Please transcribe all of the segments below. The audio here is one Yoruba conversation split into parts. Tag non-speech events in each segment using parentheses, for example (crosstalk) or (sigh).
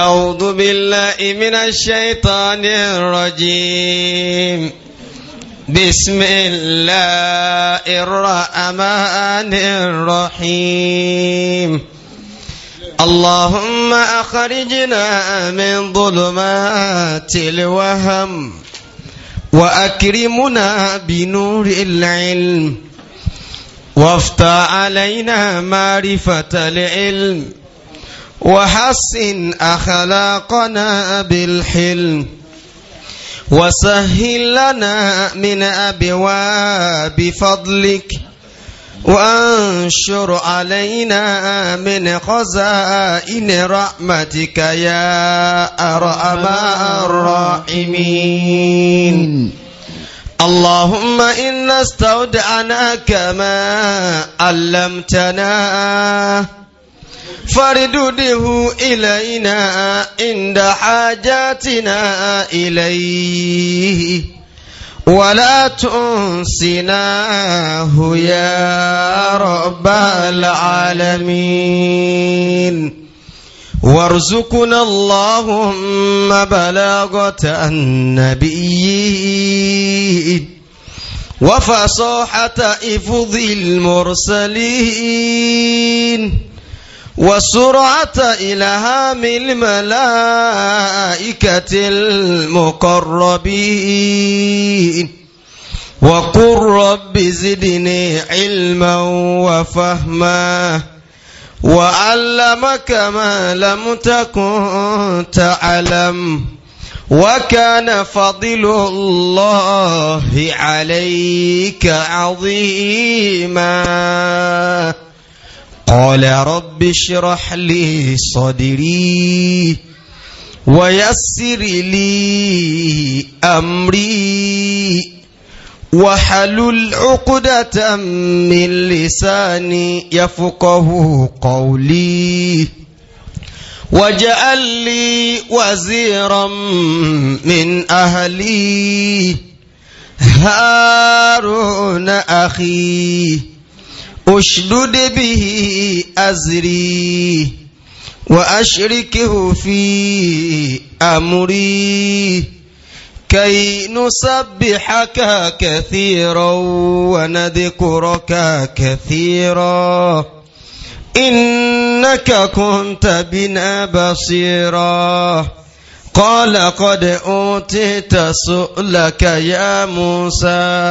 أعوذ بالله من الشيطان الرجيم بسم الله الرحمن الرحيم اللهم أخرجنا من ظلمات الوهم وأكرمنا بنور العلم وافتح علينا معرفة العلم وحسن أخلاقنا بالحلم وسهل لنا من أبواب فضلك وانشر علينا من خزائن رحمتك يا أرحم الراحمين اللهم إنا استودعناك ما علمتنا فاردده إلينا عند حاجاتنا إليه ولا تنسناه يا رب العالمين وارزقنا اللهم بلاغة النبيين وفصاحة إفض المرسلين وسرعة إلهام الملائكة المقربين وقل رب زدني علما وفهما وعلمك ما لم تكن تعلم وكان فضل الله عليك عظيما قال رب اشرح لي صدري ويسر لي أمري وحلل عقدة من لساني يفقه قولي واجعل لي وزيرا من أهلي هارون أخي اشدد به أزري وأشركه في أمري كي نسبحك كثيرا ونذكرك كثيرا إنك كنت بنا بصيرا قال قد أوتيت سؤلك يا موسى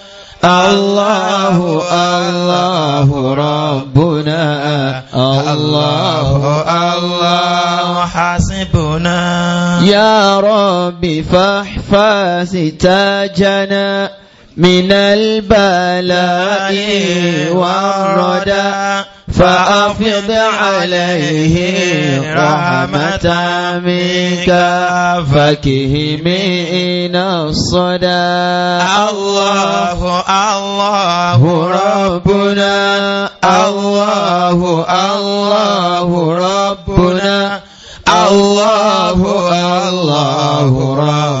الله الله ربنا الله الله حسبنا يا رب فاحفظ تاجنا من البلاء والردى فأفض عليه رحمة منك فكه من الصدى الله الله ربنا الله الله ربنا الله الله ربنا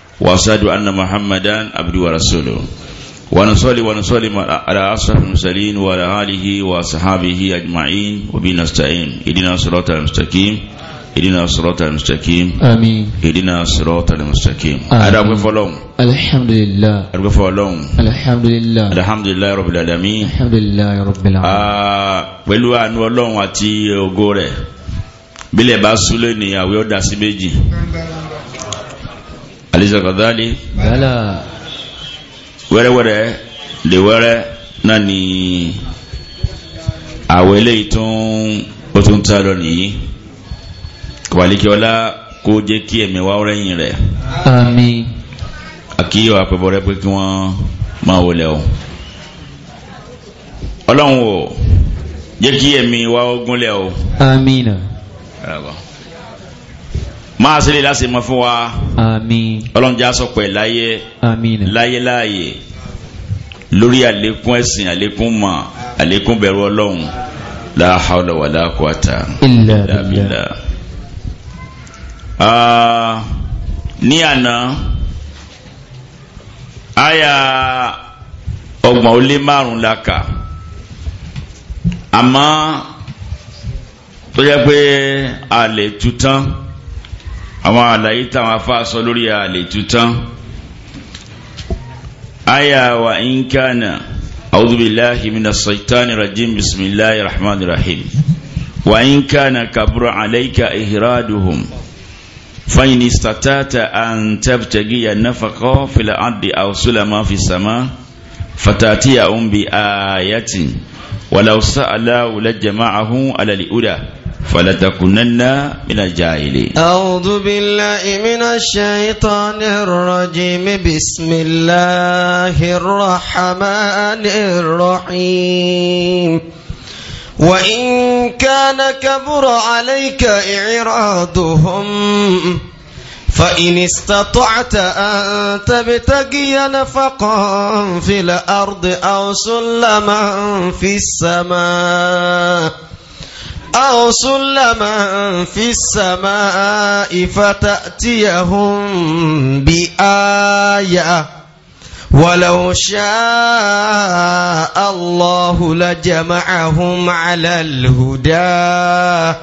وأشهد أن محمدا عبده ورسوله ونصلي ونصلي على أشرف المرسلين وعلى آله وأصحابه أجمعين وبنستعين إدنا الصراط المستقيم إدنا الصراط المستقيم آمين إدنا الصراط المستقيم أدعوك فلوم الحمد لله أدعوك فلوم الحمد لله الحمد لله رب العالمين الحمد لله رب العالمين pẹ̀lú àánú ọlọ́run àti ògo rẹ̀ bílẹ̀ bá súlé ní àwẹ̀ alisa kadhali bala wẹrẹ wẹrẹ le wẹrẹ náà ni àwọn eléyìí tún ó tún ta lọ nìyí kọbalikiola kó jẹ kí ẹ̀mí wa rẹ̀yìn rẹ̀ àmín àkíyọ àpẹbọ rẹ pé kí wọn máa wọlé o Ọlọ́run o jẹ kí ẹ̀mí wa ó gúnlẹ̀ o àmín náà máa ṣe lè láṣẹ mọ́ fún wa àmín ọlọ́njà sọ pẹ̀ láyé àmín láyé láàyè lórí àlékún ẹ̀sìn àlékún mọ̀ àlékún bẹ̀rù ọlọ́run la hawla wala quwata illa billah ah, ní àná àyà ọgbọ̀n ó lé márùn la kà àmọ́ tó yẹ pé a lè tu tán àwọn àlàyé táwọn afá sọ lórí àlè tuntun aya wa inkana a'udhu billahi minash shaitani rajim bismillahir rahmanir rahim wa inkana kabura alayka ihraduhum فإن استطعت أن تبتغي النفقة في الأرض أو سلما في السماء فتأتيهم بآية ولو سألوا لجمعه على الأولى فلتكنن من الجاهلين أعوذ بالله من الشيطان الرجيم بسم الله الرحمن الرحيم وإن كان كبر عليك إعراضهم فإن استطعت أن تبتغي نفقا في الأرض أو سلما في السماء أو سلما في السماء فتأتيهم بآية ولو شاء الله لجمعهم على الهدى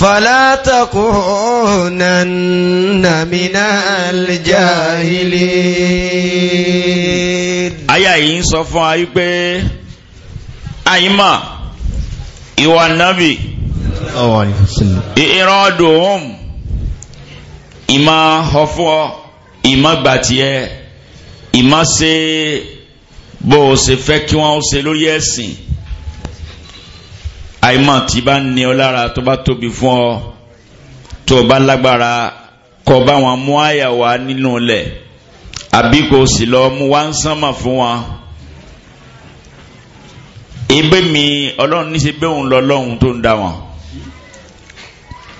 فلا تكونن من الجاهلين Aya yìí ń sọ fún ayé pé àyímà ìwà Oh, ìrọ̀dùn ìmọ̀ ọ̀fọ́ ìmọ̀ gbàtiẹ́ ìmọ̀ ṣe bó o ṣe fẹ́ kí wọ́n ṣe lórí ẹ̀sìn àìmọ̀ tí bá ní ọ lára tó bá tóbi fún ọ tó bá lágbára kọ bá wọn mú àyà wá nínú ilẹ̀ àbí kò sì lọ mú wá ń sánmà fún wọn ebe mi ọlọ́run ní ṣe bẹ́ẹ̀ òun lọ́lọ́run tó ń da wọn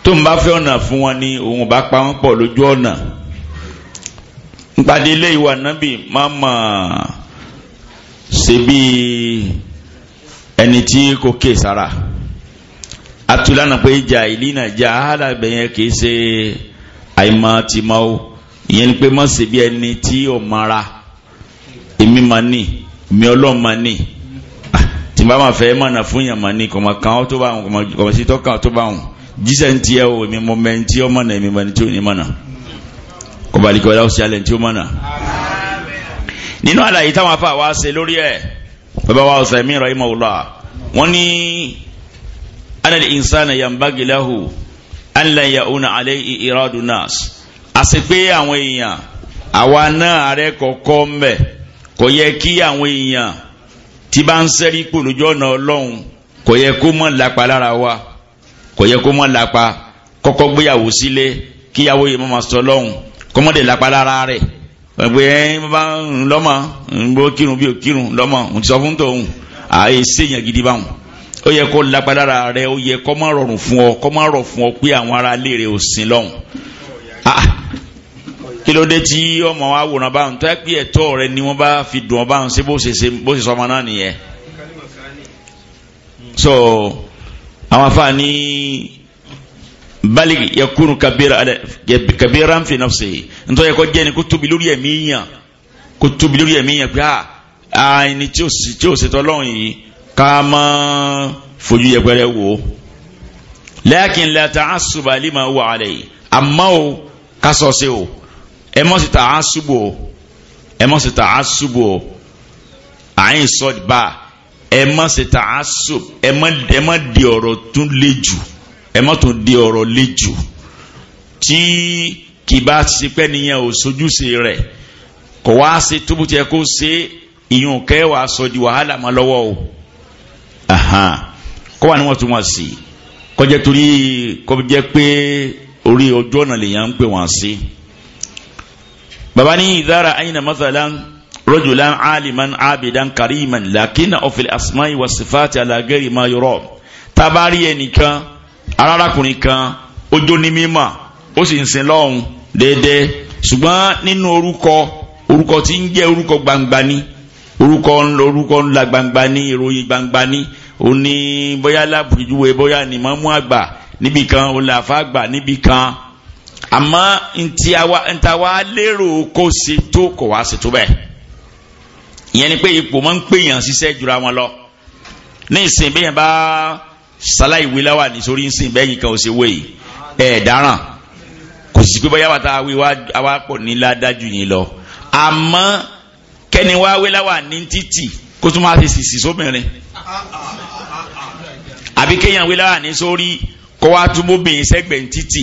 tó ń bá fẹ́ ọ̀nà fún wọn ni òun bá pa wọn pọ̀ lójú ọ̀nà nípàdé ilé ìwà nábì máa mà ṣe bí ẹni tí kò ké sára atúlànà pé ìjà ìlí náà jà áhàlà bẹ̀yẹn kì í ṣe àìmọ̀ ti mọ́ o ìyẹn ni pé má ṣe bí ẹni tí ò mara èmi máa ní èmi ọlọ́run máa ní ah, tí bá máa fẹ́ mọ̀nà fún yàn máa ní kọ̀mọ̀kan tó bá wọn kọ̀mọ̀sítọ́ kan tó bá wọn jíṣẹ́ ń tiẹ́ o èmi mọ̀ mẹ́ni tí ó mọ̀nà èmi mọ̀ ní tí ó ní mọ̀nà kọ́balíkọ́ ọ̀dà òsì alẹ́ ní tí ó mọ̀nà. nínú àlàyé táwọn afa wa ṣe lórí ẹ̀ bàbá wa ọ̀sẹ̀ mi rọ̀ ìmọ̀ wùlọ́ wọn ní anali insana yambagilahu anlaya una alẹ́ iradu nas àṣepé àwọn èèyàn àwa náà ààrẹ kọ̀ọ̀kọ́ mbẹ̀ kò yẹ kí àwọn èèyàn tí bá ń sẹ́rí pò lójú ọ̀nà kò yẹ kó mọ̀ lápá lára wa kò yẹ kó mọ̀ lápá kọ́kọ́ gbéyàwó sílé kíyàwó yìí mọ̀ máa sọ lọ́hùn kọ́mọ́dé lápá lára rẹ̀ ẹgbẹ́ ẹ̀yìn bá ń lọ́mọ ń gbó kírun bí ò kírun lọ́mọ ń sọ fún tòun àyè séèyàn gidi báwọn ó yẹ kó lápá lára rẹ̀ ó yẹ kọ́ má rọrùn fún ọ kọ́ má rọ̀ fún ọ pé àwọn ará ilé rẹ̀ ò sin lọ́hùn ah, kí ló dé tí ọmọ wa wòran bá ń tẹ́ pé ẹ̀tọ́ rẹ ni wọ́n bá fi dùn ọ bá ń ṣe bó ṣe sọmọ náà nìyẹn so àwọn afa ní bali yakunu kabira kabira nfi nafsi ntọ́ yẹ kọ́ jẹ́ni kó tóbi lórí ẹ̀mí yàn kó tóbi lórí ẹ̀mí yàn pé a ah, ah, ẹni tí ó ṣètò ọlọ́run yìí ká máa fojú yẹpẹrẹ wò ó lakin la ta'assuba lima huwa alayhi àmọ́ o ká sọ sí o ẹ mọ́ sí ta'assubu o ẹ mọ́ sí ta'assubu o àyìn sọ́ọ̀dì báà ẹ má ṣe ta aso ẹ má ẹ má di ọ̀rọ̀ tún le jù ẹ má tún di ọ̀rọ̀ le jù tí kì bá ṣe pẹ́ nìyẹn ò sojúṣe rẹ̀ kò wá ṣe tóbi tí ẹ kó ṣe ìyún kẹwàá sọ di wàhálà má lọ́wọ́ o kó wà ní wọ́n tún wọ́n sí kọjá torí kọjá pé orí ojú ọ̀nà lèèyàn ń pè wọ́n sí. baba ní ìdára ayinamọ́sálá رجلا عالما عابدا كريما لكن في الاسماء والصفات على غير ما يرى tabari ẹnìkan arárakùnrin kan ojú ní mímọ́ ó sì ń sin lọ́hùn déédéé ṣùgbọ́n nínú orúkọ orúkọ tí ń jẹ́ orúkọ gbangba ní orúkọ orúkọ ńlá gbangba ní ìròyìn gbangba ní òní bóyá lábùjúwe bóyá nìmọ̀mú àgbà níbì kan olàfà àgbà níbì kan àmọ́ ntí àwa lérò kó ṣe tó kò wá ṣe tó bẹ́ẹ̀ ìyẹn ni pé ipò máa ń pè yàn ṣiṣẹ́ jura wọn lọ ní ìsìn bẹ́ẹ̀ bá sálá ìwé láwà ní sórí ìsìn bẹ́yìn kan ò ṣe wé ẹ̀ dáràn kò sì pé bóyá wàtá wí wá pọ̀ ní ládájú yìí lọ àmọ́ kẹ́ni wá wé láwà ní títì kó tún máa fi sìsì sóbìnrin àbí kéèyàn wé láwà ní sórí kó wá tún bóbìnrin sẹ́gbẹ̀ẹ́ títì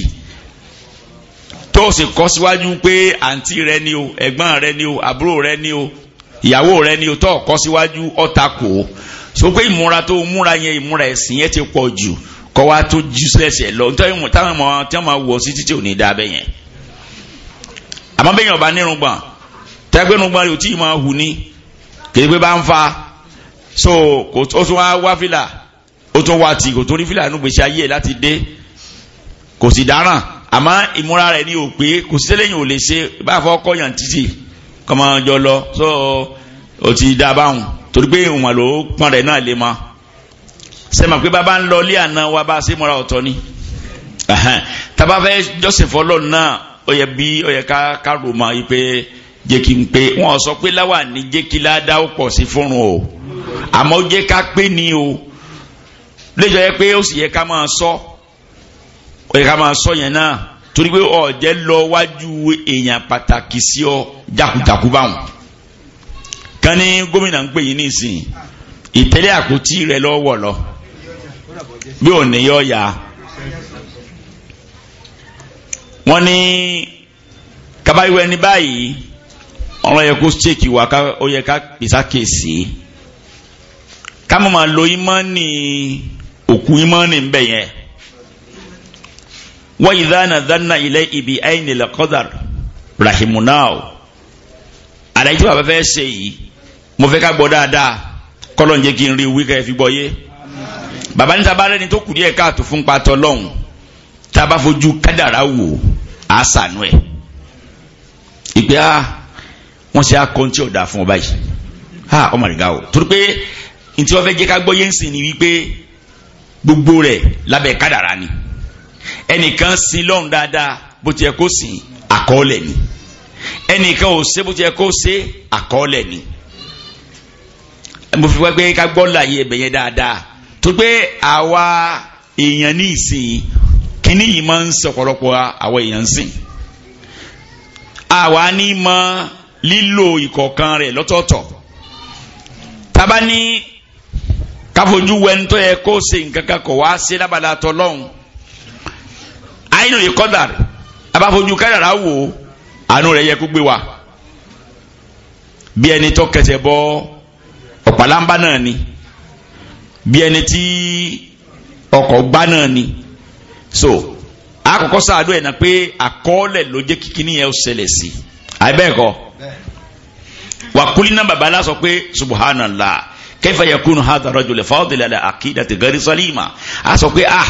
tó sì kọ́ síwájú pé àǹtí rẹ ni o ẹ̀gbọ́n rẹ ni o àbúrò rẹ ni o ìyàwó rẹ ni o tọ́ ọ̀kọ́ síwájú ọ̀ta kò ó so pé ìmúra tó múra yẹn ìmúra ẹ̀sìn yẹn ti pọ̀ jù kọ́ wa tó jù sẹ̀sẹ̀ lọ nítorí wọn táwọn ọmọ tí wọn máa wọ̀ sí títí òní dáa bẹ́yẹn àmọ́ bẹ́yẹn ọba nírun gbọ̀n tẹ́gbẹ́ nínú gbọ́n rẹ̀ ò tí ì máa hù ní kì í pé bá ń fa so ó tún wá wá fìlà ó tún wá tì kò tó rí fìlà nígbèsí ayé láti dé kò sì dáràn àmọ́ ìmúra rẹ̀ ni ò pé kò sí sẹ́lẹ̀yìn ò lè ṣe bá fọ́ kọ́yàn títì kọ́mọ jọ lọ sọ ọ ti dá báwọn torí pé òun ló pọn rẹ̀ náà lè mọ sẹ́mà pé bàbá ń lọ ilé àná wa bá a ṣe múra ọ̀tọ̀ ni tàbá fẹ́ jọ́sìn fọlọ́ náà ó yẹ bí ó yẹ ká rò mọ́ yìí pé jẹ́ kí n pé wọ́n sọ pé láwà ní jẹ́ kí ládá ó pọ̀ sí fọ́run o àmọ́ ó ká pé ni o léjọ́ yẹ pé ó sì yẹ ká máa sọ ó yẹ ká máa sọ yẹn náà torí pé ọ̀jẹ́ lọ wájú èèyàn pàtàkì sí ọ jákujàku báwọn kan ní gómìnà ń pè yín nísìn ìtẹ́lẹ̀ àpótí rẹ lọ́wọ́ lọ bí ò ní yọ ya wọ́n ní kabayiwọ ẹni báyìí ọ̀rọ̀ yẹ kó ṣèkì wá ó yẹ ká pèsè àkèsí ká mọ̀ máa lo ìmọ̀ ní òkú ìmọ̀ ní ń yẹn wa idha nadhanna ilé ibi ayni lakọ́dàr rahimunao àlàyé tí bàbá fẹ́ ṣe yìí mo fẹ́ ká gbọ́ dáadáa kọ́lọ̀ ń jẹ́ kí n rí wíkẹ́ fi gbọ́ yé bàbá níta bá rẹ́ni tó kù díẹ̀ káàtó fún patọ́ lọ́hùn tá a bá fojú kádàrá wò á sànú ẹ̀ ìpè á ah, wọ́n ṣe akọ́ntì ọ̀dà fún ọ báyìí ha ah, ọmọ rẹ̀ ga o torí pé ntí wọ́n fẹ́ jẹ́ ká gbọ́ yé ń sìn ní wípé gbogbo rẹ̀ lábẹ́ kádàrá ni ẹnìkan sin lọ́run dáadáa bó ti yẹ kó sin àkọọ́lẹ̀ ni ẹnìkan ò ṣe bó ti yẹ kó ṣe àkọọ́lẹ̀ ni mo fi wá pé ká gbọ́ láàyè ẹbẹ̀ yẹn dáadáa tó pé àwa èèyàn ní ìsìn kínní yìí máa ń sọ̀pọ̀lọpọ̀ àwa èèyàn ń sìn àwa ní mọ lílo ìkọ̀ọ̀kan rẹ̀ lọ́tọ̀ọ̀tọ̀ tábà ní káfojú wẹ́ntọ́ yẹ kó ṣe nǹkan kan kọ̀ wá ṣe lábàlá tọ́lọ́hún àyìnlò lè kọ́dà abáfojú kádàrá wò àánú rẹ̀ yẹ kó gbé wa bí ẹni tó kẹsẹ̀ bọ́ ọ̀pálámbá náà ni bí ẹni tí ọkọ̀ gbá náà ni so àkọ́kọ́ sáàdó ẹ̀ na pé àkọọ́lẹ̀ ló jẹ́ kíkíní yẹn ó ṣẹlẹ̀ sí i àìbẹ́ẹ̀kọ́ wàkúlí náà bàbá aláṣọ pé subhanallah kẹfà yakunu hadha rajul fadila ala aqidati gari salima a sọ pé ah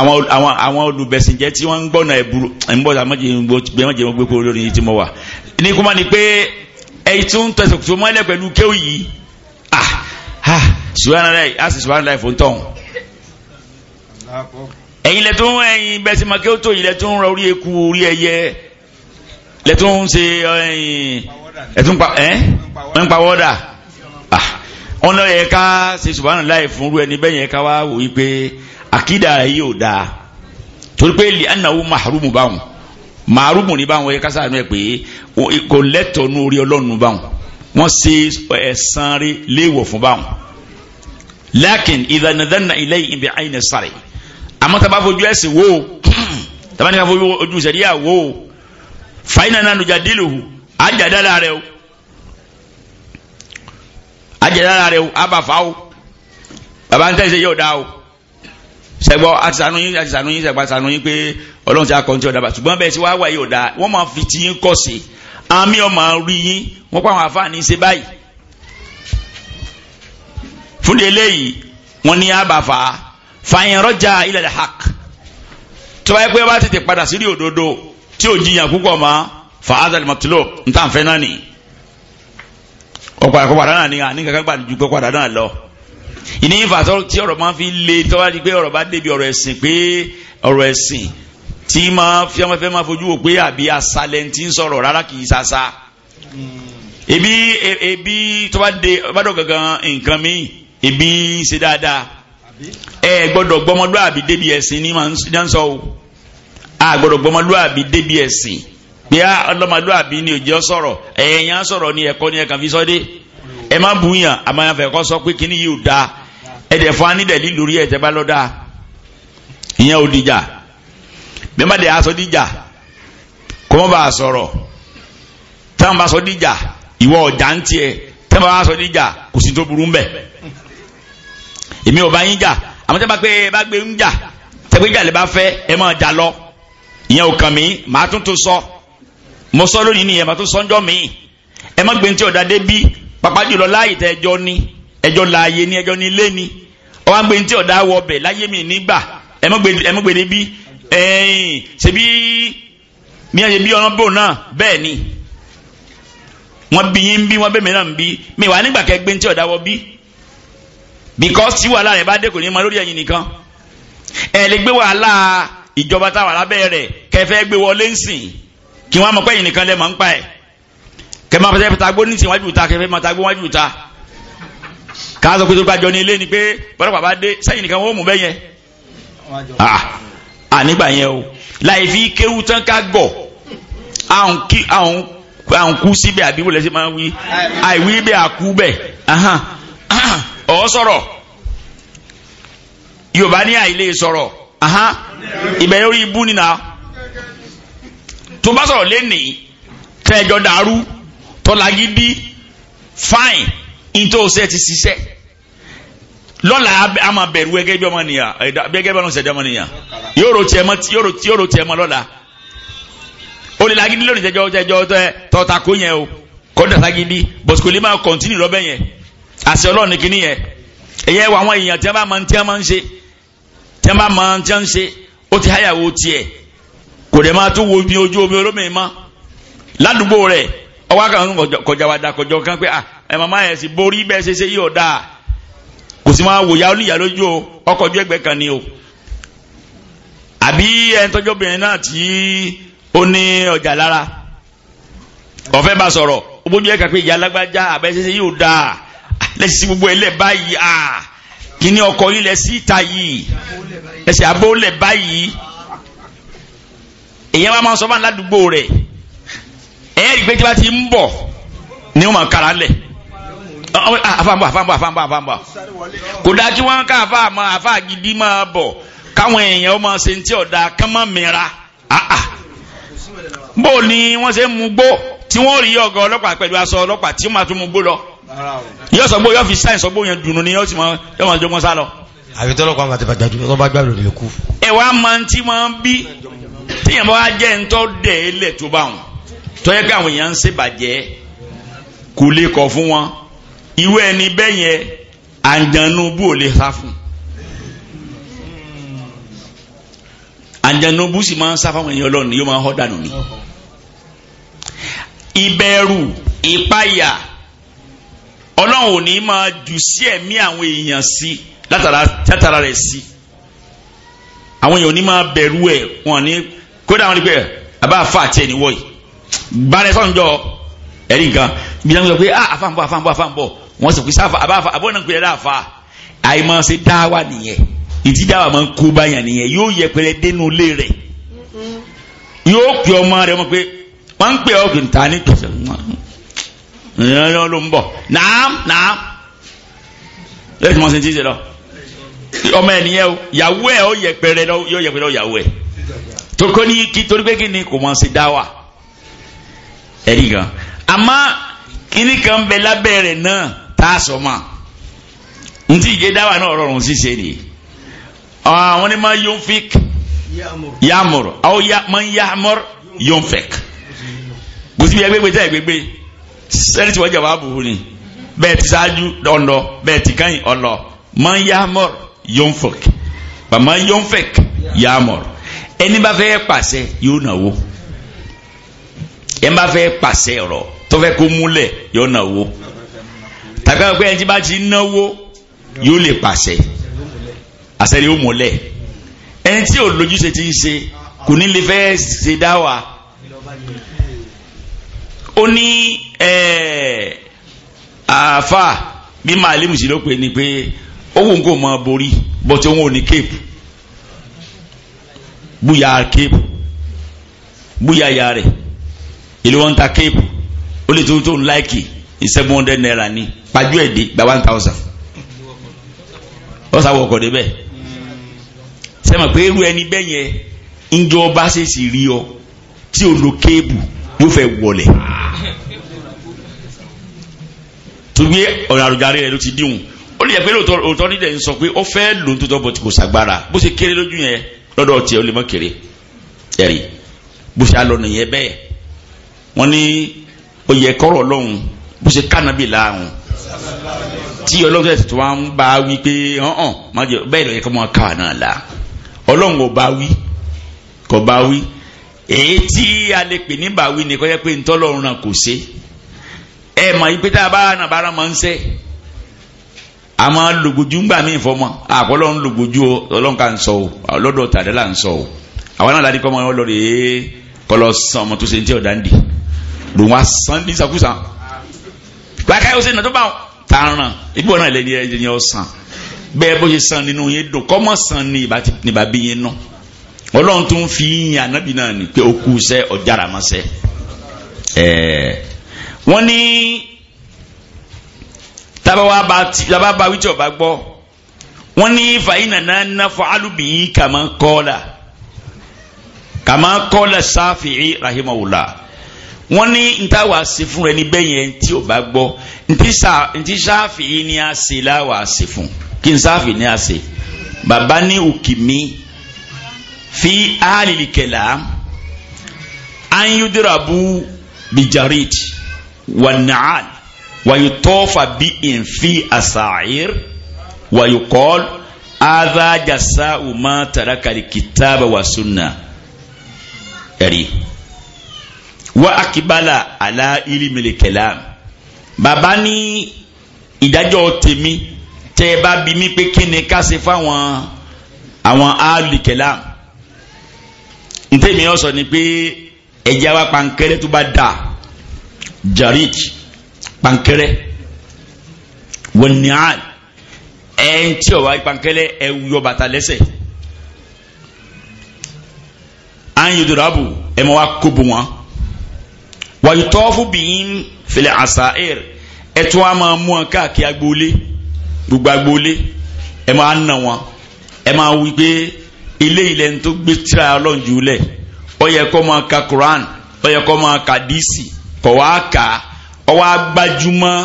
àwọn àwọn àwọn olùbẹ̀sìnjẹ́ tí wọ́n ń gbọ́nà ẹ̀bùrú ẹ̀ńbọ̀dà mọ̀jẹ̀ mọ̀ gbẹ́kọ̀ lórí yìí tí mo wà. ní kó má ní pé ẹ̀yìn tí ó ń tẹ̀sán tó mọ́lẹ̀ pẹ̀lú kéwì yìí ah ah subhanallah a sì subhanallah fún tọ̀hún. ẹ̀yin lẹ́tọ́ ẹ̀yin bẹ́sẹ̀ mọ̀ kéwì tó yìí lẹ́tọ́ ń rọ orí eku orí ẹyẹ lẹ́tọ́ ń ṣe ẹ̀yin ẹ̀tún pa ẹ̀ ń pa wọ́dà ah wọn lọ yẹ ká ṣe subhanallah fún irú ẹni bẹ́ẹ̀ yẹ ká wá wò yí Akida rẹ̀ yóò dáa torí pé lè anáwó màrúmù báwọn màrúmù ní báwọn yẹ kásá rẹ pé kò lẹ́tọ̀ọ́ nú orí ọlọ́run báwọn wọ́n ṣe ẹ̀san rẹ̀ léèwọ̀ fún báwọn. lakin ìdánadánà ilé ìbí àyìn sáré àmọ́ tá a bá fojú ẹ̀sìn wò ó tá a bá ní ká fojú ojú sẹ̀ríà wò ó fàyínà náà nùjà dìlù àjàdára rẹ o àjàdára rẹ o àbàfà o bàbá ń tẹ̀sí yóò dá o sẹgbọ àti yin yín yin sànú yín yin sànú yín pé Ọlọ́run ti akọ ní ti ọdà bá ṣùgbọ́n bẹ́ẹ̀ tí wàá wáyé ọdà wọn máa fi ti yín kọ sí àmì ọmọ rí yín wọn pa àwọn àfààní ṣe báyìí fúnni eléyìí wọn ní àbàfà fàyìn rọjà ilẹ̀ hàk tó bá yẹ pé tètè padà sí rí òdodo tí ò jiyàn púpọ̀ mọ́ fàázàlì mọ̀tòló ntànfẹ́ náà ni ọ̀pọ̀ àkọ́kọ́ àdáná ni àní kankan gbàdúgbò padà lọ ìní ìfàtọ́ tí ọ̀rọ̀ máa fi le tí wọ́n bá di pé ọ̀rọ̀ bá débi ọ̀rọ̀ ẹ̀sìn pé ọ̀rọ̀ ẹ̀sìn tí máa fi ọmọ fẹ́ máa fojú wò pé àbí asalẹ̀ ti ń sọ̀rọ̀ rárá kì í sasa ebi e, ebi tó bá de bá dọ̀ gangan nǹkan mi ebi ṣe dáadáa ẹ gbọ́dọ̀ gbọ́mọdúàbí débi ẹ̀sìn ní máa ń sọ o a gbọ́dọ̀ gbọ́mọdúàbí débi ẹ̀sìn pé a ọlọ́mọdúàbí ni òjò sọ̀rọ̀ ẹ̀yàn sọ̀rọ̀ ni ẹ̀kọ́ ni ẹ̀kan fi sọ́dé ẹ má bùyàn àmọ́ ẹ̀fẹ̀ kọ́ sọ pé kíní yìí ò dáa ẹ̀dẹ̀ fún anídẹ̀lí lórí ẹ̀ tẹ́bá lọ́dà ìyẹn ò dìjà bí má dẹ̀ aṣọ dìjà kó má bàa sọ̀rọ̀ táwọn bá sọ dìjà ìwọ ọ̀jà ń tiẹ̀ táwọn bá sọ dìjà kò sí tó burú ń bẹ̀ èmi ò bá yín jà àmọ́ tẹ́ bá pé ẹ bá gbé ń jà tẹ́ pé jà lè bá fẹ́ ẹ máa jà lọ ìyẹn ò kàn mí màá tún tún sọ mo sọ lónìí nìyẹn màá tún sọ mi ẹ má gbé ní tí ọ̀dà dé bí pàpà jùlọ láàyè tẹ ẹjọ́ ní ẹjọ́ láàyè ní ẹjọ́ ní ilé ní ọwọ́ gbé ntí ọ̀dà wọ ọbẹ̀ láyé mi nígbà ẹ̀mọ́gbé níbí ẹ̀yìn ṣebí ní ẹ̀yẹ bí ọ̀nà bò náà bẹ́ẹ̀ ni wọ́n bí yín bí wọ́n bẹ́ẹ̀ mìíràn bí mi wà nígbà kẹ́ gbé ntí ọ̀dà wọ bí because tí wàhálà rẹ̀ bá dé kò ní ma lórí ẹ̀yìn nìkan ẹ̀ lè gbé wàhálà ìjọba táwa lábẹ́ rẹ̀ kẹfẹ́ gbé wọlé ńsìn kí wọ́n mọ̀ pé ẹ̀yìn nìkan lẹ́ mọ̀ ń pa ẹ̀ kẹ́ máa fẹ́ ká sọ pé tó gbàjọ ní ilé ni pé pọ́lọ́pàá bá dé sẹ́yìn nìkan wọ́n mú bẹ́ yẹn ah, à nígbà yẹn o láì fi kéwu tán ká gọ̀ àwọn kí àwọn àwọn kú síbẹ̀ àbí wọlé sí máa ń wí àìwí bẹ́ẹ̀ àkú bẹ́ẹ̀ ọ̀ sọ̀rọ̀ yorùbá ní àìlè sọ̀rọ̀ ìbẹ̀ yóò rí ibú nínà tó bá sọ̀rọ̀ lẹ́nìí tẹ́jọ́ dàrú tọ́lagídí fine ntòsẹ́ ti ṣiṣẹ́ lọ́la a ama bẹ̀rù ẹgẹ́ bí ọmọ nìyà ẹgẹ́ bí ọmọ sẹ̀dá ọmọ nìyà yóò ma ma o lè lagidi lórí jẹjọ jẹjọ tọ́ta kó yẹn o kọ́ńtà gidi. bọ̀sùkò lè máa kọ̀ntínì lọ́bẹ̀ yẹn àṣẹ ọlọ́ọ̀ni kìíní yẹn ẹ̀yẹ wọ àwọn èèyàn tí wọ́n bá máa ń tí wọ́n máa ń ṣe tí wọ́n bá máa ń ti háyàwó tiẹ̀ kò dẹ̀ máa tún wo ojú omi olómi ládùúgbò rẹ̀ ẹ màmá yẹn sì borí bẹ́ẹ̀ ṣe ṣe yí ọ̀dà kò sí máa wòyá oníyà lójú o ọkọ̀ ojú ẹgbẹ́ kan ni o àbí ẹni tọ́jú obìnrin náà tí ó ní ọjà lára ọ̀fẹ́ bá sọ̀rọ̀ ó bójú ẹ̀ka pé ìyá alágbájá àbẹ́sẹ̀sẹ̀ yóò dà lẹ́sìn gbogbo ẹ̀ báyìí à kíní ọkọ̀ yìí lẹ̀ sí ìta yìí ẹsẹ̀ abó báyìí èyàn wa máa sọ fún aládùúgbò rẹ̀ ẹ̀ẹ́rì pé tí wọ́n ti ń bọ̀ ni wọ́n máa kára lẹ̀ àfàǹbọ̀ àfàǹbọ̀ àfàǹbọ̀ àfàǹbọ̀ kò dáa kí ká àfà mọ́ gidi máa bọ̀ káwọn èèyàn máa ṣe ti ọ̀dà kán mọ́ mìíràn ah, ah. bó ni wọ́n ṣe ń mú gbó tí wọ́n rí ọ̀gá ọlọ́pàá pẹ̀lú aṣọ ọlọ́pàá tí wọ́n máa tún mú gbó lọ yóò sọ gbó yóò fi sáyẹn sọ gbó yẹn dùnú ni yóò sì máa jogún sá lọ. àfi tọ́lọ́kọ̀ àwọn àtẹ̀bàjá dùn tó bá gbàgbọ́ lè kú. ẹ wá máa ń tí máa ń bí tíyẹn bá jẹ́ ń tọ́ dẹ̀ ẹ́ lẹ̀ tó bá wọn tọ́yẹ́ pé èèyàn ń ṣèbàjẹ́ kò lè kọ̀ fún wọn irú ẹni bẹ́ẹ̀ yẹn àjànú bú ò lè sá fún àjànú bú sì máa ń sá fáwọn èèyàn ọlọ́run yóò máa họ́ dànù ni ìbẹ̀rù ìpayà ọlọ́run ò ní máa jù sí ẹ̀mí àwọn èèyàn sí látara rẹ̀ sí àwọn èèyàn ò ní máa bẹ̀rù ẹ̀ wọn ní kódà wọn ní pé àbá àti ẹni wọ̀nyí gbàrẹ́ sọ̀njọ́ ẹ̀rí nǹkan bí wọ́n sọ pé ah, àfa ń bọ̀ wọ́n sọ pé sáfà àbáfà àbọ̀ náà pèlè dáàfà àìmọ̀ ṣe dáwà nìyẹn ìdí dáwà máa ń kó báyàn nìyẹn yóò yẹ pẹlẹ dénú ilé rẹ̀ yóò pè ọmọ rẹ̀ wọ́n pé wọ́n ń pè ọ́ kì í ta ní kẹsẹ̀ ìrìnàjò ló ń bọ̀ nàám nàám lẹ́yìn tí wọ́n ṣe ti ṣe lọ ọmọ ẹnìyẹn o yàwó ẹ̀ ó yẹ pẹrẹ lọ yóò yẹ pẹrẹ lọ yàwó ẹ̀ toroko ní kí torí pé kí ni kò mọ̀ sí dáwà ẹ̀rí gan àmọ́ kíní kan bẹ lábẹ́ rẹ̀ náà tá a sọ ma ntí ìgé dáwà náà rọrùn ṣíṣe ni àwọn ni ma Yomfik yamur aw ya man yamur yunfik gosi bí ẹgbẹgbẹ tẹ ẹgbẹgbẹ sẹni tí wọn jẹ wàá buhu ni bẹ́ẹ̀ ti ṣáájú ọlọ bẹ́ẹ̀ ti kàn yín ọlọ man yamur yunfik bàmá yunfik yamur ẹni bá fẹ́ pàṣẹ yóò náwó ẹni bá fẹ́ pàṣẹ ọ̀rọ̀ tó fẹ́ kó múlẹ̀ yóò náwó tàbí káwọn pé ẹni tí bá ti náwó yóò lè pàṣẹ àṣẹ rẹ̀ ó mọ́lẹ̀ ẹni tí ò lójúṣe ti ń ṣe kò ní lè fẹ́ ṣe dá wa ó ní àáfà bí màálímù sí ló pè ní pé ó wù mọ borí bọ́tí òun ò ní kéèpù búyà kéèpù búyà yà rẹ̀ èlò wọn ta kéèpù ó lè tó tó ń láìkì. Like seven hundred naira ni pàjọ ẹ̀ dé gba one thousand ọ̀sà wọ̀kọ̀ débẹ̀ sẹ́mọ̀ pé irú ẹni bẹ́ẹ̀ yẹn ńjọ bá ṣèṣì rí ọ tí o lo kéèbù yóò fẹ́ wọlé tùgbé ọ̀nà àròjàre ti díhùn ó lè jẹ́ pé òótọ́ nílẹ̀ ń sọ pé ó fẹ́ lòun tó tọ́ bọ̀ tí kò sàgbára bó ṣe kéré lójú yẹn lọ́dọ̀ tiẹ̀ ó lè mọ́ kéré ẹ̀rí bó ṣe alọ́ nìyẹn bẹ́ẹ̀ wọ́n ní oyè kọ́rọ̀ ọlọ́run bó ṣe kánàbì láàrùn tí ọlọ́run ṣe tó wá ń bá wí pé hàn má jẹ bẹ́ẹ̀ lọ yẹ kó mọ káwa náà la ọlọ́run kò bá wí kò bá wí èyí tí a lè pè ní bàwí ni kò yẹ pé ntọ́lọ́run náà kò ṣe ẹ mọ̀ yí pé tá a bá rà bá rà ń sẹ́ a máa lògójú ń gbà mí fọmọ àkọlọ́ ń lògójú ọlọ́run ká ń sọ o lọ́dọ̀ tàdé là ń sọ o àwọn náà láti kọ́ ọlọ́run yìí kọ́ lọ sàn ọmọ tó ṣe ń tẹ́ ọ̀dà ń dì lòun á sàn ní sàkúsàn làkàyè ó sì nà tó bá tààràn ibò náà lẹni ẹ yẹn ọsàn bẹ́ẹ̀ bó ṣe san nínú yẹn dùn kọmọ san ni ìbá bí yẹn nù Ọlọ́run tó ń fi yín ànábì náà ni pé ó kú sẹ ọjàrà má sẹ ẹẹ wọn ní tábàwá bá ti tábàwá bá wíjọ bá gbọ́ wọn ní fàyínà náà ná fọ kàmá kọ́ọ̀là kàmá kọ́ọ̀là sáfìrí rahimahullah wọ́n ní níta wàá ṣe fún rẹ níbẹ̀ yẹn tí ò bá gbọ́ ntí sáàfì yìí ni a ṣe láwàá ṣe fún kí n sáàfì ni a ṣe bàbá ní òkì mi fi áàlìlì kẹlà anyudirabu bijarid wanaal wayutọfa bi nfi asaayir wayukọl adha jasa uma tarakali kitaaba wa sunna ẹ̀rí wa akibala ala ilimile kẹlam baba ní ìdájọ́ tèmi tẹ́ ẹ bá bi mí pé kí ni ká ṣe fáwọn àwọn alikẹlam ntẹ́mi ọ̀sọ̀ ni pé ẹ̀jẹ̀ wa pankẹ́rẹ́ tó bá dà jarik pankẹ́rẹ́ wọnìyàn ẹ̀ ń tí ọ̀ wá pankẹ́rẹ́ ẹ̀ wúyọ bàtà lẹ́sẹ̀ anyi dorabu ẹ̀ mọ̀ wá kóbo wọn wàyùtọ́fù bìín fìlẹ̀ àṣàìr ẹ̀tún a máa mú wọn káàkiri agboolé gbogbo agboolé ẹ máa nà wọn ẹ máa wí pé ilé ilẹ̀ ń tó gbé tíra ọlọ́njú lẹ̀ ó yẹ kó máa ka Quran ó yẹ kó máa ka díìsì kọ̀ wá kà ọ wá gbajúmọ́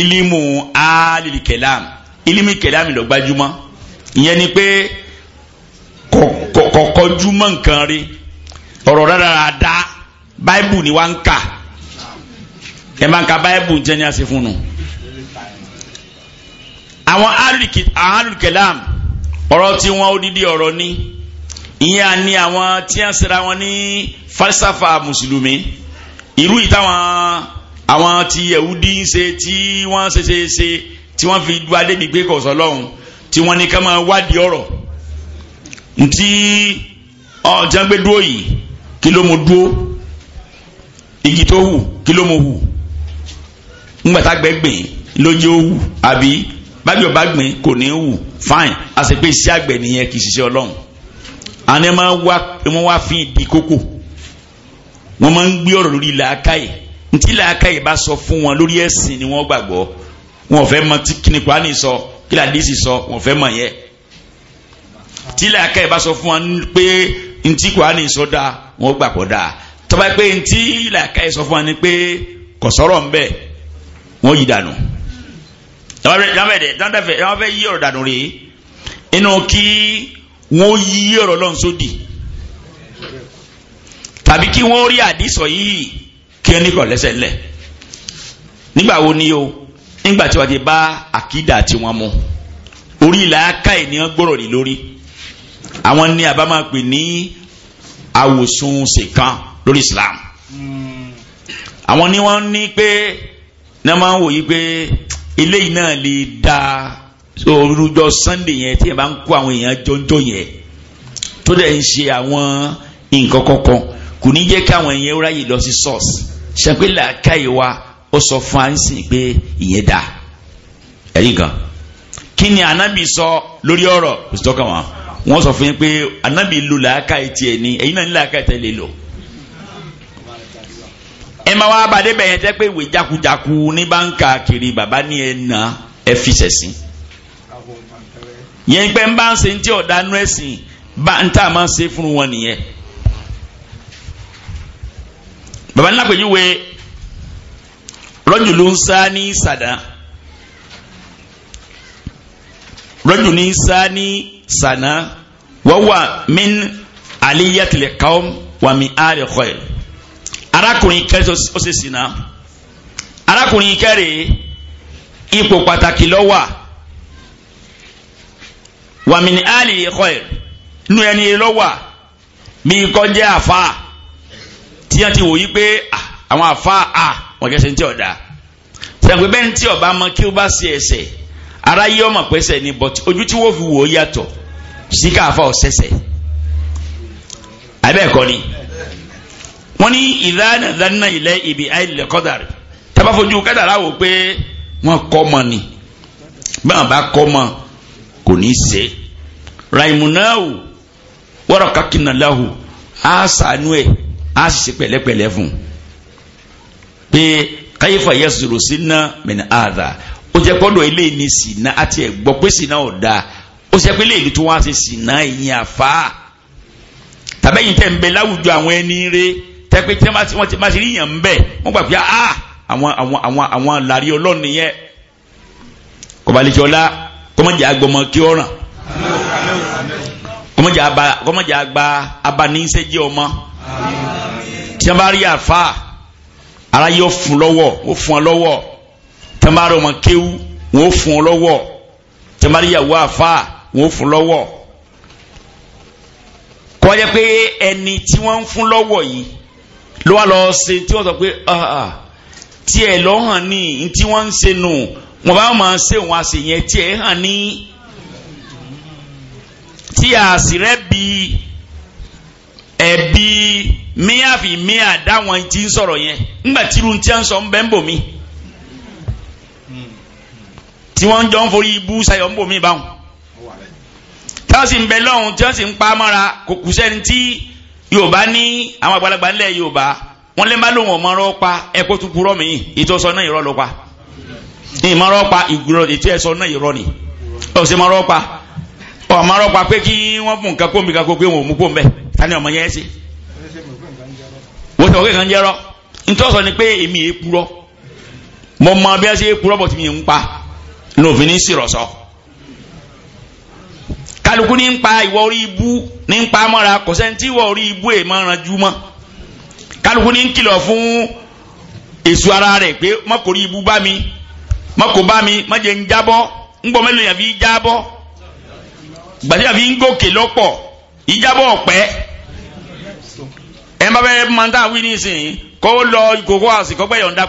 ilimu alili kẹlam ilimi kẹlam lọ gbajúmọ́ ìyẹn ni pé kọ̀kọ́júmọ́ nǹkan rí ọ̀rọ̀ dáradára báìbù ni wá ń kà ẹ máa ń ka báìbù ń jẹ́ ní àṣẹ fún un. àwọn alùkẹ́lám ọ̀rọ̀ tí wọ́n odidi ọ̀rọ̀ ni ìyẹn à ní àwọn tí wọ́n sera wọn ní falsafa mùsùlùmí irú ìtàwọn àwọn ti yẹ̀wúdí ń ṣe tí wọ́n ṣe ṣe ṣe tí wọ́n fi du adébí gbé kọ̀ọ̀sọ̀ lọ́hùn tí wọ́n ní ká máa wádìí ọ̀rọ̀ ntí ọ̀jàngbé dúró yìí kí ló mo dúró igi tó wù kí ló mo wù ńgbàtà gbẹ́gbẹ́ lójú ó wù àbí bájọ bá gbìn kò ní wù fine àṣepé iṣẹ́ àgbẹ̀ nìyẹn kì í ṣiṣẹ́ ọlọ́run àní wọ́n wá fi ìdí kókò wọ́n máa ń gbé ọ̀rọ̀ lórí làákàyè ntí làákàyè bá sọ fún wọn lórí ẹ̀sìn ni wọ́n gbàgbọ́ wọn ò fẹ́ mọ tí kíni kwani sọ kí làdísì sọ wọn ò fẹ́ mọ yẹn tí làákàyè bá sọ fún wọn pé ntí kwani sọ dáa wọn gbàgbọ́ dáa tọ́ba pé ntí làákà yìí sọ fún wa ni pé kò sọ̀rọ̀ ń bẹ̀ wọ́n yí dànù yàwọn fẹ́ yí ọ̀rọ̀ dànù rèé inú kí wọ́n yí ọ̀rọ̀ lọ́n sódì tàbí kí wọ́n rí àdìsọ yìí kí wọ́n níkọ̀ lẹ́sẹ̀ lẹ̀ nígbà wo ni o nígbà tí wọ́n ti bá àkídà tiwọn mu orí làákà yìí ni wọ́n gbọ́rọ̀ lé lórí àwọn ní àbá ní àwòsùn ṣèkan lórí Islam àwọn ni wọ́n ní pé ní wọ́n máa ń wòye pé eléyìí náà lè da orújọ Sunday yẹn tí yẹn bá ń kó àwọn èèyàn jọjọ yẹn tó dẹ̀ ń ṣe àwọn nǹkan kọ̀ọ̀kan kò ní jẹ́ kí àwọn èèyàn ráyè lọ sí source ṣàpèlà káyìí wa ó sọ fún ansin pé ìyẹn dà ẹ̀rí gan kí ni anabi sọ lórí ọ̀rọ̀ kò sí tọ́ka wọn wọ́n sọ fún yín pé anabi lu làákàyè tiẹ̀ ni ẹ̀yin náà ní làákàyè tẹ̀ lè lò ẹ máa wá bàdé bẹ̀yẹn tẹ́ pé ìwé jakujaku ní báńkà kiri bàbá ní ẹ nà ẹ fi sẹ̀sìn yẹn pé ń bá ń ṣe ń tí ọ̀dà nú ẹ̀sìn bá ń tà máa ń ṣe fún wọn nìyẹn bàbá ńlá pèjúwe rọ́jù ló ń sá ní sàdá rọ́jù ní sá ní sàná wọ́n wà mí àlíyàtìlẹ̀ káwọ́m wà mí àárẹ̀ kọ́ ẹ̀ arákùnrin kẹrin ó sì sìnà arákùnrin kẹrin ipò pàtàkì lọ́wà wàmìnì àlì ẹ̀kọ́ ẹ̀ nú ẹni lọ́wà mi kọ́ jẹ́ àfa tí wọ́n ti wòye pé ah, àwọn àfa à ah, wọ́n kẹsẹ̀ ń tẹ̀ ọ̀dà sẹ́yìn bẹ́ẹ̀ ń tí ọba mọ kí ó bá ṣe ẹsẹ̀ aráyé ọmọ pẹ́sẹ̀ ni but ojú tí wọ́n fi wò ó yàtọ̀ síkà àfa ọ̀sẹ̀sẹ̀ àbẹ́ẹ̀kọ́ ni wọ́n ní ìlànà ìlànà ilẹ̀ ibi àìlẹ̀ kọ́dàrí tábà fojú kádàrá wò pé wọ́n kọ́ mọ ni báwọn bá kọ́ mọ kò ní í ṣe raimunahu wọ́rọ̀ kakinalahu á sànú ẹ̀ á sì ṣe pẹ̀lẹ́pẹ̀lẹ́ fún un pé káyífà yẹ sọ̀rọ̀ sí ná mẹ́ni àdá ó jẹ́ pọ́dọ̀ ilé ní sìnà àti ẹ̀gbọ́ pé sìnà ò dáa ó ṣe pé léèlú tó wá ṣe sìnà ìyìn àfáà tàbẹ́yìn tẹ̀ ń bẹ láwùjọ àwọn ẹni rèé tẹ́pẹ́ tí wọ́n ti máa ṣe ríyàn ń bẹ̀ wọ́n gbà pé ah, ah àwọn àwọn àwọn àwọn làrí ọlọ́run nìyẹn kọ̀bálẹ́jọ́lá kọ́mọ̀jà agbọmọ kí ọ̀ràn kọ́mọ̀jà agba abaníṣẹ́jẹ́ ọmọ tí wọ́n bá rí àfa ara yóò fún lọ́wọ́ ó fún ọ lọ́wọ́ tí wọ́n bá rí ọmọ kéwú wọ́n fún ọ lọ́wọ́ tí wọ́n bá rí ìyàwó àfa wọ́n fún lọ́wọ́ kọ́ jẹ́ pé ẹni tí wọ́n ń fún lọ́wọ́ yìí ló wá lọ ṣe tí wọ́n sọ pé ah, ah, tí ẹ lọ hàn ní tí wọ́n ń ṣe nù wọ́n bá máa ṣe òun àṣẹ yẹn tí ẹ hàn ní tí àṣìrẹ́ bí ẹbí míàfi míà dáwọn tí ń sọ̀rọ̀ yẹn ńgbà tí irun tí wọ́n sọ ń bẹ́ ń bò mí tí wọ́n jọ ń forí ibú sayọ̀ ń bò mí báwọn tí wọ́n sì ń bẹ lọ́hùn tí wọ́n sì ń pa mọ́ra kò kù sẹ́ni tí. yorùbá ní àwọn àgbàlagbà ńlẹ̀ yorùbá wọn lè má lóun ọmọ ọ̀rọ̀ pa ẹkọ tó purọ́ mi ètò sọ náà irọ́ ló pa ìmọ̀ ọ̀rọ̀ ètò ẹsọ náà irọ́ ni ọsẹ mọ ọ̀rọ̀ ọmọ ọ̀rọ̀ pé kí wọn bùn nǹkan kó mi kakó pé wọn ò mú kó tani ọmọ yẹn ẹsẹ ni pé èmi mọ̀ kálukú ní ń pa ìwọ orí ibú ní ń pa mọ́ra kò sẹ́ni tí ìwọ orí ibú ẹ̀ máa ranjú ní ń fún èso ara rẹ̀ pé mọ́kòrí ibú bá mi mọ́kò bá mi mọ́jẹ̀ ń jábọ́ ńgbọ́ mélòó fi jábọ́ fi ń gòkè lọ́pọ̀ ọ̀pẹ́ ẹ̀ ń bá máa wí nísìnyí kó lọ ń da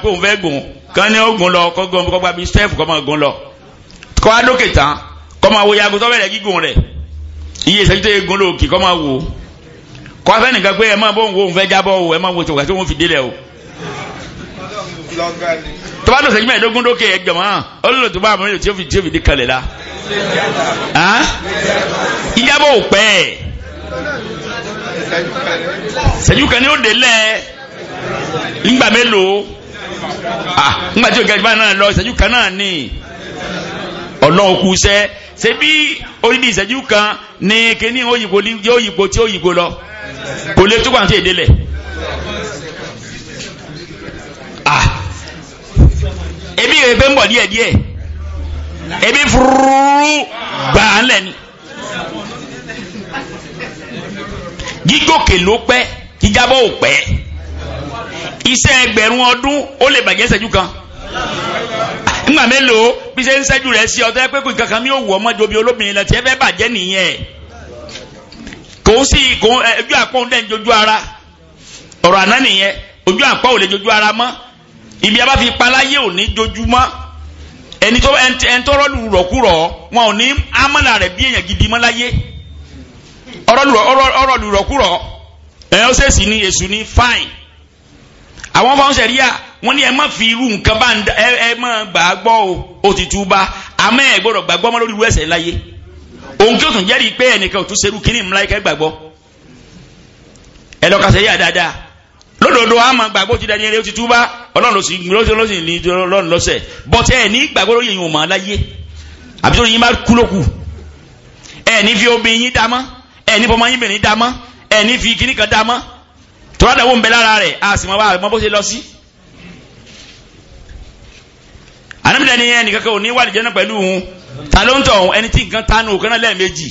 fẹ́ lọ kọ́ máa wo yaago tó bẹ̀rẹ̀ gígùn rẹ̀ iye ìṣẹ́jú tó yẹ gun lóòkì kọ́ máa wo kọ́ afẹ́ nìkan pé ẹ máa bọ́ òun wo òun fẹ́ jábọ́ o ẹ máa wo tòkàtí òun fi délẹ̀ o. tó bá dọ̀sẹ̀ jùmọ̀ ẹ̀dógún lókè ẹ jọ̀mọ́ olóòlò tó bá àmọ́ ìlú tí ó fi tí ó fi di kalẹ̀ la. ìjábọ̀ ò pẹ́ ẹ̀ sẹ́jú kan ni ó dé lẹ́ nígbà mélòó nígbà tí ó gẹ̀ẹ́jú bá náà lọ sẹ́jú kan náà ni ọlọ́run kú sẹ́ ṣe bí onídìí ìṣẹ́jú kan ní kíní òyìnbó yóò yìnbó tí ó yìnbó lọ kò lè tó pàǹtí èdè lẹ̀. ebi rẹ̀ fẹ́ ń bọ̀ díẹ̀ díẹ̀ ebi fúrúrú gbà á lẹ̀ ni. gígòkè ló pẹ́ gígábọ̀ ò pẹ́ iṣẹ́ ẹgbẹ̀rún ọdún ó lè bàjẹ́ ìṣẹ́jú kan ńgbà mélòó bí ṣe ń ṣẹ́jú rẹ̀ sí ọ̀tọ́ pé kò kankan mi ò wọ̀ ọmọdé obi olóbìnrin lọ tí ẹ fẹ́ bàjẹ́ nìyẹn kò ń sì kò ń ojú àpọ̀ ń dẹ́n jojú ara ọ̀rọ̀ àná nìyẹn ojú àpọ̀ ò lè jojú ara mọ́ ibi abá fi paláyé ò ní jojú mọ́ ẹni tó ẹni tó rọ́ọ̀lù rọ̀kúrọ̀ wọn ò ní amọ̀nà rẹ̀ bí èèyàn gidi mọ́ láyé ọ̀rọ̀lù rọ̀kúrọ̀ ẹ̀ ọ́ sèṣì ni èṣù ni fine àwọn fọ́n sẹ̀ríà wọ́n ní ẹ má fi irú nǹkan bá ń ẹ ẹ má gbàgbọ́ o ó ti túbà àmọ́ ẹ gbọ́dọ̀ gbàgbọ́ mọ́ lórí irú ẹ̀ṣẹ̀ láyé òun kí o tún jẹ́rìí pé ẹnìkan ò tún serú kínní ńlá ikẹ́ gbàgbọ́ ẹ lọ ka sẹ̀ríà dáadáa lódodo a máa gbàgbọ́ ti dání ẹrẹ́ ó ti túbà ọlọ́run ló sì ní ọlọ́run lọ́sẹ̀ bọ́tẹ́ ẹ̀ ní tọ́lá dàwọ́ ń bẹ lára rẹ̀ a sì mọ bá mọ bó ṣe lọ sí. ànábìlẹ̀ ni ẹnì kankan ò ní wà lìjẹ́ náà pẹ̀lú òun ta ló ń tọ̀ ọ̀hún ẹni tí nǹkan tánú òkan náà lẹ́ẹ̀mejì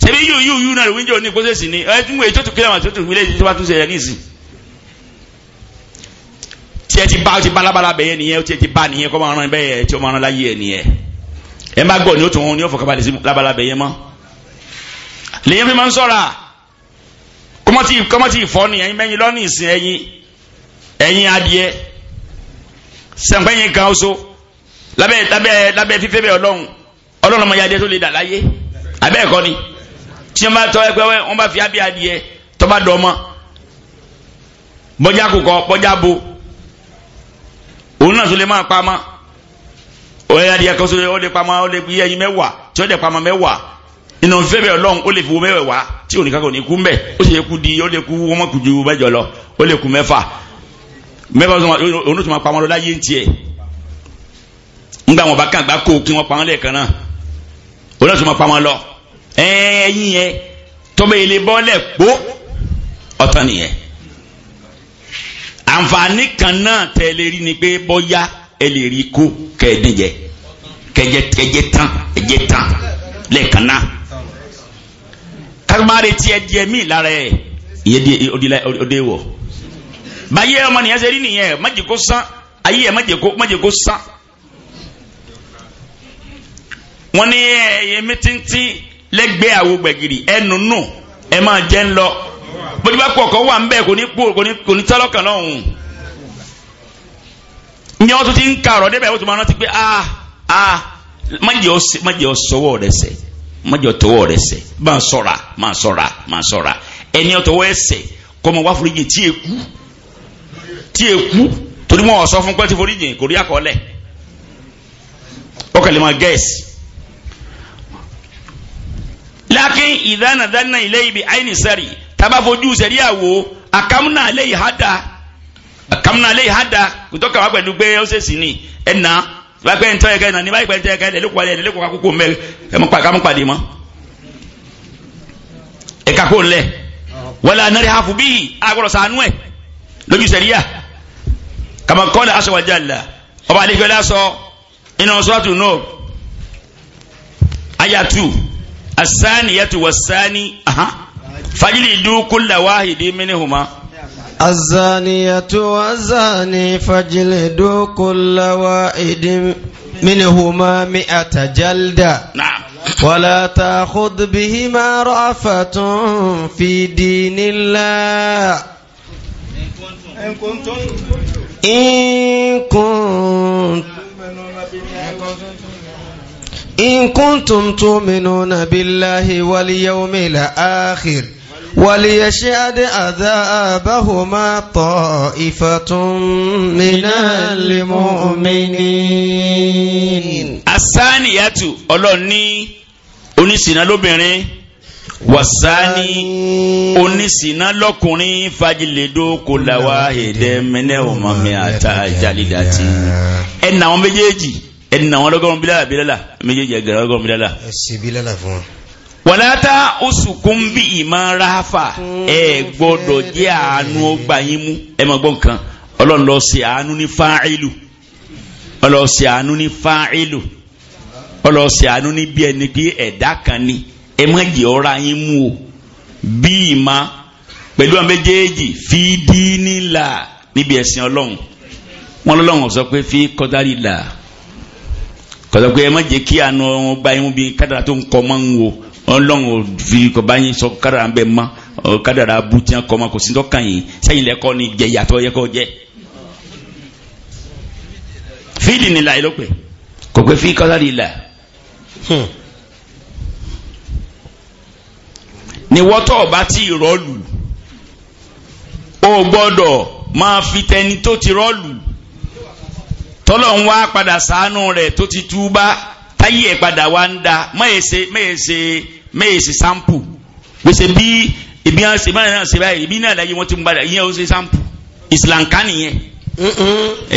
ṣebí yíyú yíyú yíyú náà lè ní ìpọ́sẹ̀sì ni ẹ tún èyí tó tún kílẹ̀ wọn tó tún ilé ìdí tó bá tún ṣe rẹ̀ níìsín. tí ẹ ti bá ti balabala bẹ̀yẹ nìyẹn tí ẹ ti bá nìyẹn kọ́ máa rán bẹ́yẹ tí ó máa rán láyé ẹ nìyẹn. ẹ má gbọ́ ni kọ́mọ́tì kọ́mọ́tì ìfọ́ ni ẹ̀yin mẹ́yin lọ́nà ìsìn ẹ̀yin ẹ̀yin adìẹ sẹ̀ǹpẹ́yìn kan so lábẹ́ lábẹ́ lábẹ́ fífẹ́ bẹ́ẹ̀ ọlọ́run ọlọ́run ọmọ yadé tó lè dà láyé abẹ́ ẹ̀kọ́ ni tí wọ́n bá tọ́ ẹgbẹ́ wọn bá fi abẹ́ adìẹ tó bá dọ̀ ọmọ bọ́jà kòkọ́ bọ́jà bo òun náà tó lè máa pa ọmọ òun adìẹ kan so ó lè pa ọmọ lè yẹ ẹyin mẹ́wàá tí ó lè pa mẹ́wàá iná fẹ́ bẹ́ẹ̀ ọlọ́run ó lè fi wo mẹ́wẹ̀ wá tí òní kankan òní kú mbẹ́ ó sì yẹ kú di ó lè kú wọ́n mọ̀kù ju mẹ́jọ lọ ó lè kú mẹ́fà mẹ́fà ònú tó máa pa wọn lọ láyé ń tiẹ̀ ńgbà wọn bá kàn gbá kó kí wọn pa wọn lẹ́ẹ̀kan náà ònú tó máa pa wọn lọ ẹ̀ẹ́yìn yẹn tọ́bẹ̀ ilé bọ́ọ̀lẹ̀ pó ọ̀tọ̀ nìyẹn àǹfààní kan náà tẹ̀ lè rí ni pé bọ́yá ẹ lè rí kó kẹ́ẹ̀dín jẹ tán ẹjẹ tán lẹ́ẹ̀kan náà kálùmáre tiẹ̀ díẹ̀ mí lára ẹ̀ ìyẹ́ di òde wọ̀ báyé ọmọ nìyẹn ṣe rí nìyẹn má jẹ́ kó sán ayé ẹ̀ má jẹ́ kó má jẹ́ kó sán. wọ́n ní ẹ̀yẹ mítíntín lẹ́gbẹ̀ẹ́ àwo gbẹ̀gìrì ẹnu nù ẹ máa jẹ́ ń lọ bójú bá pọ̀ kọ́ wà ń bẹ̀ kò ní kú kò ní tọ́lọ́kàn náà hùn. ní wọ́n tún ti ń ka ọ̀rọ̀ débẹ̀ wọ́n tún máa rántí pé a ah, a ah, má jẹ́ ọ sọ́wọ́ rẹ̀ sẹ́yìn mọ́jọ tọwọ́ rẹ̀ sẹ̀ máa sọ̀ra máa sọ̀ra máa sọ̀ra ẹni ọ̀tọ̀wọ́ ẹsẹ̀ kọ́mọ wá foríjì tí e kú tí e kú torí wọn ọ̀sọ́ fún pẹ́ẹ́tì foríjì kò rí àkọọ́lẹ̀ ọkàlẹ̀ máa gẹ̀ẹ́sì. lakin ìdánadánná ilé ibi àìní sẹ́rì tábà fojú sẹ́rí àwò àkàmúnà alẹ́ ìhádà àkàmúnà alẹ́ ìhádà kò tọ́ka pẹ̀lú pé ó ni ẹ̀ náà báyìí ntọ́ yẹ kẹ́ nà ní báyìí pẹ́ ntọ́ yẹ kẹ́ nà lẹ́kọ̀ọ́ yẹ lẹ́kọ̀ọ́ kakókò mẹ́ ẹ̀ mọ́ pa ká mọ́ pàdé mọ́ ẹ̀ kakó lẹ̀ wọlé anari hafu bíi agbọ̀rọ̀ sànú ẹ̀ lójú sẹ̀ríyà kàmá kọ́lẹ̀ aṣọ wájà la ọba àlejòlá sọ iná sọ́tù nù ayatu asaniyatu wasani fajili dukula wahidi minihuma. الزانية والزاني فاجلدوا كل واحد منهما مئة جلدة نعم ولا تأخذ بهما رأفة في دين الله إن كنتم إن كنتم إن كنتم تؤمنون بالله واليوم الآخر وليشهد أذابهما طائفة من المؤمنين الثانية ọlọ́ni onísìnà lóbìnrin wàsáni onísìnà lọ́kùnrin fagilèdó kò làwà èdè mẹ́nẹ́ ọmọmi àtàjálidàtì ẹ̀nà àwọn méjèèjì ẹ̀nà àwọn ọlọ́gọ́rùn-ún bílálà bílálà méjèèjì ẹ̀gẹ̀rẹ̀ ọlọ́gọ́rùn-ún bílálà. fún wa. wọ̀látá oṣùkún bí ìmọ̀ ráfà ẹ gbọ́dọ̀ jẹ́ àánú ọgbà yín mú ẹ mọ̀ kan ọlọ́run lọ sí àánú ní fáìlù ọlọ́run sí àánú ní fáìlù ọlọ́run sí àánú ní kan ni ẹ mọ̀ jẹ́ ọ̀rá yín mú o bí ìmọ̀ pẹ̀lú àwọn fi dí nílà níbi ẹ̀sìn ọlọ́run wọn lọ́lọ́run sọ pé fi kọ́dárì là kọ́dọ̀ pé ẹ mọ̀ jẹ́ kí àánú ọgbà yín mú bí kádàrà tó ọlọ́run ò fi kọba yín sọ kádàrà ń bẹ mọ́ kádàrà abútián kọ́ ma kò sí tọ́ka yín sẹ́yìn lẹ́kọ́ ni jẹ ìyàtọ̀ yẹ kọ́ jẹ. fíìlì nìlà yìí ló pè kò pé fíìlì kọ́sá nìlà. Hmm. ni wọ́tọ̀ ọba tí ì o gbọ́dọ̀ máa fi tẹni tó ti rọ́ọ̀lù tọ́lọ̀ ń wá padà sàánú rẹ̀ tó ti túbá táyé padà wá ń da mọ̀ ẹ̀ mẹ́yèsí sampo gbèsè bí ebi náà ṣe báyìí náà ṣe báyìí ebi náà láyé wọ́n ti mú padà ìyẹn ó ṣe sampo ìsìlànká nìyẹn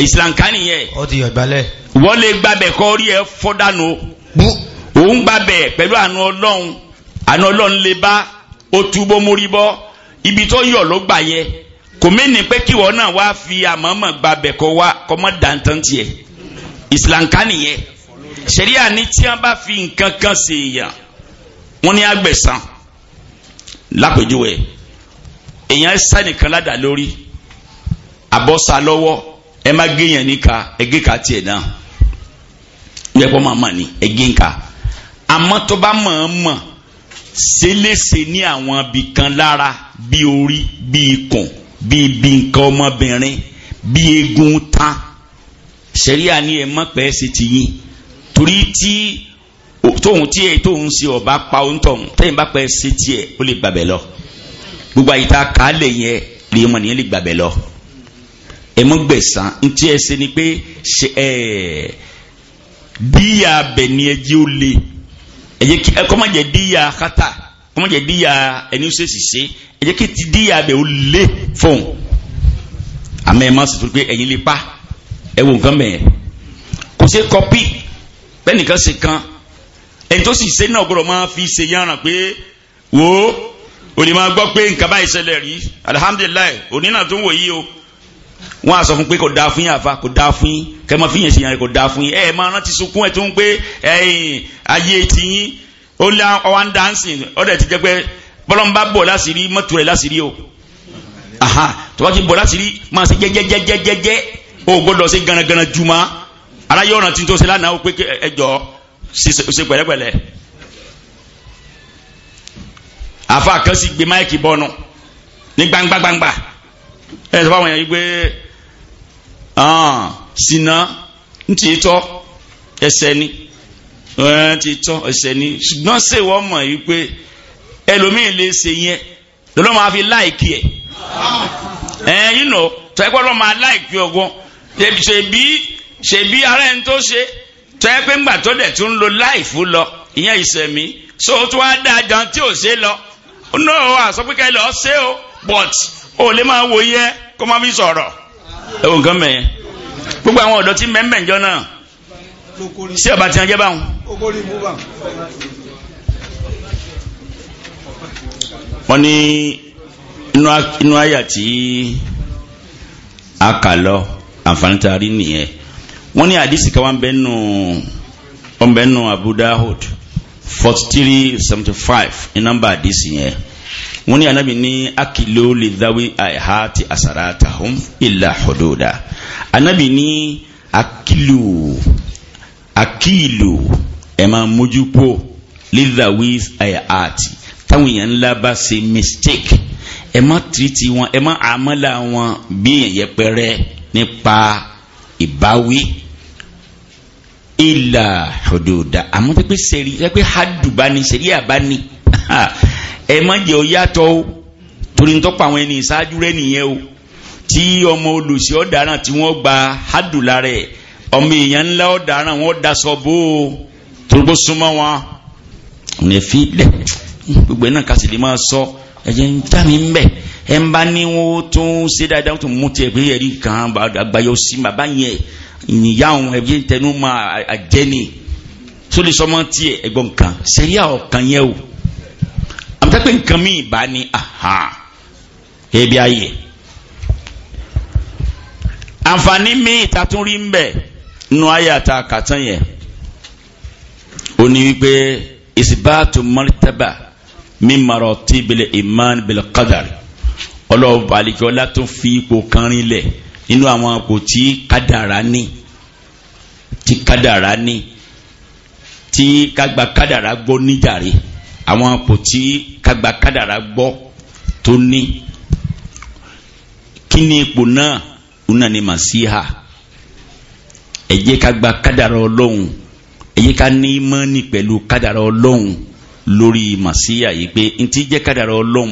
ìsìlànká nìyẹn. ó ti yọ ìgbálẹ̀. wọ́n lè gbàbẹ̀ kọ́ orí ẹ fọ́dánù òun gbàbẹ̀ pẹ̀lú àánú ọlọ́run àánú ọlọ́run lè bá ó túbọ̀ mórí bọ́ ibi tó yọ̀ ló gbà yẹ kò mẹ́ni pé kíwọ́ náà wá fi àmọ́mọ́ gbàbẹ̀ kọ́ wá kọ́mọ́ dàntàn tiẹ̀ ìsìlànká nìyẹn sẹ̀ríà ní tí wọ́n bá fi nǹkan kan ṣèyàn wọ́n ní agbẹ̀san lápèjúwe èèyàn sánìkan ládàá lórí àbọ̀sà lọ́wọ́ ẹ má géèyàn níka ẹgẹ́ ká tiẹ̀ náà yẹ kó máa mọ̀ ní ẹgẹ́ ńká àmọ́ tó bá mọ̀ ọ́n mọ̀ ṣeléṣe ní àwọn ibì kan lára bí orí bí ikùn bí ibi nǹkan ọmọbìnrin bí egun tán sẹ́ríà ni ẹ mọ̀ pé ẹ ṣe ti yín torí tí tóun tí yẹ tóun sí ọba pa ohun tọ̀hún tẹ́yìn bá pẹ́ sí tiẹ̀ ó lè gbàbẹ̀ lọ gbogbo àyíká kàálẹ̀ yẹn lè mọ̀ nìyẹn lè gbàbẹ̀ lọ ẹ mọ́ gbẹ̀sán ntí ẹ ṣe ni pé ṣe ẹ díyà bẹ̀ ni ẹ jẹ́ ó le ẹ kí ẹ kọ́ díyà kátà kọ́ díyà ẹni ó ṣe ẹ jẹ́ kí ti díyà bẹ̀ ó le fóun àmọ́ ẹ má sọ pé ẹ̀yin lè pa ẹ wo nǹkan mẹ́ẹ̀ kò ṣe kọ́pì bẹ́ẹ̀ nìkan ṣe kan ẹni tó sì ṣe náà gbọ́dọ̀ máa fi ṣe yànnà pé wò ó òní máa gbọ́ pé nǹkan báyìí ṣẹlẹ̀ rí alihamudulilayi òní náà tó wò yí o wọ́n á sọ fún pé kò dáa fún yín àfa kò dáa fún yín kẹ́ máa fi yẹn ṣe yànnà kò dáa fún yín ẹ máa rántí sunkún ẹ tó ń pé ẹ̀yìn ayé ti yín ó lé ọwọ́ ń dánsìn ti jẹ́ pé bọ́lọ́mbà bọ̀ láṣìírí mọ́tò rẹ̀ láṣìírí o aha tó bá ti bọ̀ láṣìírí máa ṣe jẹ́jẹ́jẹ́jẹ́jẹ́ o gbọ́dọ̀ ṣe ganagana juma aláyọ̀ ọ̀nà tí n tó ṣe lánàá o pé ẹjọ́ ṣe pẹ̀lẹ́pẹ̀lẹ́ àfa kan sì gbé máìkì bọ́nu ní gbangba gbangba ẹ sọ fáwọn yẹn yí pé sinna ń ti tọ́ ẹsẹ̀ ni ẹ ti tọ́ ẹsẹ̀ ni ṣùgbọ́n ṣe wọ́n mọ̀ yí pé ẹlòmíì lè ṣe yẹn lọ́lọ́ máa fi láìkì ẹ̀ ah. ẹ̀yin nọ tọ́ lọ́ máa láìkì ọgbọ́n ṣèbí ṣèbí ara ẹni tó ṣe tọ́yẹ́ pé ńgbà tó dẹ̀ tún lo láìfù lọ ìyẹn ìsẹ̀mí so ó tún wá dáa jàn tí ò ṣe lọ no àsọpẹ́kẹ́ ilẹ̀ ọ́ o but o lè máa wo yẹ kó má fi sọ̀rọ̀ ewu nǹkan mẹ́yẹn gbogbo àwọn ọ̀dọ́ tí mẹ́mẹ́ ìjọ náà sí ọba tí wọ́n jẹ́ báwọn. wọ́n ní inú àyà tí a kà lọ àǹfààní tá a rí nìyẹn wọ́n ní àdìsí kan wọ́n bẹ́ẹ̀ nù wọ́n bẹ́ẹ̀ nù forty three seventy five ní nọ́mbà àdìsí yẹn wọ́n ní anabi ní akilo lè dáwé àìhá ti àsàrà tàhún ìlà hududa anabi ní akilo akilo ẹ̀ máa mójú kó lè dáwé ti táwọn èèyàn ńlá bá ṣe mistake ẹ má tiriti wọn ẹ má àmọ́là wọn bí èèyàn yẹpẹrẹ nípa ìbáwí ìlà hududa àmọ́ pé sẹ́rí pé hadùbá ni sẹ́rí àbá ni ẹ má jẹ́ ó yàtọ̀ o torí ń tọ́pọ̀ àwọn ẹni ìṣáájú rẹ̀ nìyẹn o tí ọmọ olùsí ọ̀daràn tí wọ́n gba hadùlá rẹ̀ ọmọ èèyàn ńlá ọ̀daràn wọ́n daṣọ bó o torí bó súnmọ́ wọn. ọ̀nà ìfilẹ̀ gbogbo ẹ̀ kásìlè máa sọ. So ẹ̀jẹ̀ ń já mi ń bẹ̀ ẹ̀ ń bá ní wọ́n tó ń ṣe dáadáa tó mú tiẹ̀ pé ẹ̀rí kan àgbáyọ sí bàbá yẹn ìyá òun ẹ̀jẹ̀ ń tẹnu mọ́ àjẹni sólè sọmọ tiẹ̀ ẹ̀gbọ́n kan sẹ́ríà ọ̀kan yẹn o àmọ́tẹ́pẹ́ nǹkan mi ìbá ni ẹbí ayé àǹfààní mi ìtàtún rí ń bẹ̀ nù ayé àtàkàtàn yẹn ó ní wípé ìsìbáàtú mọ́rítẹ́bà min maratibil iman bil qadar ọlọ́run balikọ́lá tó fi ipò kan rinlẹ̀ nínú àwọn ipò tí kádàrá ní tí kádàrá ní tí kagbà kádàrá gbọ́ níjàre àwọn ipò tí kagbà kádàrá gbọ́ tó ní kí ni ipò náà òun náà ni màsíhà ẹ jẹ́ ká gba kádàrá ẹ jẹ́ ká ní ìmánì pẹ̀lú kádàrá ọlọ́run lórí màsíyà yìí pé ntí jẹ́ kádàrá ọlọ́run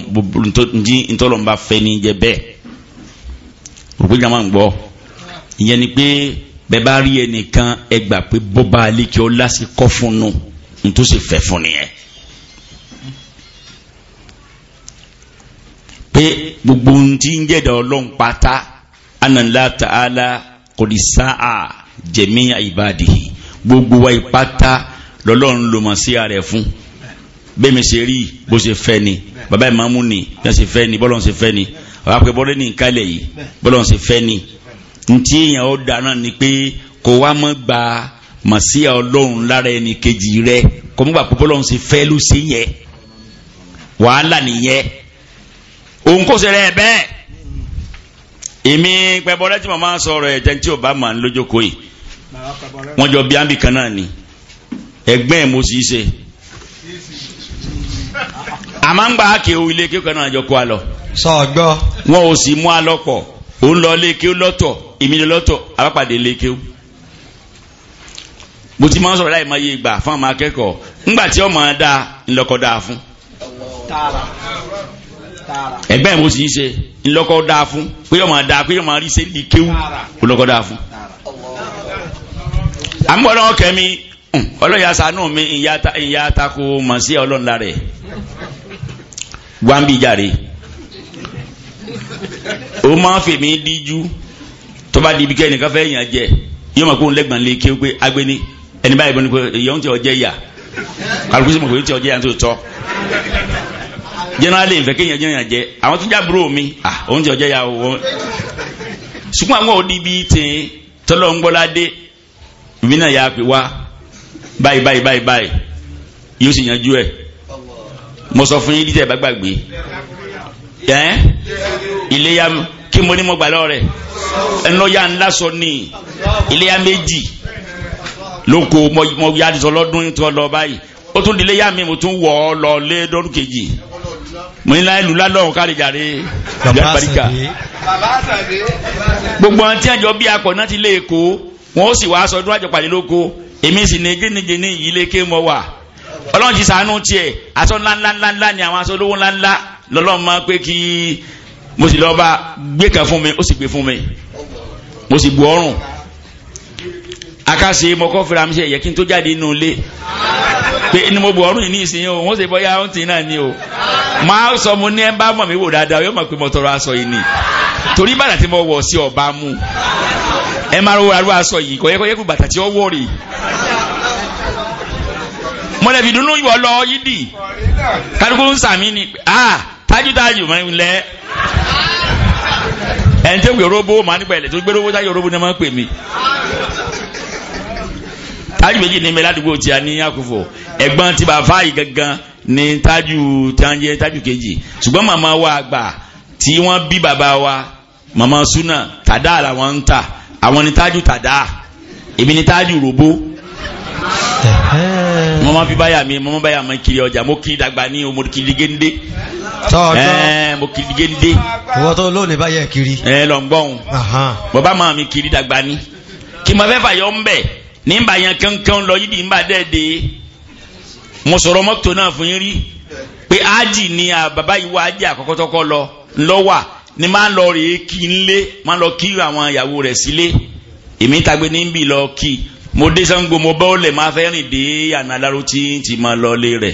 ntí ntọ́lọ́run bá fẹ́ ní jẹ bẹ́ẹ̀ òpin jàmá ń gbọ́ ìyẹn ni pé bẹ́ẹ̀ bá rí ẹnìkan ẹ gbà pé bọ́ba alékè ọlá sí kọ́ fún un ntòsí fẹ́ fún nìyẹn. pé gbogbo ntí ń jẹ́dá ọlọ́run pátá anala ta'ala kò ní sáà jẹ̀mí àyíbáàdì gbogbo wa ìpátá lọ́lọ́run ló sí ara ẹ̀ fún bẹ́ẹ̀mi ṣe rí bó ṣe fẹ́ ni bàbá ìmáàmù ni bẹ́ẹ̀ ṣe fẹ́ ni bọ́lọ̀ ṣe fẹ́ ni àwọn akpẹ́ bọ́lẹ̀ ní nkálẹ̀ yìí bọ́lọ̀ ṣe fẹ́ ni ntí èèyàn ó dáná ni pé kò wá mọ́ gba màsíà ọlọ́run lára ẹni kejì rẹ kò mọ́ gba pé bọ́lọ̀ ṣe fẹ́ ló ṣe yẹ wàhálà nìyẹn òun kò ṣe rẹ bẹ́ẹ̀ èmi pẹ́bọ́lẹ́ tí mo máa sọ̀rọ̀ ẹ̀ tẹ́ntì ò bá mà ń lójókòó a máa ń gbà o ilé kéwù náà jọ kó a lọ. sọgbọ́. wọn ò sì mú a lọ́pọ̀ òun lọ ilé kéwù lọ́tọ̀ èmi lọ lọ́tọ̀ abápàdé ilé kéwù. mo ti máa ń sọ̀rọ̀ láì máa yé ìgbà fún àwọn akẹ́kọ̀ọ́ ńgbà tí da ńlọkọ da fún. ẹgbẹ́ mo sì ń ṣe ńlọkọ da fún pé ọmọ da pé ọmọ rí sẹ́ni kéwù ńlọkọ da fún. àmúgbọ́dọ̀ kẹ́mi ọlọ́yà mi ìyá wá ń bí jàre fe máa diju fèmí díjú tó bá di ibi kẹ́ni káfẹ́ yàn jẹ yóò máa kó ń lẹ́gbọ̀n lé kí ó pé agbéni ẹni báyìí bọ́ ni pé ìyọ́n ti ọjẹ́ yà kálukú sí mọ̀ pé ti ọjẹ́ yà tó tọ́ jẹ́nẹ́rálì ìfẹ́ kéèyàn jẹ́ jẹ àwọn tó já búrò mi ah òun ti ọjẹ́ yà wọ́n ṣùgbọ́n àwọn òdi bíi ti tọ́lọ́ ń gbọ́lá dé ìbí náà yà á pè wá báyìí báyìí báyìí báyìí yóò sì yanjú ẹ̀ mo sọ fún yín bí tẹ́ bá gbàgbé ẹ́ iléyà kí mo ní mo gbà lọ rẹ̀ ẹnu ya ńlá sọ ní iléyà méjì ló mo ya sọ lọ́dún tó lọ báyìí ó tún dilé yá mi mo tún wọ̀ ọ́ lọ lé lọ́dún kejì mo ní láyé lùlá lọ́hùn kárí jàre jàbáríkà gbogbo àwọn tí àjọ bí akọ̀ náà ti lé èkó wọn ó sì wá aṣọ ọdún àjọpàdé lóko èmi sì ní gínígíní yìí lé ké mọ wà ọlọ́run ti sànú tiẹ̀ aṣọ ńláńláńlá ni àwọn aṣọ olówó ńláńlá lọ́lọ́run máa pé kí mo sì lọ́ọ́ bá gbé kan fún mi ó sì gbé fún mi mo sì bu ọrùn akásí mọ́kọ́ fúra mi ṣe yẹ kí n tó jáde inú ilé pé ni mo bu ọrùn yìí ní ìsìn o wọ́n sì bọ́yá ó ti náà ni o máa sọ mo ní ẹ bá mọ̀ mi wò dáadáa yóò mọ̀ pé mo tọrọ aṣọ yìí ni torí bàtà tí mo wọ̀ sí ọba mú ẹ máa rọwọ́ aṣọ yìí kọ́yẹ́kọ́yẹ́ kú bàtà tí ó wọ̀ rèé mọ̀lẹ́bí dunu yọ̀ lọ yídì kálukú ń sàmì ni ah tájútájú mọ̀ ń lẹ́ ẹni tó gbèrò bó ma nígbà ilẹ̀ tó gbèrò bó táyọ̀ róbó ni wọ́n pè mí tájú méjì ní mi ládùúgbò tí a ní àkófò ẹ̀gbọ́n tí bàbá yìí gangan ní tájú tí a ń jẹ tájú kejì ṣùgbọ́n màmá wa àgbà tí wọ́n bí bàbá wa màmá súnà tàdá làwọn ń tà àwọn ní tájú tàdá èmi ní tájú róbó mo ma fi báyà mi mo ma báyà mi kiri ọjà mo kiri dàgbà ní o mo kiri gende. tọ́jọ́ ẹ̀ẹ́ mo kiri géńdé. ìwọ tó lónìí báyà kiri. ẹ lọ ń gbọ́n mo bá máa mi kiri dàgbà ní. kí mo fẹ́ fàyọ̀ ń bẹ̀ ní bá kankan lọ yídì ń dẹ́ẹ̀dẹ́ mo sọ̀rọ̀ mọ́tò náà fún yín rí pé ájì ni bàbá yìí wá ájì àkọ́kọ́ tọ́kọ́ lọ ńlọ́wà ni máa ń lọ rèé kí ń lé máa ń lọ kí àwọn ìyàwó rẹ̀ sílé èmi tagbé ní ń bì lọ kí mo dé sango mo bọ́ lẹ̀ máa fẹ́ rìn dé àná aláró tí tí máa lọ lé rẹ̀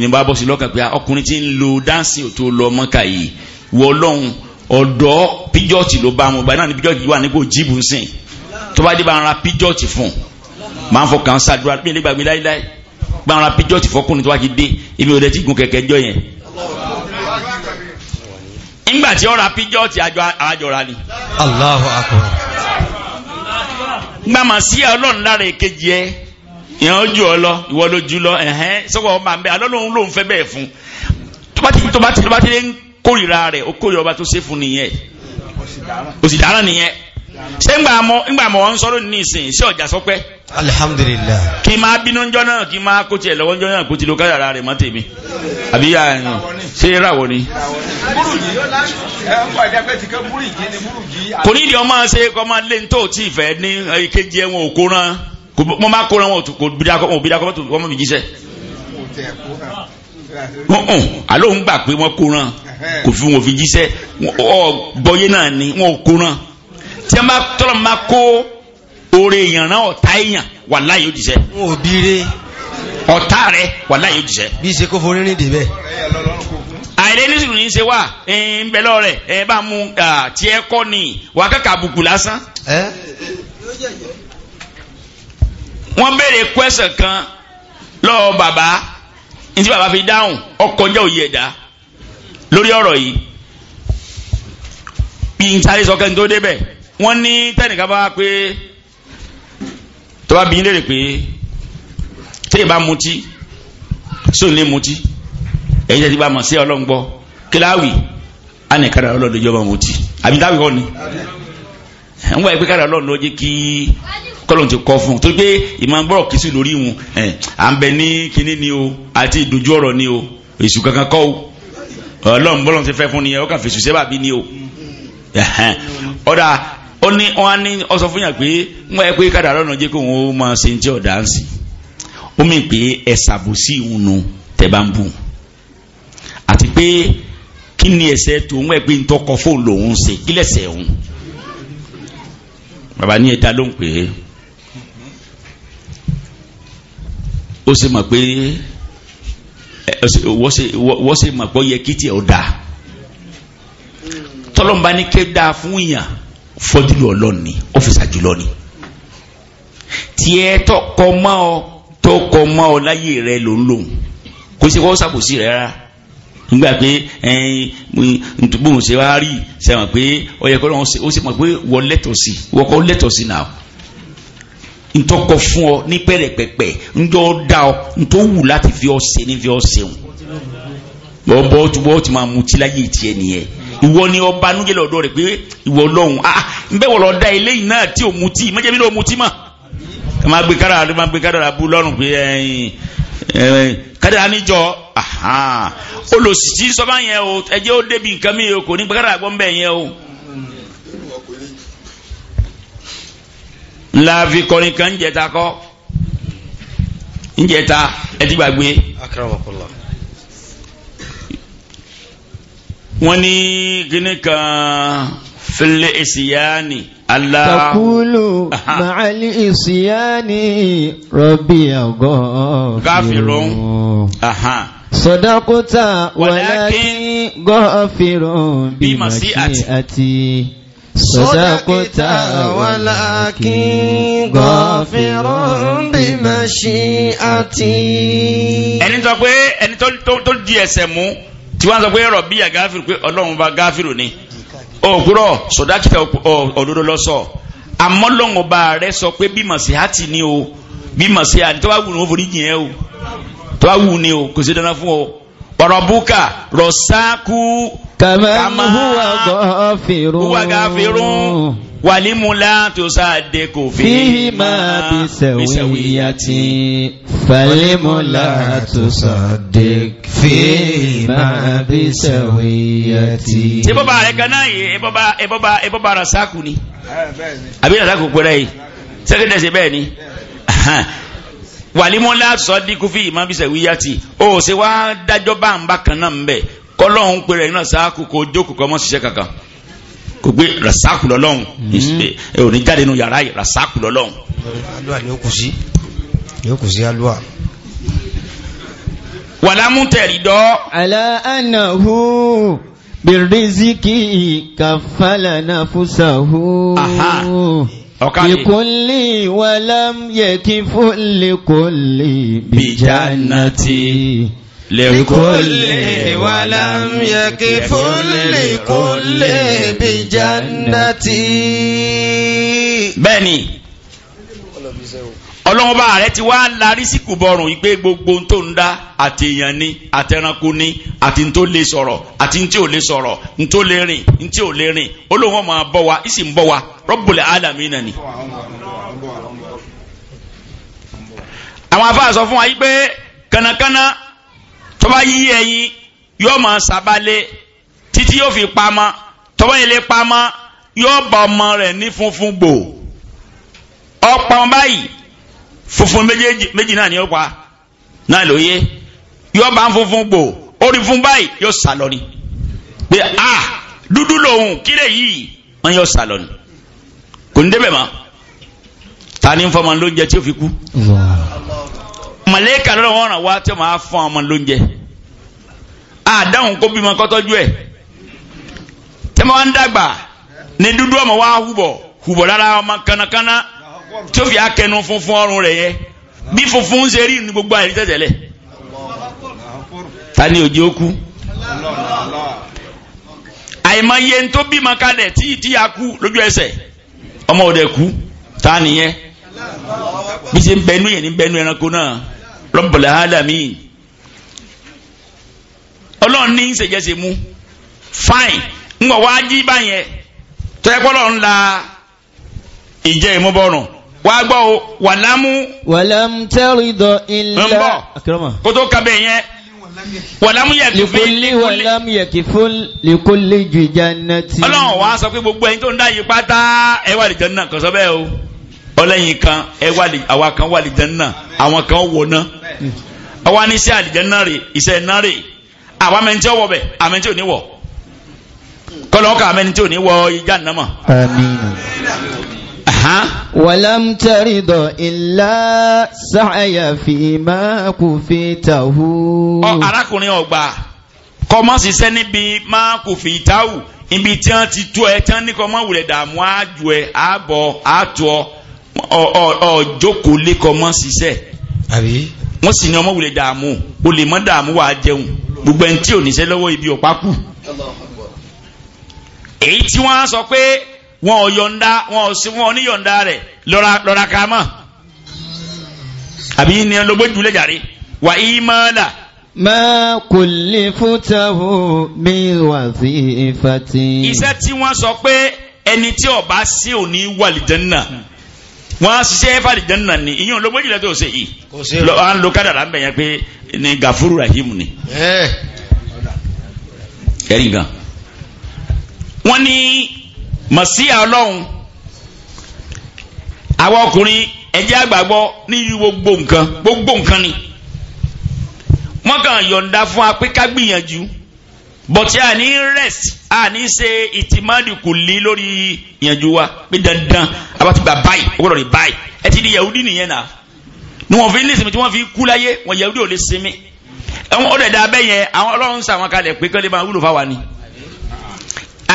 ní bá bọ́ sí lọ́kàn pé ọkùnrin tí ń lo dáǹsì tó lọ mọ́kà yìí wọ ọlọ́run ọ̀dọ́ píjọ́ọ̀tì ló bá wọn gbà náà ní píjọ́ọ̀tì wà nípò jíìbù sìn tó bá dé bá ara píjọ́ọ̀tì fún máa ń fọkàn ṣàdúrà bí nígbàgbé láíláí bá ara píjọ́ọ̀tì fọkùnrin tó wá ti dé èmi ò dẹ̀ tí gun kẹ̀kẹ́ jọ yẹn nígbà tí ó píjọ́ọ̀tì àjọ àjọra ni. Allahu akbar gbàmà si ọlọ́run lára èkejì ẹ ìyẹn ó jù ọ lọ ìwọ ló jù lọ ẹ̀hẹ́n sọ́kọ̀ ọmọ àbẹ alọ́lọ́run ló ń fẹ́ bẹ́ẹ̀ fún tó bá ti lè ń kórìíra rẹ̀ ó kórìíra ọba tó ṣe fún nìyẹn òsì dára nìyẹn ṣé ngbà mọ̀ ń sọ̀rọ̀ ní ìsìn sí ọjà sọpẹ́. alhamdulillah. kí máa bínú njọ náà kí máa kó tiẹ̀ lọ́wọ́ ńjọ́ náà kó ti lo káyàrá rẹ̀ mọ́ tèmi àbí yà ẹ̀ nù ṣé ìràwọ̀ ni. kò ní ọmọ ṣe kọ́ máa lé tó tí fẹ́ ní ìkejì ẹ̀wọ̀n òkú mo máa kó wọn kò bí dakọ́ mi jíṣẹ́. gbà pé wọ́n kó kò fi wọn ni kó tí wọ́n bá tọ́lọ̀ máa kó oore èèyàn náà ọ̀tá èèyàn wà láàyè òjìṣẹ́. wọn ò bíire. ọ̀tá rẹ wà láàyè òjìṣẹ́. bí ṣe kó forí rìn débẹ̀. àìlè ní sùnú ṣe wà ń bẹ ẹ bá mú tí ẹ kọ́ ni wà kàkà àbùkù lásán. wọ́n béèrè kwẹ́sàn kan lọ́wọ́ bàbá ní tí bàbá fi dáhùn ọkọ̀ jẹ́ òye ẹ̀dá lórí ọ̀rọ̀ yìí bí n sáré sọ kẹ́ni tó débẹ̀ wọ́n ní tẹ́nìkan bá pé tọ́ba bí léèrè pé téèyàn bá mutí sóun lè mutí èyí tẹ́tí bá mọ̀ sí ọlọ́ngbọ́ kíláwì á ní kára ọlọ́dún ìjọba mutí àbí táwì kọ́ ni ń wá ìpè kára ọlọ́run ló jẹ́ kí kọ́lọ́n ti kọ́ fún un torí pé ìmọ̀ gbọ́rọ̀ kìí sí lórí wọn à ń bẹ ní kinní ni o àti ìdójú ọ̀rọ̀ ni o èṣù kankan kọ́ o ọlọ́run bọ́lọ́n ti fẹ́ fún ni ẹ ó fèsù sẹ́bà ó ní wọn á ní ọsọ fún yàn pé ń wáyé pé kádàrá ọ̀nà jẹ́ kó wọn ó máa ṣe ti ọ̀dà ń sìn ó mì pé ẹ̀sà bò sí ìhun nu tẹ̀ bá ń bù àti pé kí ni ẹsẹ̀ tó ń wáyé pé ń tọkọ fóun lòun ṣe kí lẹ́sẹ̀ òun bàbá ní ẹ̀ta ló ń pè é ó sì mọ̀ pé wọ́n sì mọ̀ pé ó yẹ kí tiẹ̀ ó dáa tọ́lọ́mùbá ní ké dáa fún yàn fọ́júlù ọlọ́ni ọ́fíìsà jùlọ ni tí ẹ tọkọ mọ́ ọ tọkọ mọ́ ọ láyé rẹ ló ń lòun kò sí kọ́ sàkóso rẹ rárá nígbà pé ntúbùn ṣe wá rí sẹ́wọ̀n pé ó yẹ kó lọ́wọ́ ó sì mọ̀ pé wọ́n lẹ́tọ̀ọ́ sí wọ́n kọ́ lẹ́tọ̀ọ́ sí náà ntọkọ fún ọ ní pẹ̀rẹ̀pẹ̀pẹ̀ ntọ da ọ ntọ wù láti fi ọ ṣe ní fi ọ ṣeun bọ bọ tí wọn ti máa mutí láyé tiẹ̀ nìyẹn ìwọ ni ọba nújẹ́ lọ́dọ̀ rẹ̀ pé ìwọ lọ́hùn ah nbẹ wọ̀ lọ da eléyìí náà tí o mu tí mẹ́jẹ̀ mi ló mu tí mọ̀ ẹ máa gbé kádàrà ẹ máa gbé kádàrà bú lọ́rùn pé ẹyin kádàrà níjọ olùsí sọ́ba yẹn o ẹjẹ́ ó débi nǹkan mi o kò ní gbé kádàrà gbọ́n bẹ́ẹ̀ yẹn o. láàfin kọrin kan ń jẹta kọ́ ń jẹta ẹ ti gbàgbé. akramakallah. wọ́n ní gíní kan fílẹ̀ ìsìyáni Allah takulu ma'ali ìsìyáni rọ̀bí ọgọ́ gáfìrún sọ̀dọ́kútà walakin gọ́ọ̀fìrún bí màsí àti sọ̀dọ́kútà walakin gọ́ọ̀fìrún bí màsí àti. ẹni tó pé ẹni tó di ẹsẹ̀ mú tí wọ́n sọ pé rọ̀bí yà gáfìrù pé ọlọ́run bá gáfìrù ni òkúrọ̀ sọ̀dákìtà òdodo lọ́sọ̀ àmọ́ lọ́run ọba rẹ sọ pé bí màsí àti ni o bí màsí àti tó bá wù ní wọ́n forí jìn o tó bá wù ní o kò sí dandan fún o ọ̀rọ̀bùkà rọ̀sákú kàmá huwa wàlímúlá tó sáàdé kò fi hímá bisẹ̀wìyàtì fàlímúlá tó sáàdé fi hímá bisẹ̀wìyàtì. ṣé bọ́bá rẹ̀ kan náà yìí ẹ bọ́bá rasaku ni àbí rasaku pẹ́rẹ́ yìí sẹ́kẹ́dẹ̀ ṣe bẹ́ẹ̀ ni (laughs) wàlímúlá tó sáàdé kò fi hímá bisẹ̀wìyàtì ó ṣe wá dájọ́ bá ń bá kan náà ń bẹ̀ kọ́lọ́hún pẹ́rẹ́ náà sáàkù kò jókòó kọ́ mọ́ ṣiṣẹ́ kankan kò gbé rasaku lọ́lọ́run mm-hmm. eh, ẹ ò ní jáde nínú yàrá rasaku lọ́lọ́run. alua ni ó kù sí ni ó kù sí alua. wàlámù tẹ̀rí dọ́. àlà ànàhù bìrìsìkì kàfàlà nàfùsàhù. aha ìkúnlẹ̀ wàlámù yẹ kí fún lè kúnlẹ̀ bìjánà tí. لكل ولم يكف لكل بجنتي بني ọlọ́run bá rẹ ti wá larí sí kùbọ̀rùn yìí pé gbogbo tó ń dá àti èèyàn ni àti ẹranko ni àti n lè sọ̀rọ̀ àti n ò lè sọ̀rọ̀ n lè rìn n ò lè rìn olóhùn ọmọ bọ̀ wá ìsì ń bọ̀ wá ni. àwọn afáàsọ fún wa yìí pé kànákànná tó bá yí ẹyin yóò máa sábàlẹ̀ títí yóò fi pamọ́ tó bá lè pamọ́ yóò bá ọmọ rẹ̀ ní funfun gbò ọ̀pọ̀ báyìí funfun méjì náà ni ó pa náà ló yé yóò bá funfun gbò orí fún báyìí yóò sá lọ ni pé a dúdú lòun kílẹ̀ yìí wọ́n yóò sá lọ ni kò ní débẹ̀ mọ́ ta ni ń fọmọ tí ó fi kú. Wow. màlẹ́kà lọ́rọ̀ wọn ràn ọmọ lóúnjẹ kó bímọ ń dàgbà ní dúdú ọmọ wa rárá ọmọ tí ó fi akẹnu funfun ọrùn rẹ̀ yẹ bí funfun ṣe rí ní gbogbo àyè ta ni òjì ó kú àìmọye bímọ kalẹ̀ tí tí a kú lójú ọmọ òde kú ta nìyẹn bí ṣe ń bẹnu yẹn ní bẹnu ẹranko náà Rabbul alamin ọlọ́run ní ìṣèjẹsẹ̀ mú fine ń wọ̀ wá jí báyẹn tẹ́kọ́lọ́ ń la ìjẹ́ ìmúbọ̀rùn wàá gbọ́ o wàlámú. wàlámú tẹ́rìdọ̀ ilá. ń bọ̀ kó tó kábẹ̀ yẹn. wàlámú yẹ kí fún lè. wàlámú yẹ kí fún lè kó lè ju ìjà náà ti. ọlọ́run wàá sọ pé gbogbo ẹni tó ń dá yìí pátá ẹ wà lè jẹun náà kọsọ bẹ́ẹ̀ o ọlẹ́yin kan ẹ wà lè àwa kan wà lè jẹ́nà àwọn kan wọ̀ ná àwa ní iṣẹ́ àlìjẹ́nà rè iṣẹ́ iná rè àwa mẹ́ni tí ó wọ̀ bẹ̀ àmẹ́ni tí ò ní wọ̀ kọ́lọ́wọ́ ká àmẹ́ni tí ò ní wọ ìjà nàmọ̀. ولم ترد إلا سعي فيما كفيته ọ arákùnrin ọgbà kọmọ ṣiṣẹ́ níbi máa kò fi ìtawù ibi tí wọ́n ti tó ẹ tí wọ́n ní kọmọ wùlẹ̀ dààmú àjò ẹ àbọ̀ àtọ́ ọjọ́kòó lẹ́kọ̀ọ́ mọ́ ṣiṣẹ́ wọ́n sì ní ọmọ wulẹ̀ dààmú o lè mọ́ dààmú wà á jẹun gbogbo ẹni tí ò níṣẹ́ lọ́wọ́ ibi ọ̀pá kù. èyí tí wọ́n á sọ pé wọn ò yọ̀ǹda wọn ò sí wọn ò ní yọ̀ǹda rẹ̀ lọ́ra ká mọ̀ àbí ní ọlọ́gbẹ́jú lẹ́jàre wà í máa dà. ma kullifuhu min wazifatin. iṣẹ́ tí wọ́n sọ pé ẹni tí ó bá sí òní wàlìjẹ́ náà. wọ́n á ṣiṣẹ́ fàdìjẹ́ nà ní ìyẹn ló méjìlá tó ṣe yìí à ń lo kádàrà pé ni gafuru rahim ni. ẹ̀rí gan. wọ́n ní Masiya ọlọ́run àwọn ọkùnrin ẹ̀jẹ̀ ní yí gbogbo nǹkan ni kàn bọ̀tí a ní rest a ní ṣe ìtìmọ́dìkù lé lórí ìyànjú wa pé dandan abatugba báyìí ó gbọ́dọ̀ rí báyìí ẹ ti di yahudi nìyẹn náà ni wọn fi ń lè sinmi tí wọn fi kú láyé wọn yahudi ò lè sinmi ẹwọn ó dẹ̀dá abẹ́ yẹn àwọn ọlọ́run sà wọn kalẹ̀ pé kọ́lé máa wúlò fáwa ni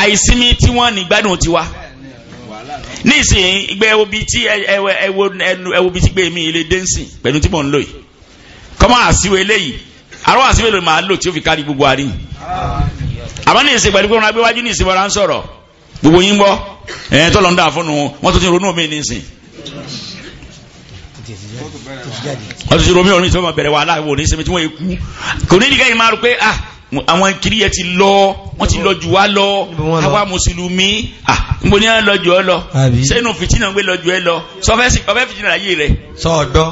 àìsinmi tí wọ́n ní gbádùn tiwa ní ìsìn ìgbẹ́ ẹwo bíi tí ẹwo bíi tí gbé mi ilé dẹ́nsìn pẹ̀lú tí mò ń lò yìí kọ́mọ́ àṣìwò eléyìí àrùn àti mélòó máa lò tí ó fi kárí gbogbo àrí àmọ́ ní ìsìn pẹ̀lú pé wọn agbéwájú ní ìsìn bọ́ra ń sọ̀rọ̀ gbogbo yín gbọ́ ẹ̀ tọ́lọ̀ ń dà fún un wọ́n tún ti ronú omi nísìn wọ́n tún ti ronú omi tí wọ́n bẹ̀rẹ̀ wàhálà wò ní sẹ́mi tí wọ́n kú kò ní ìdíkẹ́ yìí máa rò pé ah àwọn kiri yẹn ti lọ wọ́n ti lọ jù wá lọ àwa mùsùlùmí ah nbọ ní wọn lọ jù ọ lọ sẹ́nu fìtínà ń gbé lọ jù ẹ lọ sọfẹ́ fìtínà láyé rẹ. sọ̀dọ́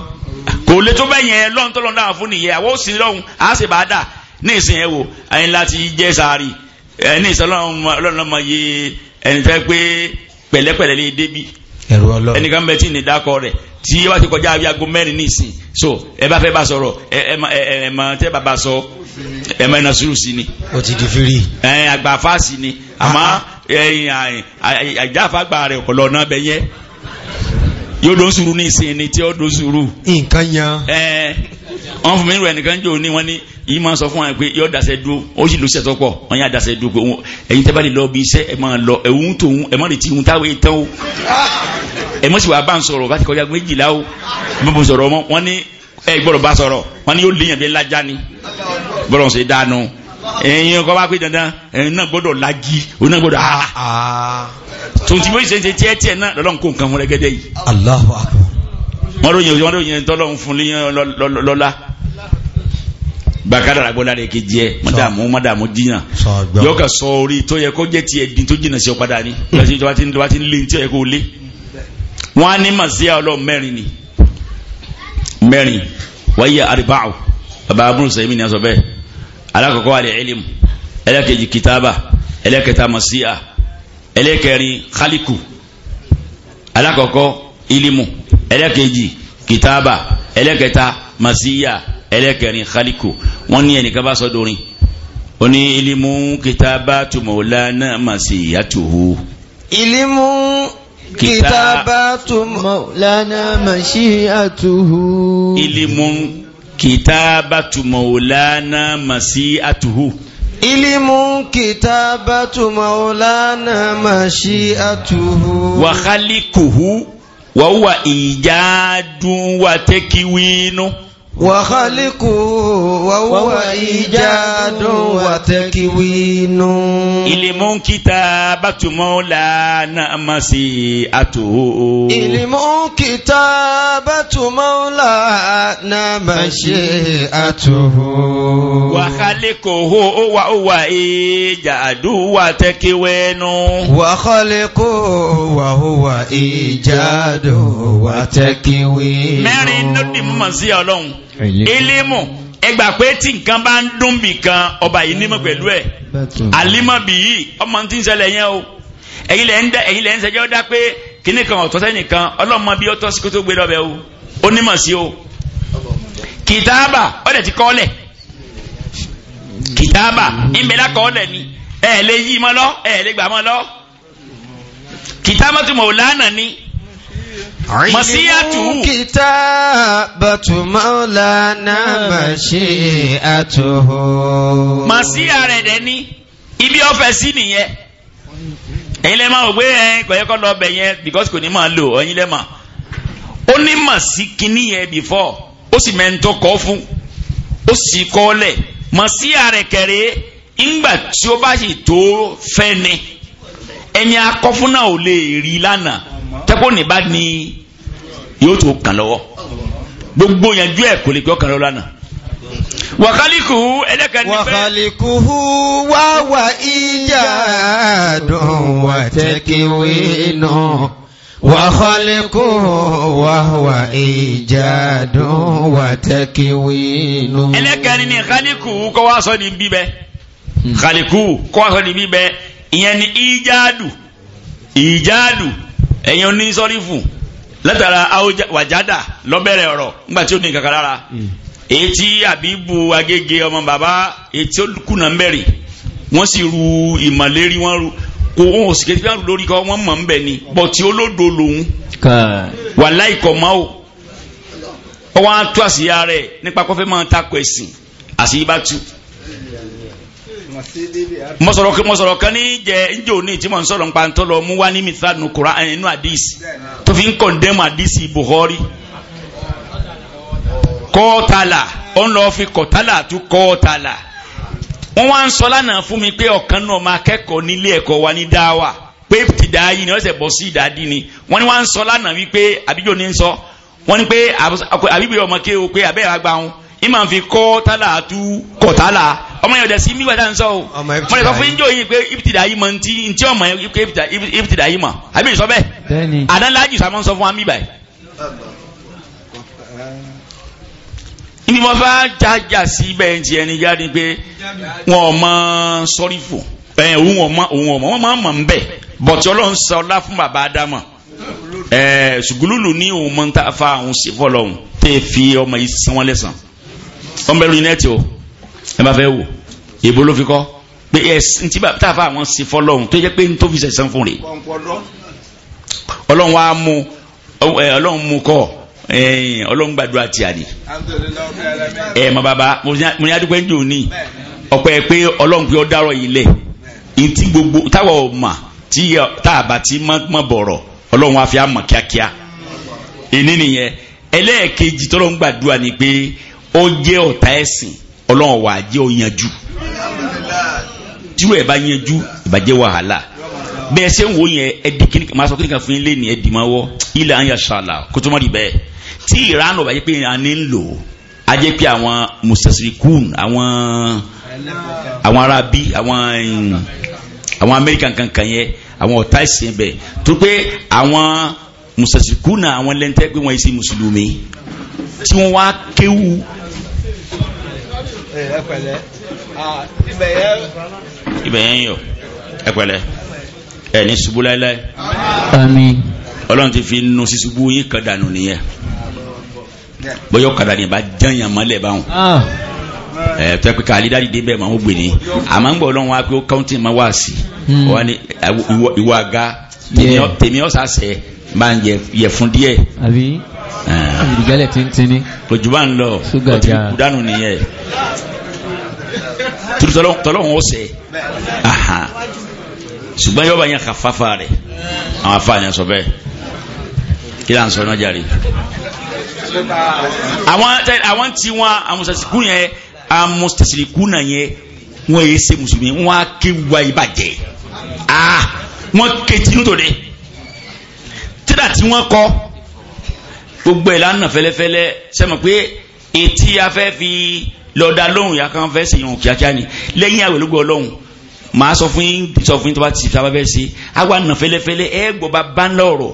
kò lè tó bẹ́ẹ̀ yẹn lọ́n tó lọ́n dáhùn fún nìyẹn àwọn òsì lọ́hùn á sì bá dà ní ìsìn yẹn wò ẹni láti jẹ́ sáré ẹni ìsìn ọlọ́run lọ́mọ yé ẹni tẹ́ pé pẹ̀lẹ́pẹ̀lẹ́ lè débi ẹni kan bẹ tí ní dákọ rẹ̀ tí wá ti kọjá àbí aago mẹ́rin ní ìsìn so ẹ bá fẹ́ bá sọ̀rọ̀ ẹ ẹ mọ tẹ́ bàbá sọ ẹ mọ iná sùúrù sí ni. o ti di firi. ẹ àgbà fáàsì ni àmọ́ ẹ àjáfàgbà rẹ̀ ọ̀pọ̀lọ́ náà bẹ yẹn yóò dó sùúrù ní ìsìn ni tí ó dó sùúrù. nǹkan yan. ẹ wọn fún mi rẹ nìkan jò ní wọn ní yìí máa sọ fún wa pé yóò dasẹ dúró ó sì lùsẹ tó pọ wọn yà dasẹ dúró pé ẹ̀yin tẹ́ bá lè lọ bí iṣẹ́ ẹ máa lọ ẹ̀hún tòun ẹ má lè ti hun táwọn ètò o ẹ mọ̀ sí wàá bá ń sọ̀rọ̀ láti kọjá méjìlá o bí mo sọ̀rọ̀ ọmọ wọn ní ẹ gbọ́dọ̀ bá sọ̀rọ̀ wọn ní yóò léyìn bí ẹ lájà ni gbọ́dọ̀ ṣe dáa nù ẹ̀yin kọ́ bá pé dandan ẹ̀yin náà gbọ́dọ̀ lagi òun náà gbọ́dọ̀ ah, ah tuntun bó ṣe ṣe tiẹ̀ náà lọ́lọ́run kó nǹkan fún rẹ́gẹ́dẹ́ yìí. Allahu akbar. wọ́n ló yẹn wọ́n ló yẹn tọ́lọ́run fún lẹ́yìn lọ́la bàkàrà àgbọ̀lá rẹ̀ kejì ẹ̀ mọ̀dàmú mọ̀dàmú jiyàn yóò kà sọ orí tó yẹ kó jẹ́ tiẹ̀ di tó jìnnà sí ọ̀padà ni hmm. lọ́sí tó bá ti ń lé tí ó yẹ kó lé wọ́n á ní màsíà ọlọ́run mẹ́rin ni mẹ́rin wáyé aribaaw baba abúlé sẹ́yìn mi sọ bẹ́ẹ̀ alákọ̀ọ́kọ́ wà ní ẹlẹ́mu ẹlẹ́kejì kìtàbà ẹlẹ́kẹta ẹlẹ́kẹrin khaliku alákọ̀ọ́kọ́ ilimu ẹlẹ́kẹjì kitaba ẹlẹ́kẹta masiya ẹlẹ́kẹrin khaliku wọ́n ní ẹnìkan bá sọ ó ní ilimu kitaba tumọ̀lánà masiya tuhu. ilimu kitaba tumọ̀lánà masiya tuhu. ilimu kitaba tumọ̀lánà masiya tuhu ilimu kitabatu maulana mashiatuhu wa khalikuhu wa huwa ijadun wa tekiwinu wàhálíkù wàhúwà ìjádùn wàtẹ́kíwínú. ìlímù kìtà bàtúmọ̀ lànà màsí àtò. ìlímù kìtà bàtúmọ̀ lànà màsí wa wàhálíkù wàhúwà wa wàtẹ́kíwínú. wàhálíkù wàhúwà ìjádùn wàtẹ́kíwínú. mẹ́rin ló di mọ̀ sí ọlọ́run elimu ẹgbà pé tí nǹkan bá ń dún bì kan ọba yìí nímọ̀ pẹ̀lú ẹ̀ alimọ̀ bì yìí ọmọ tí ń ṣẹlẹ̀ yẹn o ẹ̀yin lẹ́ ń ṣẹjọ́ dá pé kíní kan ọ̀tọ́ sẹ́nìkan ọlọ́mọ bí ó tọ́ sí kó tó gbé lọ́bẹ̀ o ó nímọ̀ sí o kìtáàbà ọ̀dẹ̀ ti kọ́ọ̀lẹ̀ kìtáàbà ìmẹ̀lá kọ́ọ̀lẹ̀ ni ẹ̀ lè yí mọ́ lọ ẹ̀ lè gbà mọ́ lọ kìtáàbà tó mọ̀ lánàá ni tu masíyàtù. kitabatu maulana mashiatuhu. màsíyà rẹ̀ dẹ̀ ní ibi ọ̀fẹ́ sí nìyẹn ẹ̀yin lẹ́ máa wò pé ẹ̀ kò yẹ lọ bẹ̀ yẹn because kò ní máa lò ẹ̀yin lẹ́ máa ó ní màsí kínní yẹn before ó sì mẹ́ńtọ́ kọ́ fún ó sì kọ́ lẹ̀ màsíyà rẹ̀ kẹrẹ́ ńgbà tí ó bá sì tó fẹ́ ni ẹni akọ́fún ò lè rí lánàá tẹ́kọ̀ ní bá ní yóò tó kàn lọ́wọ́ gbogbo yanjú ẹ̀ kò lè gbọ́ kàn lọ́wọ́ lánàá wàkálíkùú ẹlẹ́kẹ̀ẹ́ni bẹ́ẹ̀ wàkálíkùú wá wà ìjà dùn wà tẹ́kíwé náà wàkálíkùú wá wà ìjà dùn wà tẹ́kíwé náà ẹlẹ́kẹ̀ẹ́ni ni kálíkùú kọ́ wá sọ ní bíbẹ́ kálíkùú kọ́ wá sọ ní bíbẹ́ ìyẹn ni ìjáàdù ìjáàdù ẹ̀yin onísọ́rífù látara wàjádà lọ́bẹ̀rẹ̀ ọ̀rọ̀ nígbà tí ó ní kankan lára hmm. etí àbíbu agége ọmọ bàbá etí olùkùnà ń bẹ̀rì wọ́n sì ru ìmọ̀lérí wọ́n ru kò wọ́n ò sì kéde fún lórí kọ́ wọ́n mọ̀ ń bẹ̀ ni bọ̀ tí olódo lòun wà láìkọ̀ mọ́ o ọwọ́n á tú àṣìyá rẹ̀ nípa kọ́fẹ́ máa takò ẹ̀sìn àṣìyí bá tú. mọ̀sọ̀rọ̀ kan ní jẹ́ njẹ́ òní tí mo ń sọ̀rọ̀ nípa lọ mú ní àdìsí tó fi ń kọ̀ndẹ́mù àdìsí Bukhari kọ́ọ̀tàlà ó ń lọ fi kọ̀tàlà tú kọ́ọ̀tàlà wọ́n wá ń sọ lánàá fún mi pé ọ̀kan náà máa kẹ́kọ̀ọ́ nílé ẹ̀kọ́ wa ní dáwà pé tìdá yìí ni wọ́n bọ́ sí ni wọ́n ní wá ń sọ lánàá wípé àbíjọ́ ní màá fi kọ́ tálà tú kọ̀ tálà ọmọ yẹn ọ̀dẹ̀ sí mi gbàdá ń sọ o mo lè sọ fún yín jò yín pé ibtida yìí mọ̀ ntí ntí ọmọ yẹn pé ibtida yìí mọ̀ àbí ìsọ bẹ́ẹ̀ àdánlájì sàmọ́ sọ fún wa mí báyìí. ní mo bá jájà sí bẹ́ẹ̀ ti ẹni jáde pé wọn ò mọ sọ́rí fò ẹ̀ òun ò mọ òun ò mọ wọn máa mọ̀ ń bẹ̀ bọ̀tí ọlọ́run sọ ọlá fún bàbá ádámọ̀ ẹ̀ ṣùgbọ́n lùlù ní òun mọ̀ ń ta fa àwọn ṣe fọlọ́hún tẹ́ fi ọmọ yìí sanwó lẹ́sàn-án wọ́n bẹ̀rù nẹ́ẹ̀tì o ẹ bá fẹ́ wò èbó ló fi kọ́ pé ẹ̀sìn tí bàbá táàfà àwọn sí fọlọ́hún tó yẹ pé n tó fi sẹ̀sán fún rè ọlọ́run wa mú ọlọ́run mú kọ́ ọlọ́run gbàdúrà tí a ní ẹ mọ bàbá mo ní adúpẹ́ ní òní ọ̀pẹ́ pé ọlọ́run pé ọ dárọ̀ yìí lẹ̀ ntí gbogbo táwọn ò tí táàbà tí mọ̀ bọ̀rọ̀ ọlọ́run wa fi á kíákíá ìní nìyẹn ẹlẹ́ẹ̀kejì tọ́lọ́run ó jẹ́ ọ̀tá ẹ̀sìn ọlọ́run wà á jẹ́ ó yanjú tí ó ẹ̀ bá yanjú ìbàjẹ́ wàhálà bẹ́ẹ̀ ṣe ń wò yẹn ẹ̀dì kí máa sọ kí nìkan fún yín lé ní ẹ̀dì máa wọ́ ilẹ̀ àyà ṣàlà kó tó má rí bẹ́ẹ̀ tí ìránù bá jẹ́ pé a ní ń lò á jẹ́ pé àwọn musasirikun àwọn àwọn arabi àwọn àwọn Amẹ́ríkà kankan yẹn àwọn ọ̀tá ẹ̀sìn bẹ́ẹ̀ tó pé àwọn musasikuna àwọn lẹ́ntẹ́ pé wọ́n yìí sí mùsùlùmí tí wọ́n wá kéwú. ibẹ̀ yẹn yọ ẹ pẹ̀lẹ́ ẹ ní ṣubú láíláí. àmín. ọlọ́run ti fi nu ṣíṣubú yín kan dànù nìyẹn bọ́yọ̀ kàdà ní ìbá jẹ́yàn mọ́lẹ̀ báwọn tẹ́ pé káàlì dáàdì dé bẹ́ẹ̀ máa ń gbè ní àmọ́ ń gbọ́ ọlọ́run wá pé ó káùntì máa wá sí hmm. ìwọ àga tèmi ọ̀sà sẹ́ẹ̀ máa ń yẹ fún díẹ̀. àbí ah. ìdíjálẹ̀ tíntínní. kò jù bá ń lọ kò tí kú dànù nìyẹn tọ́lọ́hún ó sẹ́ ṣùgbọ́n yọba yẹn ka fáfá rẹ̀ àwọn afá yẹn sọ bẹ́ẹ̀ kí là ń sọ náà jàre. àwọn tí wọn amusasiku yẹn amusasiku náà yẹn wọn yẹ ṣe mùsùlùmí wọn á ké wa ìbàjẹ́ ah. wọn ké tinú tó dé tíra tí wọ́n kọ gbogbo ẹ̀ lánà fẹ́lẹ́fẹ́lẹ́ sẹ́mọ̀ pé etí afẹ́ fi lọ́dà lóhùn yà kàn fẹ́ sèyàn kíákíá ni lẹ́yìn àwẹ̀ lógbó ọlọ́hùn màá sọ fún yín sọ fún yín tó bá ti sábà fẹ́ ṣe àwa nà fẹ́lẹ́fẹ́lẹ́ ẹ gbọ́ bá ń lọ̀rọ̀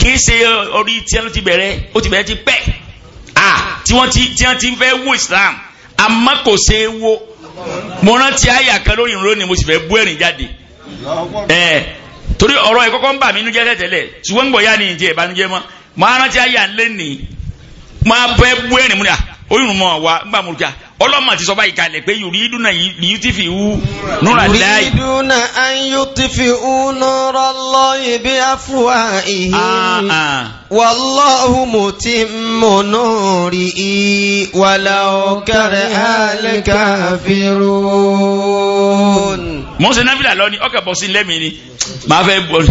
kìí ṣe orí tí wọ́n ti bẹ̀rẹ̀ ó ti bẹ̀rẹ̀ ti pẹ́ à tí wọ́n ti ti fẹ́ wo Islam àmọ́ kò ṣe é wo mo rántí àyà kan lórí ìró ni mo sì fẹ́ bú ẹ̀rín jáde ẹ̀ torí ọ̀rọ̀ yẹn kọ́kọ́ ń bà mí inú jẹ́ tẹ́tẹ́lẹ̀ ṣùgbọ́n gbọ̀ yá ni ìjẹ́ ìbànújẹ́ mọ́ mọ́ arántí ayé à ń lé nìí máa bẹ́ bú ẹ̀rìn múlẹ̀ oyún mọ́ wa ń gbà múlùkà ọlọ́mọ ti sọ báyìí kalẹ̀ pé yuriduna liyutifi u nura láyé. yuriduna an yutifi u nura Allahi bi afwahihim. Ah, ah. wallahu mutimmu nurihi walau kariha al-kafirun. mo ń ṣe náfìlà lọ ni ọkọ̀ bọ̀ sí lẹ́mìí ni màá fẹ́ bọ̀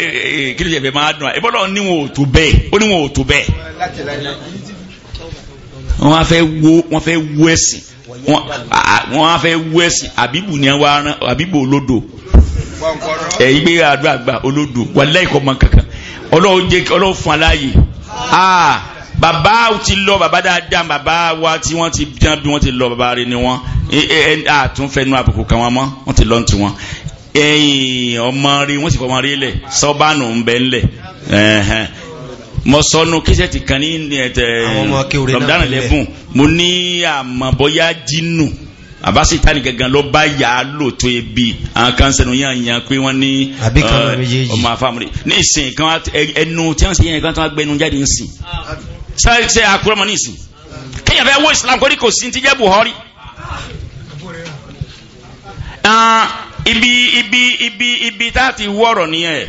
e, e, kí ló yẹ fẹ́ máa dùn à ìbọ̀dọ̀ níwọ̀n ò tó bẹ́ẹ̀ ó níwọ̀n ò tó bẹ́ẹ̀ wọ́n á fẹ́ wo wọ́n fẹ́ wo ẹ̀sìn wọ́n á fẹ́ wo ẹ̀sìn àbíbù ni wọ́n á rán àbíbù olódò ẹ̀yìn gbé àdúrà gbà olódò wàláhì kọ́ mọ kankan ọlọ́run jẹ́ ọlọ́run fún aláyè bàbá ti lọ bàbá dáadáa bàbá wa tí wọ́n ti dán bí wọ́n ti lọ bàbá rẹ̀ ni wọ́n àtúnfẹ́nu àbùkù kan wọn mọ́ wọ́n ti lọ́n tiwọn ẹ̀yìn ọmọ rí wọ́n sì fọmọ rí lẹ̀ sọ́bánù ń bẹ́ ńlẹ̀ mo sọnù kẹsẹ̀tì kan ní ẹ̀tẹ̀ rọ̀mùdánù lẹ́fún mo ní àmọ́ bóyá jínù àbáṣe ìtàn gangan ló bá yà á lò tó ebi àwọn kan sẹnu yàn yàn pé wọn ní ọmọ afáàmùrè ní ìsìn kan ẹnu tí wọn sì yẹn kan tó wọn gbẹnu jáde ń sìn sáré sẹ àkúrọmọ ní ìsìn kéèyàn fẹ́ Islam kórìí kò sí ti jẹ́ Buhari ibi ibi ibi ibi tá a ti wọ̀rọ̀ nìyẹn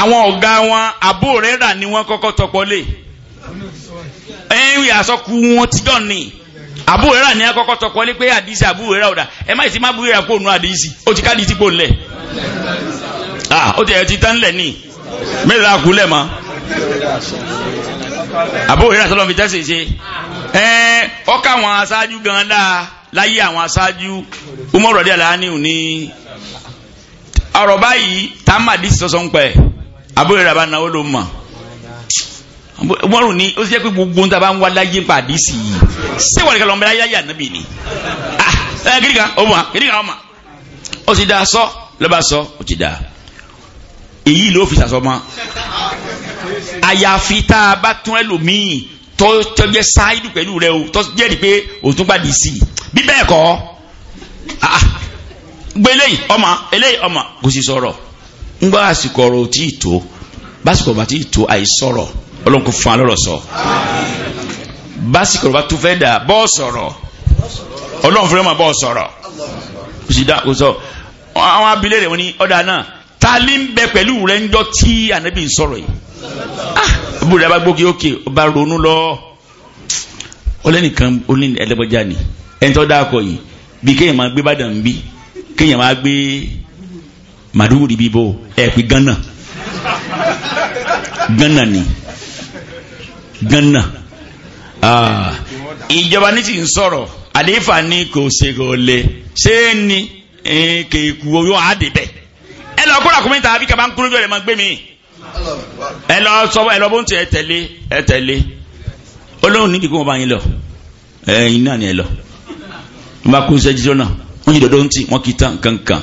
àwọn ọ̀gá wọn àbó rẹ̀ rà ni wọ́n kọ́kọ́ tọpọlé ẹ̀yìn àsọkù wọn ti dán ni àbó rẹ̀ rà ni wọ́n kọ́kọ́ tọpọlé pé àdìsí àbó rẹ̀ rà ọ̀dà ẹ má ìsìn má bú rẹ̀ kó nu àdìsí ó ti káàdì tí kò ń lẹ̀ ó ti ẹ̀ ti tán lẹ̀ ni mẹ́ta kú lẹ̀ mọ́ àbó rẹ̀ rà sọ́lọ́ fi tẹ́sí ṣe ẹ̀ ọkà àwọn aṣáájú gan dáa láyé àwọn aṣáájú umaru adé aláàánú ní ọ̀rọ̀ báyìí tá a má dì sọ́sọ́ ń pẹ́ abúlé rà bá náwó ló mọ̀ wọ́n rò ní ó sì jẹ́ pé gbogbo ń tàbá ń wá láyé ń pàdé sí i ṣé wà nìkan lọ́mọdé ayáyà níbi ni ah, ẹ kiri kan ọmọ kiri kan ọmọ ó ti da sọ lọ́ba sọ ó ti da èyí ló fi sàsọ mọ́ àyàfi tá a bá tún ẹlòmíì tó tọ́jẹ́ sáyidù pẹ̀lú rẹ o tó jẹ́rìí pé òtún pàdé sí i bí bẹ́ẹ̀ kọ́ ah, ah. gbé ọmọ eléyìí ọmọ kò sì sọ̀rọ̀ ńgbọ́ àsìkò ọ̀rọ̀ ò tí ì tó básìkò ọ̀rọ̀ tí ì tó àìsọ̀rọ̀ ọlọ́run kò fún wa lọ́rọ̀ sọ básìkò ọ̀rọ̀ bá tún fẹ́ dà bọ́ sọ̀rọ̀ ọlọ́run fúnra máa bọ́ sọ̀rọ̀ kò sì dá kò sọ àwọn abilé rẹ̀ wọ́n ní ọ̀dà náà ta ló ń bẹ pẹ̀lú rẹ̀ ńjọ́ tí ànábì ń sọ̀rọ̀ yìí ah bùrẹ̀ bá gbókè òkè ọba ronú lọ ọlẹ́nìkan ẹlẹ́bọjá ni ẹni tó dáa kọ yìí bí kéèyàn máa gbé bàdàn bí kéèyàn máa gbé màdúwùrì bíbó ẹ pé gánà gánà ni gánà ah, ìjọba ní ti ń sọ̀rọ̀ àlééfà ní kò ṣe ṣé ni kéèkù oyún àdébẹ̀ ẹ lọ kó ràkúnmí tàbí kaba ń kúrú jọ máa gbé mi ẹ lọ sọ ẹ lọ bó ń tẹ ẹ tẹ̀lé ẹ tẹ̀lé olóhùn níbi kí wọ́n bá yín lọ ẹ̀yin náà ni ẹ lọ wọ́n bá kó ń sẹ́jíjọ́ náà wọ́n yí dọ̀dọ̀ ń tì wọ́n kì í tán kankan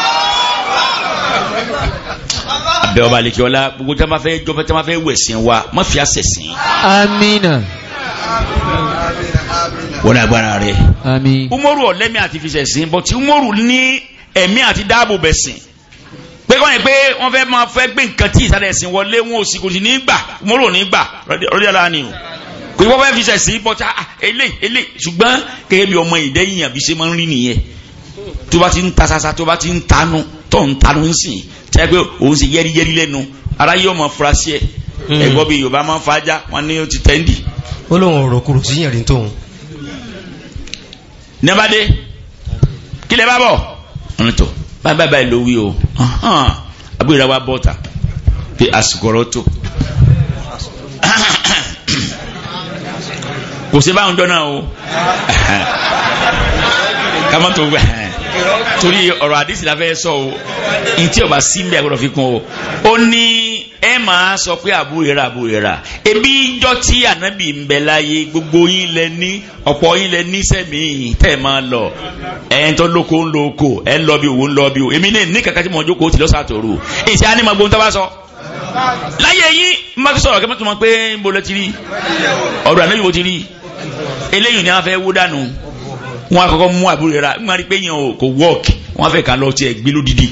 abẹ́ ọba àlekí gbogbo tí a máa fẹ́ jọba tí a máa fẹ́ wẹ̀sìn wa má fi àṣẹ sìn. amina. wọ́n agbára rẹ̀. umoru ọ̀lẹ́mí àti fisẹ̀ sìn bọ́tí umoru ní ẹ̀mí àti dáàbò bẹ̀ sìn pé kọ́ pé wọ́n fẹ́ máa fẹ́ gbé nǹkan tí ìsàlẹ̀ ẹ̀sìn wọlé wọn ò kò sì ní umoru ò ní ara ni o kò ìwọ́n fẹ́ fisẹ̀ sìn bọ́tí ele ele ṣùgbọ́n gẹ́gẹ́ ọmọ ìdẹ́yìn àbí máa ń rí nìyẹn tó bá ti ń ta tó bá ti ń tanú tó ń tanu ń sìn tẹ́ pé òun sì yẹ́rìyẹ́rì lẹ́nu ara yóò mọ̀ fura sí ẹ̀ hmm. ẹ̀gbọ́n bí yorùbá máa ń fajá wọn ní o ti tẹ́ndì. ó lóun ọ̀rọ̀ kúrò sí yẹ̀rì tóun. nẹ́bàdé kí lè bá bọ̀ ọ̀nà tó báyìí báyìí ló wí o àbúrò ìdáwà bọ́ta pé àsìkò ọ̀rọ̀ tó. kò sí báwọn dọ́nà o kàmọ́tò gbà torí ọ̀rọ̀ àdìsí la fẹ́ sọ o n tí o bá sí mbẹ́ àgbọ̀dọ̀ fi kún o ó ní ẹ máa sọ pé àbúrera àbúrera ebi ijọ́ tí ànábì ń bẹ láyé gbogbo yín lẹ ní ọ̀pọ̀ yín lẹ ní sẹ́mi tẹ́ ẹ máa lọ ẹ ń tọ́ lóko ń lo oko ẹ ń lọ bí òun ń lọ bí o èmi náà ní kàkàtí mọ̀ jókòó tì lọ́sàá tòru ìṣe á ní ma gbóhùn tó bá sọ láyé yín má sọ̀rọ̀ kí pé ń bo ti rí ọ̀rọ̀ ni a fẹ́ wọ́n àkọ́kọ́ mú àbúrò rẹ̀ rà wọ́n rí pé yẹn o kò work wọ́n fẹ́ ká lọ tiẹ̀ gbé lódìdí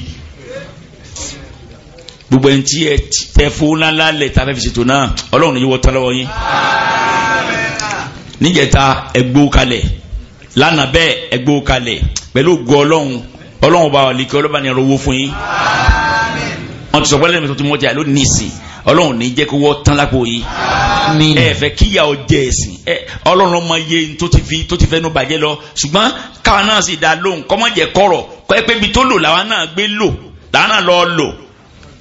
gbogbo ẹni tí ẹ tẹ fún ńláńlá lẹ̀ tá a fẹ́ fi ṣètò náà ọlọ́run ní yíwọ́ tán lọ́wọ́ yín níjẹta ẹgbó kalẹ̀ lánàá bẹ́ẹ̀ ẹgbó kalẹ̀ pẹ̀lú ògo ọlọ́run ọlọ́run bá wà lè kí ọlọ́ba ni ẹ̀rọ owó fún yín wọ́n ti sọ pẹ́lẹ́ mi tó ti mọ́ jà lónìí ìsìn ọlọ́run ní jẹ́ kó wọ́ tán lápò yìí ẹ fẹ́ kíyà ọ jẹ ẹ̀sìn ọlọ́run ọmọ iye tó ti fi tó ti fẹ́ nu bàjẹ́ lọ ṣùgbọ́n káwa náà sì dá lóhùn kọ́mọ́ jẹ́ kọ́rọ̀ pẹ́pẹ́ ibi tó lò làwa náà gbé lò làwa náà lọ lò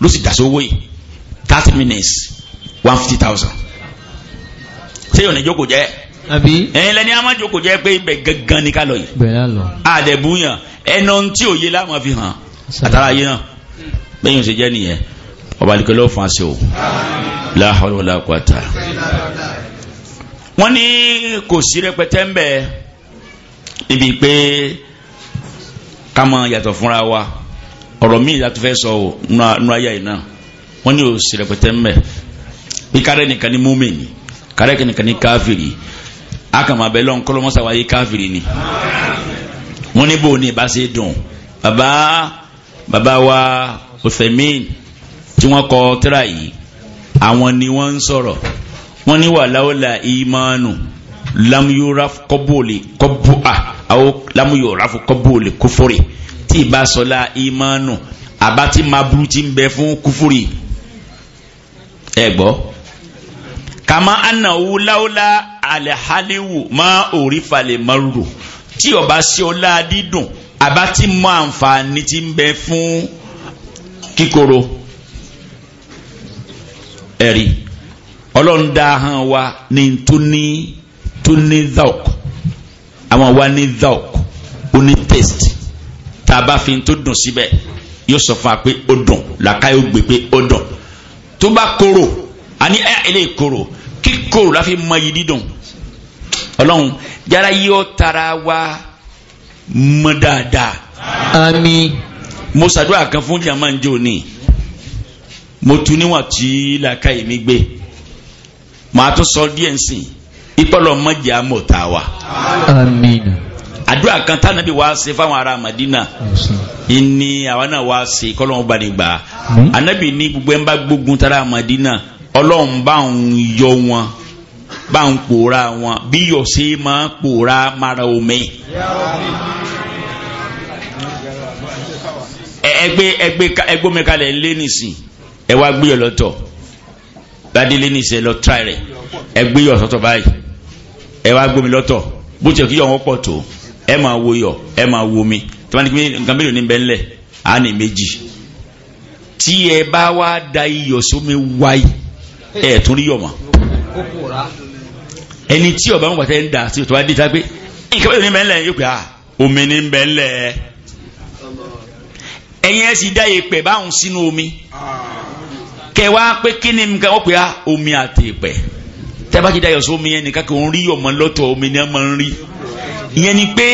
ló sì dàsó yìí thirty minutes one fifty thousand ṣé yóò ní jókòó jẹ́ ẹ̀yin lẹ́ni a máa jókòó jẹ́ pé ibẹ̀ gangan ni ká lọ yìí àdẹ̀bùyàn ẹnu tí òye láwọn fi hàn àtàrà yìí náà bẹ́yìn ṣe jẹ́ nìyẹn ọba àdìkẹ́ ló fún o la hawla wala quwata. wọ́n ní kò sí rẹpẹtẹ ń bẹ níbi pé ká mọ yàtọ̀ fúnra wa ọ̀rọ̀ míì láti fẹ́ sọ o nú ayé yìí náà wọ́n ní kò sí rẹpẹtẹ ń bẹ bí kárẹ́ nìkan ní múmìnì kárẹ́ nìkan ní káfìrì akama bẹ lọn kọlọmọsa wa ye kafiri ni wọn ni b'o ni baasi dun baba baba wa Uthaymin tí wọ́n kọ tírà yìí àwọn ni wọ́n ń sọ̀rọ̀ wọ́n ní wà láwọ́lá ìmánu lamuyuraf kọ́bùlì kọ́bù àwọn lamuyuraf kọ́bùlì kúfúrì tí ìbá sọlá ìmánu àbá tí máa burú ti ń bẹ fún kúfúrì ẹ gbọ́ kàmá anáwó láwọ́lá alẹ́hálẹ́wò máa òrí falẹ̀ márùrù tí ọba sí dídùn àbá tí mọ àǹfààní ti ń bẹ fún kúfúrì kíkorò ẹ̀rí ọlọ́run hàn wa ní túní túní zauk àwọn wa ní zauk ó ní taste tá a bá fi tó dùn síbẹ̀ yóò sọ fún wa pé ó dùn làkàyè ó gbé pé ó dùn tó bá korò àní ẹ̀ ẹ̀ lè korò kíkorò láfi mọ yìí dídùn ọlọ́run yàrá yìí tara wa mọ dáadáa. àmín mo ṣàdúrà kan fún jàmá ń jò ní mo tún níwọ̀n tí làkà yìí mi gbé màá tún sọ díẹ̀ nsìn ìpọ́lọ̀ mọ́jà mọ̀ tá àdúrà kan tá wàá ṣe fáwọn ará Madina ìní àwa náà wàá ṣe kọ́lọ́wọ́n bá ní ànábì ní gbogbo ẹ̀ ń bá gbógun tara Madina ọlọ́run bá ń yọ wọn bá ń pòórá wọn bí yọ̀ máa ń pòórá mara omi ẹgbẹ́ ẹgbẹ́ ẹgbọ́mi kalẹ̀ ńlẹ́ nìsín ẹ wá gbé ọlọ́tọ̀ ládélé nìsín ẹ lọ tra rẹ̀ ẹ gbé yọ sọ́tọ̀ báyìí ẹ wá gbómi lọ́tọ̀ bó tiẹ̀ kí yọ̀ wọ́n pọ̀ tó ẹ máa wo yọ ẹ máa wo mi tí wọ́n ti pín nǹkan mélòó ní bẹ́ẹ̀ ńlẹ̀ á ní méjì tí ẹ bá wá da iyọ̀ sómi wáyé ẹ tún rí yọ̀ mọ́ ẹni tí ọba mọ̀gbàtà ń da sí ọ̀tọ̀ wá dé tá pé nǹkan mélòó ní bẹ́ẹ̀ yóò pè á ah, omi ní bẹ́ẹ̀ ńlẹ̀ ẹ̀yin ẹ̀ sì dá ìpè báwọn sínú omi ah. kẹwàá pé kí ni nǹkan ó pè á omi àti ìpè tẹ́bá ti dayọ̀ sómi yẹn nìkan kò ń rí ọmọ lọ́tọ̀ omi ni wọ́n máa ń rí ìyẹn ni pé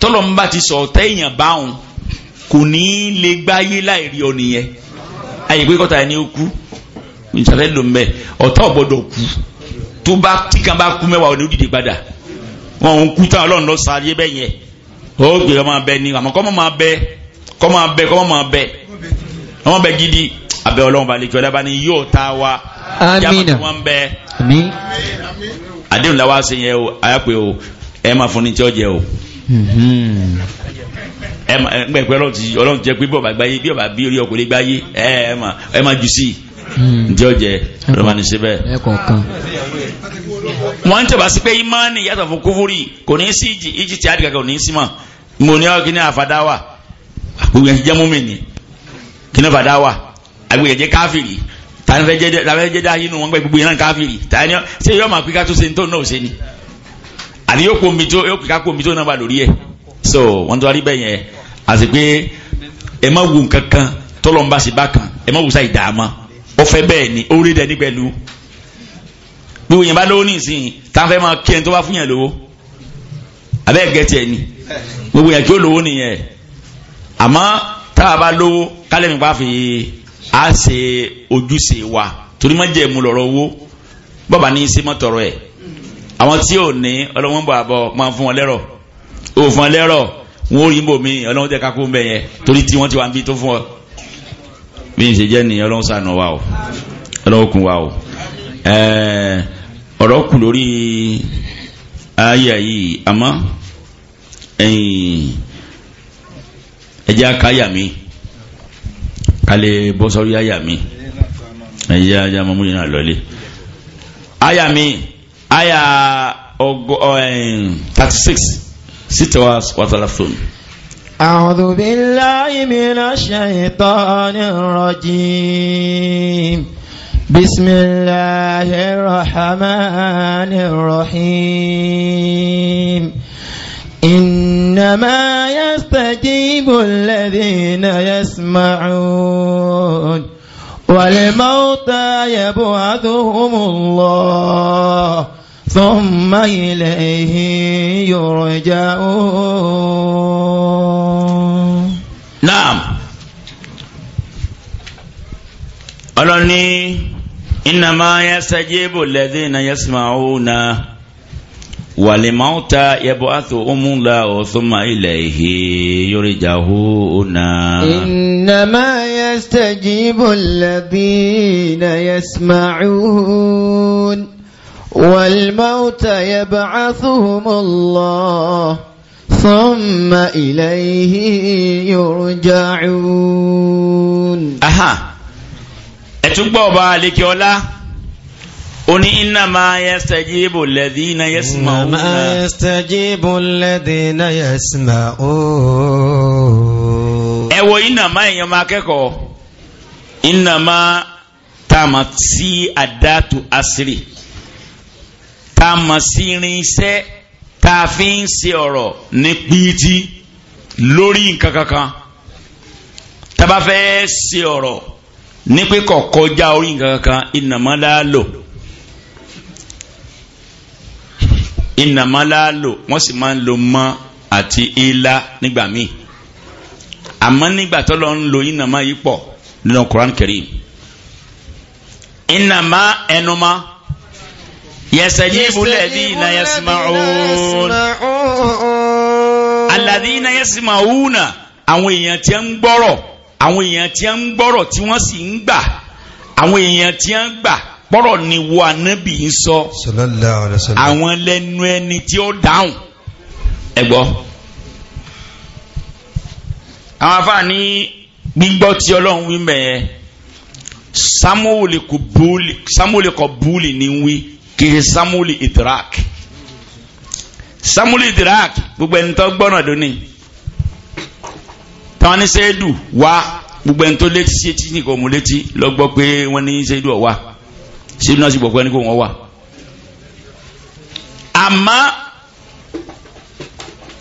tọ́lọ́mùbá ti sọ ọ̀tẹ́ èèyàn báwọn kò ní í lè gbáyé láì rí ọ nìyẹn àyè pé kọ́ta ẹni ó kú ìṣàfẹ́ ló ń bẹ ọ̀tá ọ̀gbọ́dọ̀ kú tó bá tí kan bá kú mẹ́wàá òní ó dìde padà wọn ò ń kú táwọn ọlọ́run lọ sáré bẹ́ẹ̀ ó gbé ọmọ abẹ ni àmọ́ kọ́ mọ́ máa bẹ́ẹ̀ kọ́ máa bẹ kọ́ máa bẹ ọmọ bẹ gidi abẹ ọlọ́run balẹ̀ kí ọlọ́ba ni yóò ta wa. amina ami. àdéhùn la wá sí yẹn o àyàpè o ẹ máa fún ni tí ó o. Mm-hmm. ẹ máa ẹ gbẹ pé ọlọ́run ti ọlọ́run jẹ pé bí ọba gbáyé bí ọba bí orí ọkùnrin gbáyé ẹ máa ẹ máa jù sí i mm. ǹjẹ́ ó jẹ ọlọ́ba ní síbẹ̀. wọ́n ń tẹ̀wá sí pé imáni yàtọ̀ fún kúfúrì kò ní sí ìjì tí a dìgbà kò ní sí mọ̀ mo ní ọ̀gí gbogbo yẹn ti jẹ́ múmìnì kí náà fàdá wà àgbègbè yẹn jẹ́ káfìrì tani fẹ́ jẹ́ tani fẹ́ jẹ́ dá yín nu wọn gbẹ gbogbo yẹn náà káfìrì tani ṣé yọ máa pika tó ṣe tó náà ṣe ni àti yóò kó tó yóò pika kó tó náà wà lórí ẹ̀ so wọn tó wá rí bẹ́ẹ̀ yẹn àti pé ẹ má wù nǹkan kan tọ́lọ́ ń bá sí bá kan ẹ má wù sáì dààmú ó fẹ́ bẹ́ẹ̀ ni ó rí dẹni pẹ̀lú bí wòyìn bá lówó nísìnyí tá a fẹ́ máa kí ẹni tó bá fún yẹn lówó abẹ́ gẹ̀ẹ́tì ẹ̀ ni gbogbo yẹn kí ó lówó nìyẹn àmọ́ tá a bá lówó kálẹ̀ mi pa fi á ṣe ojúṣe wa torí má jẹ́ mu lọ́rọ̀ owó bàbá ní í ṣe mọ́ tọrọ ẹ̀ àwọn tí ò ní ọlọ́wọ́n bọ̀ àbọ̀ máa fún wọn lẹ́rọ̀ ò fún wọn lẹ́rọ̀ wọn ò rí bò mí ọlọ́wọ́n tẹ́ kákó ń bẹ̀ yẹn torí tí wọ́n ti wà ń bí tó fún ọ bí n ṣe jẹ́ ni ọlọ́wọ́n sànù wa o ọlọ́wọ́n kún wa o ọ̀rọ̀ kù lórí ayé yìí àmọ́ ẹjẹ́ akáyà mi kálẹ̀ bọ́sọ̀rí àyà mi ẹjẹ́ ajá mọ́mú yìí náà lọ́lé àyà mi àyà ọgọ thirty six sítẹ̀wá wàtàlá fún أعوذ بالله من الشيطان الرجيم بسم الله الرحمن الرحيم إنما يستجيب الذين يسمعون والموتى يبعثهم الله ثم إليه يرجعون نعم ọlọ́ni إنما يستجيب الذين يسمعون ولموتى يبعث أمله ثم إليه يرجعون إنما يستجيب الذين يسمعون والموتى يبعثهم الله ثم إليه يرجعون أها أتبع بالك يا الله oni innama yastajibu alladhina yasma'una innama yastajibu alladhina yasma'una ẹ wo innama èèyàn máa kẹ́kọ̀ọ́ innama táàmà sí àdáàtú àṣírí táàmà sí irinṣẹ́ tá a fi ń ṣe ọ̀rọ̀ ní píìtì lórí nǹkan kankan tá a bá fẹ́ ṣe ọ̀rọ̀ ní pé kọ̀kọ́ já orí nǹkan kankan ìnàmọ́lá lò. ìnàmálàlò wọ́n sì máa ń lo mọ́ àti ilá nígbà míì àmọ́ nígbà tó lọ ń lo ìnàmá yìí pọ̀ nínú Quran Karim ìnàmá ẹnumá yastajibu alladhina yasma'un alladhina yasma'una àwọn èèyàn tí ń gbọ́rọ̀ àwọn èèyàn tí ń gbọ́rọ̀ tí wọ́n sì ń gbà àwọn èèyàn tí ń gbà pọ́rọ̀ ni wo ànábì ń sọ àwọn lẹ́nu ẹni tí ó dáhùn ẹ gbọ́. àwọn afáà ní gbígbọ́ tí ọlọ́run wí mẹ́ẹ̀ samuel kọ búùlì ní wí kì í samuel idrak samuel idrak gbogbo ẹni tó gbọ́nà lónìí táwọn ní sẹ́ẹ̀dù wá gbogbo ẹni tó létí sí etí nìkan mú létí lọ pé wọ́n ní sẹ́ẹ̀dù ọ̀wá sílùú náà sì gbọ̀gbọ́ ẹni kó wọ́n wà. àmọ́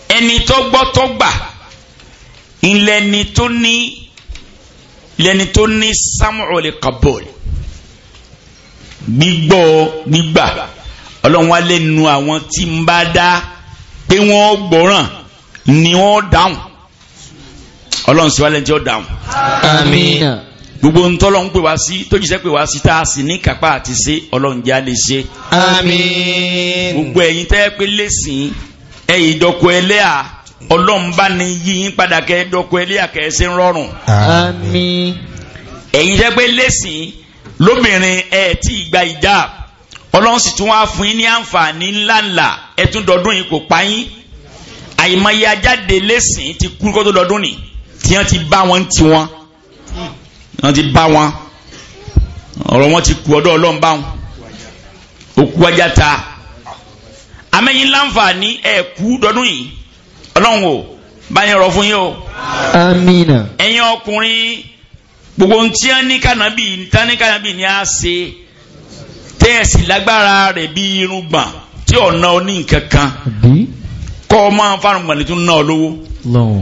ẹni tó gbọ́ tó gbà ńlẹni tó ní lẹni tó ní samuel kabol gbígbọ́ gbígbà ọlọ́run wa lẹ́nu àwọn tí ń bá dá pé wọ́n gbọ́ràn ni wọ́n dáhùn ọlọ́run sì wá lẹ́ni tí dáhùn. àmín gbogbo ntọ́lọ́ ń pè wá sí tójúṣe pè wá sí tá a sì ní kápá àti ṣe ọlọ́njà lè ṣe. àmín. gbogbo ẹ̀yin tẹ́ pé lẹ́sìn ẹ̀ ìdọ́kọ ẹlẹ́à ọlọ́mbà ni yíyín padà kẹ́ dọ́kọ ẹlẹ́à kẹ́ ẹ ṣe ń rọrùn. àmín. ẹ̀yin tẹ́ pé lẹ́sìn lóbìnrin ẹ̀ tí ì ìjà ọlọ́run sì tún wá fún yín ní àǹfààní ńláńlá ẹ̀ tún yìí kò pa yín àìmọye wọ́n ti bá wọn ọ̀rọ̀ wọn ti kú ọdọ́ ọlọ́run bá wọn òkú ajá ta ni láǹfààní ẹ̀kú dọdún yìí ọlọ́run o báyìí rọ fún yín o. amina. ẹ̀yin ọkùnrin gbogbo ń tí ní kànábì tán ní kànábì ni a ṣe tẹ́ẹ̀sì lágbára rẹ̀ bí irun gbọ̀n tí ọ̀nà oní nǹkan kan kọ́ ọ máa ń fárùn gbọ̀n ní tún ná ọ lówó.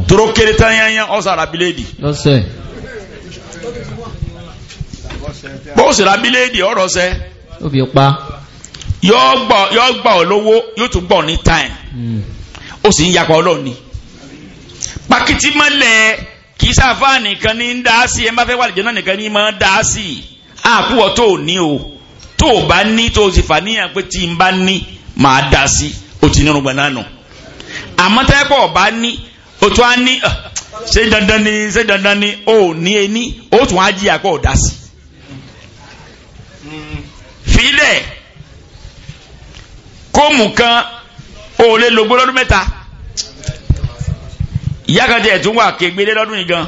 tóró kéré tán yányán ọ̀sán àràbílẹ̀ èdè. lọ́sẹ̀. bó o sì ra bíléèdì ọ̀rọ̀ sẹ́. ó fi pa. yóò gbà yóò gbà ọ lówó yóò tún gbọ̀ ní táìm hmm. ó sì ń ni. pakiti mọlẹ kì í sáfà nìkan ní ń dá sí ẹ má fẹ́ wà lẹ́jọ́ nìkan ní ma ń dá sí i àkúwọ̀ tó o ní o tó o bá ní tó o sì fà níyàn pé tí n bá ní màá dá sí i o ti nírun gbọ̀n nù àmọ́ ní o tún á ní. Uh, ṣé dandan ni ṣé dandan ni ó ní ení ó tún á jìyà kó dá sí. filẹ̀ kóòmù kan ó lè lògbó lọ́dún mẹ́ta ìyá kan tiẹ̀ tún wà kégbélé lọ́dún yìí gan.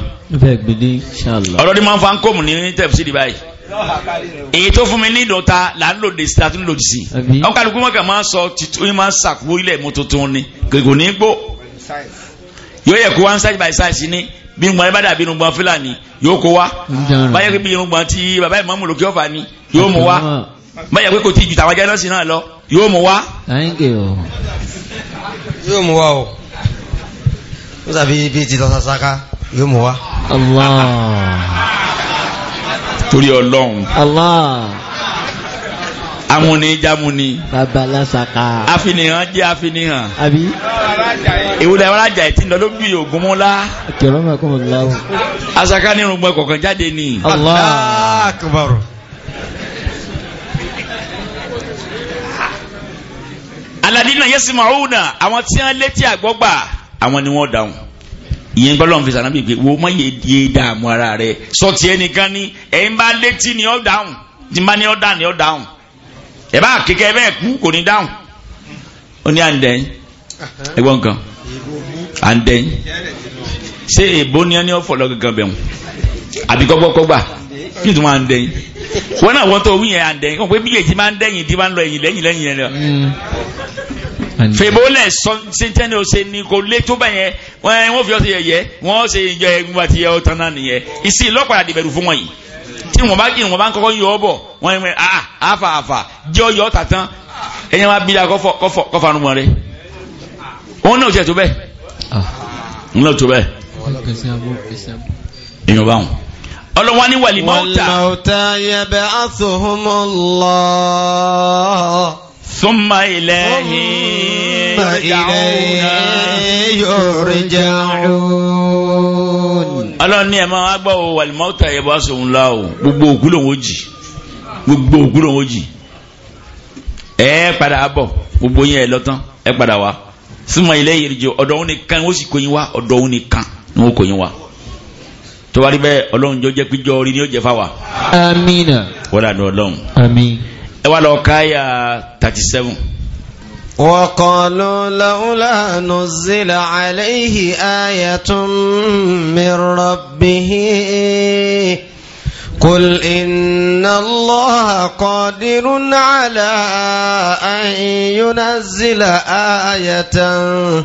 ọlọ́dún máa ń fa kóòmù ní tẹ̀síìdì báyìí èyí tó fún mi ní ìdọ̀ta là ń lòdì sí àti lòdì sí ọkàlùkù mọ̀kà máa ń sọ títún máa ń sàkúrò ilẹ̀ mọ́tótó ni kò ní gbó yóò yẹ kó wá ń sáyé báyìí sáyé ní bí ngbọn ẹ bá dàbí ngbọn fúlàní yóò kó wá báyọ̀ pé bí ngbọn tí bàbá ìmọ̀mù lókè ọ̀fà ni yóò mú wá báyọ̀ pé kò tí ju tàwọn jẹ́nọ́sì náà lọ yóò mú wá. yóò mú wá o ó dàbí bíi ti lọ́sà sáká yóò mú wá. torí ọlọ́run amúni jamuni, babalá saka. àfihàn jẹ́ àfihàn. àbí. ìwúlẹ̀ àwọn ajá yìí ti lọ lójú ìyógun mọ́lá. kẹ̀rọ máa kọ́ mọ̀ láwù. asaka ní irùngbọ̀n kọ̀ọ̀kan jáde ni. Allahu Akbar. aladina yẹsi mauna àwọn tí wọn létí àgbọ́gbà àwọn ni wọn dáhùn ìyẹn gbọ́dọ̀ ń fi sànà bíi pé wo má yé yé dààmú ara rẹ sọ tiẹ̀ nìkan ni ẹ̀ ń bá létí ni ọ̀ dáhùn tí n bá ní ọ̀ dáhùn ni ọ̀ dáhùn ẹ bá kékeré bẹ́ẹ̀ kú kò ní dáhùn ó ní àǹdẹ̀yìn ẹgbọ́n nǹkan àǹdẹ̀yìn ṣé èbó ni ẹni ọ̀fọ̀lọ́ gangan bẹ̀rù àbí kọ́gbọ́kọ́gbà kí n tún máa ń dẹ́yìn wọn náà wọ́n tó wí yẹn à ń dẹ́yìn kò pé bílẹ̀ tí máa ń dẹ́yìn tí máa ń lọ ẹ̀yìn lẹ́yìn lẹ́yìn yẹn lọ. Hmm. fèbó lẹ̀ sọ sẹ́ńtẹ́ni ó ṣe ni kò lé tó bá wọ́n fi ọ́ ṣe yẹ̀yẹ́ wọ́n ṣe ìjọ ẹ̀gbọ́n àti ẹ̀ náà nìyẹn ìsìn lọ́pàá àdìbẹ̀rù fún wọn yìí tí wọ́n bá ìwọ̀n bá ń kọ́kọ́ yọ ọ́ bọ̀ wọ́n yẹn àfà àfà jẹ́ ọyọ́ tàtán ẹ̀yẹ́ máa bí kọ́farun wọn rẹ̀ wọ́n náà jẹ́ tó bẹ́ẹ̀ wọ́n ah. náà tó bẹ́ẹ̀ èèyàn bá wọn. ọlọ́wọ́n ní wàlí mọ́ta. mọ́ta yẹ bẹ́ àtúhùmọ́lọ́. ثم إليه ثم إليه يرجعون ọlọ́run ní ẹ̀ máa wá gbọ́ wàlímọ́tà ẹ̀ bá sòun la o gbogbo òkú lòun ó jì gbogbo òkú lòun ó jì ẹ padà bọ̀ gbogbo yín ẹ lọ́tán ẹ padà wá súnmọ́ ilé yìí jẹ ọ̀dọ̀ òun nìkan ó sì kó wá ọ̀dọ̀ òun nìkan ni ó kó wá tó wá rí bẹ́ẹ̀ ọlọ́run jọ jẹ́ píjọ orí ni ó jẹ fáwa. amina. wọ́n dà ní ọlọ́run. àmín. thirty seven. وقالوا لولا نزل عليه آية من ربه قل إن الله قادر على أن ينزل آية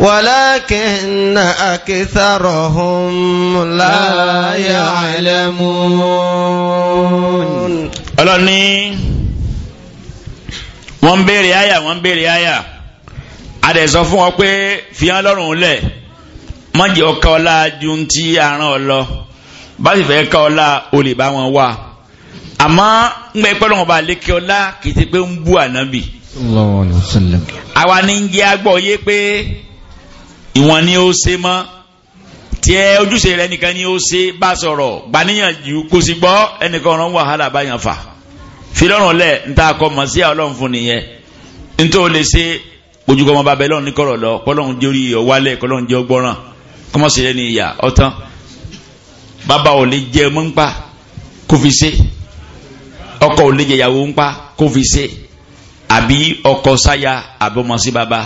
ولكن أكثرهم لا يعلمون wọ́n ń béèrè àyà wọ́n ń béèrè àyà adẹ̀sọ fún wọn pé fihàn lọ́rùn lẹ̀ mọ̀jẹ̀ ọkọ ọlá ju ti àrùn ọlọ bá sì fẹ́ kọ́ ọlá o lè bá wọn wà àmọ́ ń gbẹ́ pẹ́ lọ́wọ́ bá lékè ọlá kì í ti pé ń bú ànábì. àwa ní ń jẹ́ agbọ̀ yé pé ìwọ̀n ni ó ṣe mọ́ tí ojúṣe rẹ nìkan ni ó ṣe bá sọ̀rọ̀ gbaníyànjú kò sì gbọ́ ẹnìkan ọ̀rọ̀ wàhálà báyàn fà filọ́rùn lẹ̀ ń ta kọ́ mọ̀ sí ọlọ́run fún nìyẹn nítorí o lè ṣe ojúkọ́ ọmọ bàbá ẹlọ́run ní kọ̀rọ̀ lọ kọ́lọ́run jẹ́ orí ọ̀wálẹ̀ kọ́lọ́run jẹ́ ọgbọ́ràn kọ́mọ̀sí lẹ́ni ìyá ọ̀tán bàbá ò lè jẹ ọmọ ńpa kó fi ṣe ọkọ ò lè jẹ ìyàwó ńpa kó fi ṣe àbí ọkọ sáyà àbọ̀mọ sí bàbá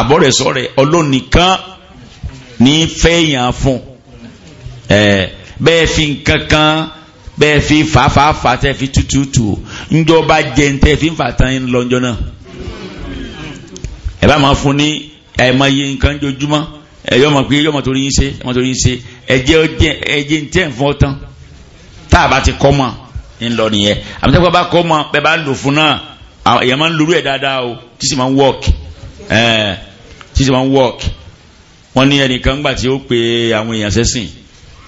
àbọ̀rẹ̀sọ̀rẹ̀ ọlọ́run ní fẹ́yàn fún ẹ̀ bẹ́ẹ̀ fi nǹkan kan bẹ́ẹ̀ fi fàáfàáfà tẹ́ fi tútútù ńjọba jẹun tẹ́ fi ń fà tán ń lọ́njọ́ náà ẹ bá máa fún ní àìmọye nǹkan jojúmọ́ ẹ yọ ọmọ pé yọ ọmọ torí yín ṣe ọmọ torí yín ṣe ẹjẹ ọjẹ ẹjẹ ń tẹ́ ń fọ́ tán tá a bá ti kọ́ mọ́ ń lọ nìyẹn àmọ́tẹ́kọ́ bá kọ́ mọ́ bẹ́ẹ̀ bá lò fún náà èèyàn máa ń lurú ẹ̀ dáadáa o tí sì máa ń wọ́ọ̀kì ẹ̀ tí sì máa ń wọ́ọ̀kì wọ́n ní ẹnìkan gbà tí ó pe àwọn èèyàn sẹ́sìn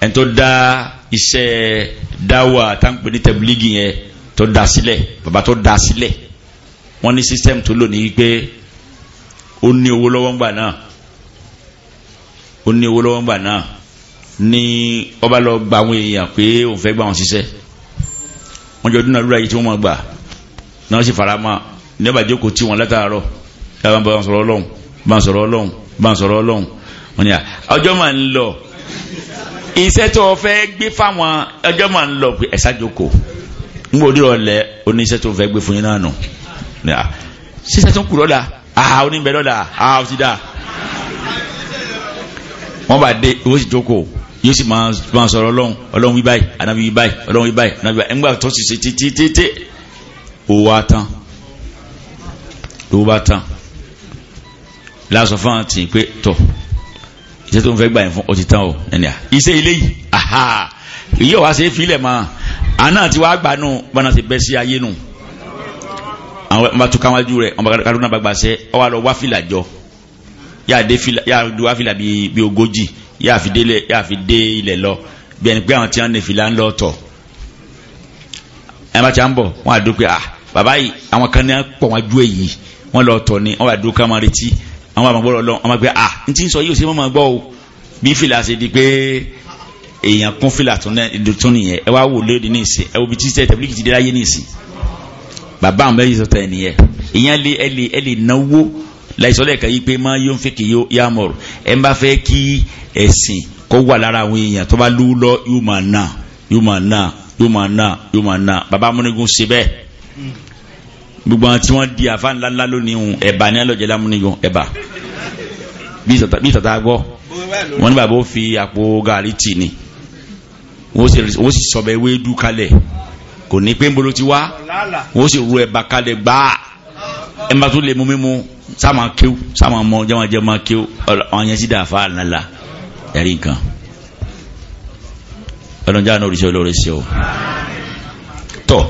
ẹni da dá iṣẹ́ dáwà táǹpẹ̀ ní tẹ̀bílígì yẹn tó dá sílẹ̀ bàbá tó dá sílẹ̀ wọ́n ní sísẹ́mù tó lò ní wípé ó ní owó lọ́wọ́ ńgbà náà ó ní owó lọ́wọ́ ńgbà náà ní ọba lọ gba àwọn èèyàn pé òun fẹ́ gbà wọn ṣiṣẹ́ wọ́n jọ dúnàdúrà yìí tí wọ́n mọ̀ gbà náà sì fara mọ́ ní ọba jókòó tí wọ́n látàárọ̀ yàrá bá ń sọ̀rọ̀ ọlọ́run bá ń sọ̀rọ̀ ọlọ́run bá ń sọ̀rọ̀ ọlọ́run wọ́n ní à ọjọ́ máa ń lọ iṣẹ́ tó o fẹ́ gbé fáwọn ẹjọ́ máa ń lọ pé ẹ̀sà jókòó n kò dúró lẹ oníṣẹ́ tó o fẹ́ gbé fún yín náà nù ṣíṣẹ́ tó ń kú lọ́la àhà oníbẹ̀ lọ́la àhà ó ti dà wọ́n bá dé owó sì jókòó yóò sì máa sọ̀rọ̀ ọlọ́run ọlọ́run wí báyìí anábì ọlọ́run wí báyìí anábì wí tó sì ṣe títí títí owó atán owó bá tán lásán fún àǹtí pé tọ̀ iṣẹ́ tó ń fẹ́ gbà yẹn fún ó tán o ẹni iṣẹ́ ilé yìí aha èyí ò wá ṣe é filẹ̀ mọ́ àná ti wá gbà nù bọ́nà ti bẹ́ sí ayé nù àwọn ọmọ tó káwájú rẹ̀ ọmọ kaduna bá gbàṣẹ ọ wà lọ wá fìlà jọ yà dé fìlà yà dé wá fìlà bíi ogójì yà fi dé ilẹ̀ lọ bí ẹni pé àwọn tí wọ́n ní fìlà ń lọ tọ̀ ẹ má ti à ń bọ̀ wọ́n á dúpẹ́ à ah, bàbá yìí àwọn kan ní pọ̀ wọ́n ju èyí wọ́n lọ tọ̀ ni wọ́n wà dúpẹ́ máa retí àwọn àmàgbọ́rọ̀ lọ àwọn àgbẹ̀ ah n ti sọ yìí ò sí mọ́ máa gbọ́ o bí fìlà ṣe di pé èèyàn kún fìlà tún nìyẹn ẹ wá wò léde ní ìsìn ẹ wò bí títẹ tẹbílì ti dé láyé ní ìsìn bàbá àwọn bẹ́ẹ̀ sọ̀tẹ̀ nìyẹn èèyàn lè ẹ lè ẹ lè náwó láìsọ̀lẹ̀ kan yí pé má yóò fi kì yóò yá mọ̀rọ̀ ẹ bá fẹ́ kí ẹ̀sìn kó wà lára àwọn èèyàn tó bá lú lọ yóò máa nà yóò máa nà yóò máa nà yóò máa nà bàbá amúnigún ṣe bẹ́ẹ̀ gbogbo àwọn tí wọ́n di àfa ńlá ńlá lónìí hùn ẹ̀bà ní alọ́jẹ́ lámúni yùn ẹ̀bà bí tata gbọ́ wọ́n ní bàbá ó fi àpò gàrí tì ní wọ́n sì sọ̀bẹ̀ ewédú kalẹ̀ kò ní pé ń bolo ti wá wọ́n sì ru ẹ̀bà kalẹ̀ gbáà ẹ̀bà tó lè mú mímu sáàmà kéw sáàmà mọ jẹ́wọ́jẹ́ máa kéw ọ̀hún yẹn sì dà àfa ẹ̀rí nǹkan ọlọ́njà náà oríṣi olóore ṣe o tọ́.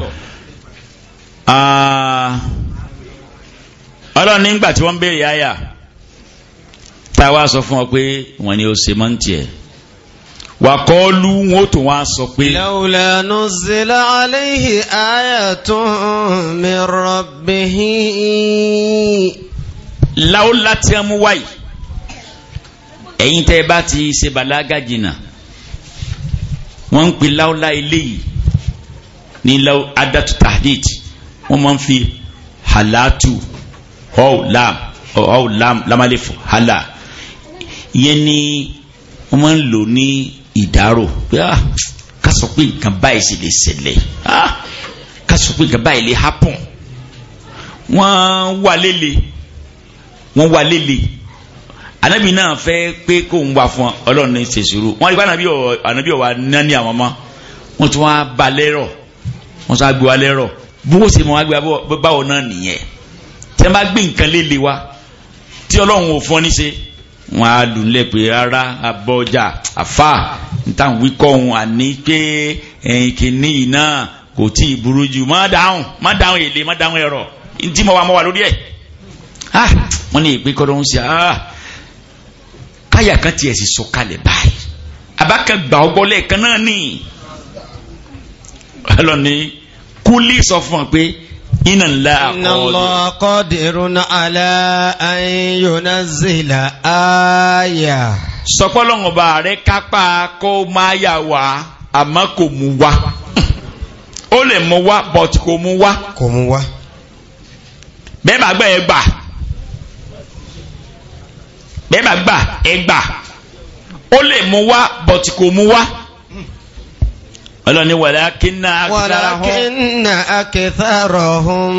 Ah, ọlọ́run nígbà tí wọ́n béèrè àyà tá a wá sọ fún ọ pé wọ́n ní ó ṣe mọ́ ń tiẹ̀ wà kọ́ lú wọn ó tún wá sọ pé. lawla nuzila alayhi ayatun min rabbihi. láwùlá tí a mú wáyìí ẹ̀yin tẹ́ bá ti ṣe bàlágà jìnnà wọ́n ń pè láwùlá eléyìí ní adatu tahdid wọ́n máa ń fi halatu ọ̀ọ́ lam ọ̀ọ́ lam lamalefo hala ìyẹn ni wọ́n máa ń lò ní ìdárò pé ah ká sọ pé nǹkan báyìí sì lè ṣẹlẹ̀ ah ká sọ pé nǹkan báyìí lè happen wọ́n wà lélẹ̀ wọ́n wà lélẹ̀ anabi náà fẹ́ pé kó ń wà fún ọlọ́run ní ṣe wọ́n rí pé anabi ọ̀wà nání àwọn ọmọ wọ́n tún wá ba lẹ́rọ̀ wọ́n tún wá gbé wa lẹ́rọ̀ bí wọ́n ṣe mọ̀ wá gbé báwo náà nìyẹn tí wọ́n bá gbé nǹkan lélẹ̀ wa tí ọlọ́run ò fọ́n ní ṣe wọ́n á dùn lẹ́ pé rárá abọ́jà àfà níta wí kọ́hún àní pé ẹ̀yìn kìíní yìí náà kò tí ì burú jù má dáhùn má dáhùn èlé má dáhùn ẹ̀rọ ntí mo wà mo wà lórí ẹ̀ ah, wọ́n ní ìpín kọ́dọ̀ ń ṣe ah, káyà kan tiẹ̀ sì sọ̀kalẹ̀ báyìí abákan gbà ọgbọ́ náà ni kúlí sọ fún ọ pé iná ńlá àkọọ́dìrún alá ayọ́nà zèlà áyà. sọpọ́lọ́wọ́n bá rẹ kápá kó máa yà wá àmọ́ kò mú wá ó lè mú wá but kò mú wá. kò mú wá. bẹ́ẹ̀ bá gbà ẹ gbà bẹ́ẹ̀ bá gbà ẹ gbà ó lè mú wá but kò mú wá ọlọ́ni wàlákínà akẹ́sàrọ̀hún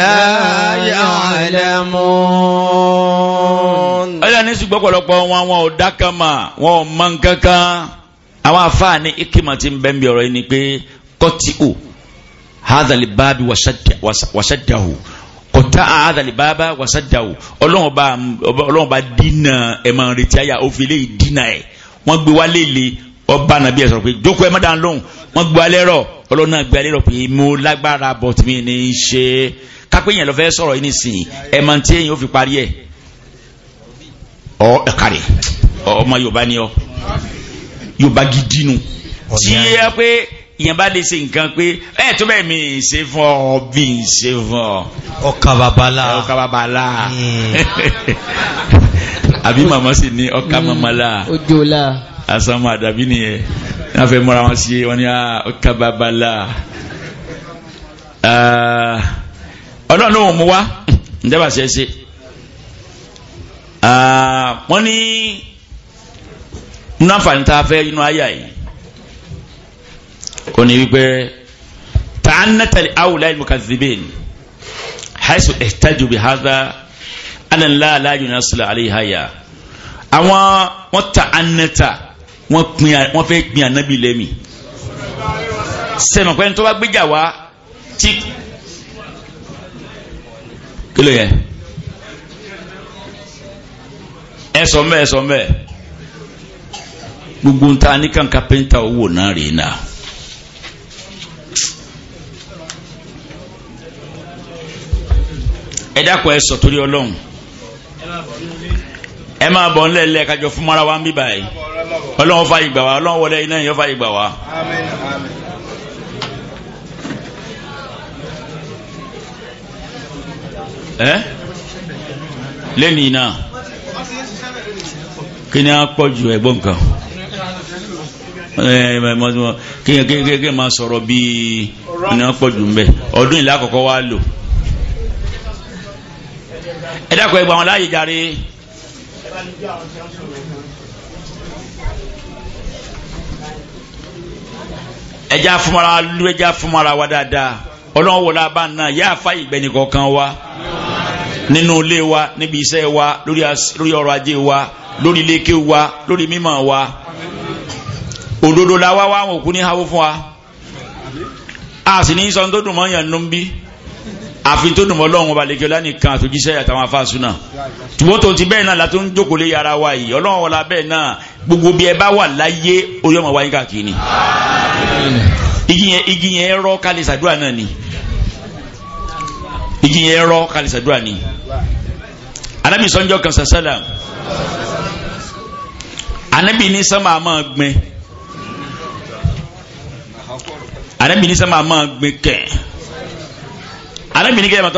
láyé ọ̀lẹ́mún. ọlọ́ni ṣùgbọ́pọ̀lọpọ̀ wọn wọn ò dákàmà wọn ò mọ nǹkankan àwọn afáà ní ikima ti ń bẹ́ ń ọ̀rọ̀ yìí ni pé kọ́tíò hadhali baabi wasadahu kọta hadhali baaba wasadahu ọlọ́run bá dínà ẹ̀ máa retí àyà òfin lè dínà ẹ̀ wọ́n gbé wá lélẹ̀ ọba nàbí ẹ sọ̀rọ̀ pé jókòó ẹ má dáa lóhùn wọ́n gba alẹ́ rọ̀ ọlọ́run náà gba alẹ́ rọ̀ pé mo lágbára bọ̀ tí mi ní í ṣe kápẹ́ yẹn lọ fẹ́ sọ̀rọ̀ yìí nísìnyí ẹ̀ máa ń tí èyàn ó fi parí ẹ̀ ọ ẹ̀ kárẹ̀ ọmọ yorùbá ni ọ yorùbá gidi nu tí ẹ pé ìyẹn bá lè ṣe nǹkan pé ẹ tó bẹ́ẹ̀ mi ṣe fún ọ bí n ṣe fún ọ. ọkà babalá ọkà babalá hmm. (laughs) àbí màmá sì ní ọkà hmm. màmá la. ojola asanmu àdàbí nìyẹn náà fẹ́ múra wọn sí wọn ni ah, kábàbàlà ah, ọlọ́run ló ń mú wa ǹjẹ́ bá ṣe é ṣe ah, wọ́n ní nínú àǹfààní tá a fẹ́ inú àyà yìí ó ní wípé tàànátàlì awùláyé mukazibin haisu ẹ̀tájú bí haza anan láàlá yunasula alayhaya àwọn wọ́n tàànátà wọ́n pin wọ́n fẹ́ pin ànábì lẹ́mì sẹ́nu pẹ́ni bá gbéjà wá tí kí ló ẹ sọ mbẹ ẹ sọ mbẹ gbogbo nta ní kan kápẹ́ntà owó náà rèé náà. ẹ dákun ẹ sọ torí ọlọ́run ẹ máa bọ̀ ńlẹ̀ lẹ́ẹ̀kájọ fún mara wa ń bíbáyìí. ọlọ́run fa ìgbà wa ọlọ́run wọlé iná yẹn fa ìgbà wa. àmín àmín. ẹ lẹ́nu iná kí ni a pọ̀ ju ẹ̀gbọ́n kan kéèké máa sọ̀rọ̀ bíi ní wọ́n pọ̀jù ju bẹ̀ ọdún ìlà àkọ́kọ́ wa lò ẹ dákọ̀ ẹgbà wọn láàyè jàre ẹja fúnmara lu ẹja fúnmara wa dáadáa ọlọ́run wọlé abá náà yá àfa ìgbẹ́ni kọ̀ọ̀kan wa nínú ilé wa níbi iṣẹ́ wa lórí ọrọ̀ ajé wa lórí iléeké wa lórí mímọ̀ wa òdodo la wá wá àwọn òkú ní hawo fún wa a sì ní sọ tó dùn mọ́ yàn nù ń bí àfi tó dùn mọ́ lọ́run ọba lẹ́kẹ́ lánìkan àtòjíṣẹ́ àtàwọn afáàsùn náà tùmọ́tò ti bẹ́ẹ̀ náà látó ń jókòó lé yàrá wa yìí ọlọ́run wọlé abẹ́ẹ̀ náà gbogbo bí ẹ bá wà láyé orí ọmọ wa yín káàkiri ni igi yẹn igi yẹn rọ kálí sàdúrà náà ni igi yẹn rọ kálí sàdúrà ni anabi sọnjọ kan anabi ní sánmà máa gbin anabi ní sánmà máa gbin kẹ anabi ní kẹlẹ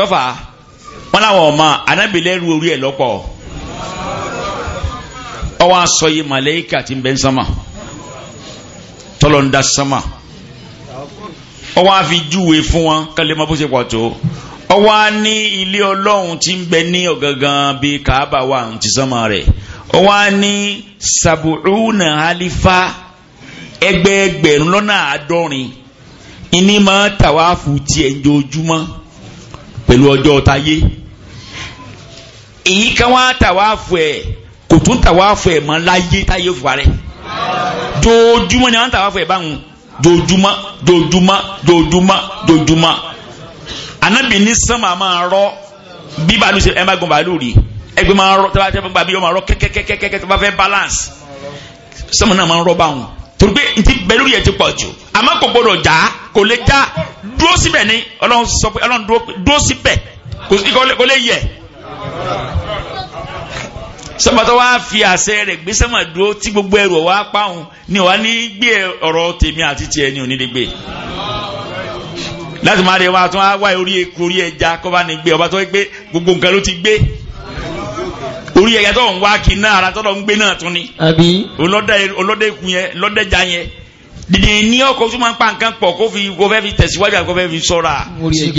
wọn làwọn ọmọ anabi lẹrú orí ẹ lọ́pọ̀ ọwọ́ aṣọ yìí màlẹ́kà ti ń bẹ́ ń sámà tọ́lọ̀ ń da sámà ọwọ́ àfi júwe fún wọn kálí ma bó ṣe pọ̀ tó ọwọ́ á ní ilé ọlọ́run ti ń bẹ ní ọ̀gangan bíi kàábà wà ń ti sámà rẹ̀ ọwọ́ á ní sàbùrùnà alifa ẹgbẹẹgbẹ̀rún lọ́nà àádọ́rin ìní máa tàwáàfù tiẹ̀ ń pẹ̀lú ọjọ́ ọ̀tayé èyí kan wá tàwáàfù ẹ̀ kò tún tàwáàfù ẹ̀ mọ́ láyé táyé fún wa rẹ̀ dojúmọ́ ni wọ́n tàwáàfù ẹ̀ báwọn dojúmọ́ dojúmọ́ dojúmọ́ dojúmọ́ anabi ní sánmà máa rọ bí bàálù ṣe ẹ bá gun bàálù rí ẹgbẹ́ máa rọ tẹ́lá tẹ́lá gbàgbé ọmọ rọ kẹ́kẹ́kẹ́kẹ́kẹ́ tó bá balance sánmà náà máa ń rọ báwọn torí pé ntí bẹ́lú yẹn ti pọ̀ jù àmọ́ kò gbọdọ̀ já kò lè já dúró síbẹ̀ ni ọlọ́run sọ pé ọlọ́run dúró síbẹ̀ kò lè yẹ sọmọtọ wa fi àṣẹ rẹ̀ gbé sẹmọ dúró tí gbogbo ẹrù ọwọ apá òun ni wàá ní gbé ọ̀rọ̀ tèmi àti tiẹ̀ ní òní lè gbé láti máa rẹ wa tún wá orí eku orí ẹja kó bá ní gbé ọba tó gbé gbogbo nǹkan ló ti gbé orí ẹja tó ń wá kí náà ara tó ń gbé náà tún ni. àbí. olóde kun yẹn lọ́dẹ̀já yẹn dìde ní ọkọ̀ tó máa ń pa nǹkan pọ̀ kó fi kó fẹ́ fi tẹ̀síwájú àti kó fẹ́ fi sọ́ra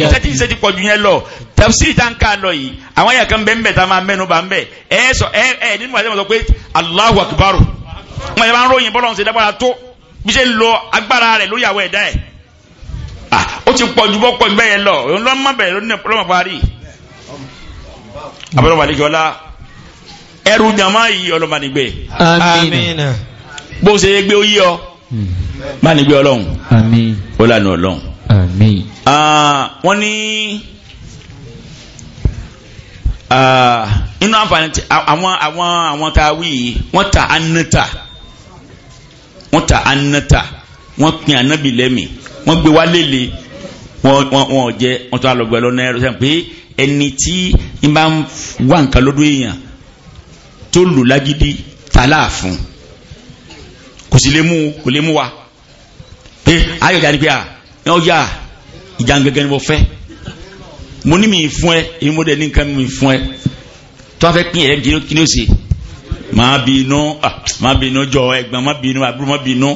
iṣẹ́ tí iṣẹ́ ti pọ̀ ju yẹn lọ tafsiri tá ń ká lọ yìí àwọn èèyàn kan bẹ́ẹ̀ ń bẹ̀ tá máa mẹ́nu bá ń bẹ̀ ẹ sọ ẹ ẹ nínú àti ìmọ̀sọ pé Allahu Akbar wọn yẹn máa ń ròyìn bọ́lá ọ̀sẹ̀ dábàrà tó bí ṣe ń lo agbára rẹ̀ lórí àwọn ẹ̀dá ẹ̀ ó ti pọ̀ ju bọ́ pọ̀ ju bẹ́ẹ̀ lọ òun bó ṣe gbé ó yí ọ máa nígbé ọlọ́run ó lànà ọlọ́run wọ́n ní inú àǹfààní àwọn àwọn àwọn tá a wí yìí wọ́n ta anata wọ́n ta anata wọ́n pin anabi lẹ́mìí wọ́n gbé wá lélè wọ́n wọ́n jẹ́ wọ́n tún alọ́gbẹ́ lọ́nà ẹ̀rọ sẹ́yìn pé ẹni tí n bá wá nǹkan lọ́dún èèyàn tó lò lágídí ta láàfún kò sì lè mú kò lè mú wa pé ayọ̀ ìjà ni pé à ẹ ọ yà ìjà gẹ́gẹ́ ni mo fẹ́ mo ní mi fún ẹ èyí mo dẹ̀ ní nǹkan mi fún ẹ tó a fẹ́ pín ẹ̀rẹ́ kí ni ó ṣe má bínú má bínú jọ ẹ̀gbọ́n má bínú àbúrò má bínú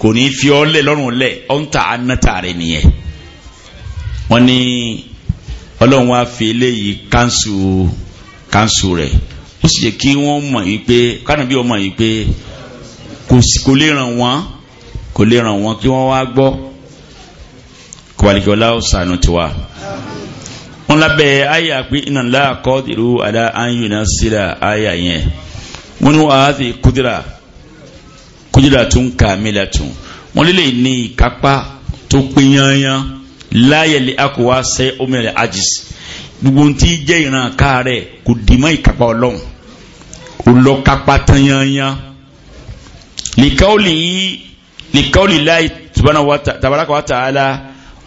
kò ní fi ọ́ lẹ̀ lọ́rùn lẹ̀ ọ́ ń ta anata rẹ̀ nìyẹn wọ́n ní ọlọ́run wá fi eléyìí kánṣu kánṣu rẹ̀ ó sì yẹ kí wọ́n mọ̀ yìí pé kánàbí wọ́n mọ̀ yìí pé kò lè ràn wọ́n kò lè ràn wọ́n kí wọ́n wá gbọ́ kò wà lè jọ láwọ sànù tiwa. wọ́n lábẹ́ àyà pé iná ńlá kọ́ dèrò àdá ayò náà síra àyà yẹn wọ́n ní wàá fi kúdìrà kúdìrà tún kà mí la tún wọ́n lè ní ìkápá tó pé yányán láyẹ̀ akọ̀wá sẹ́ omi rẹ̀ ajis gbogbo ntí jẹ́ ìran káàárẹ̀ kò dì mọ́ ìkápá ọlọ́run kò tán yányán likawli likawli lahi subhanahu wa tabaraka wa ta'ala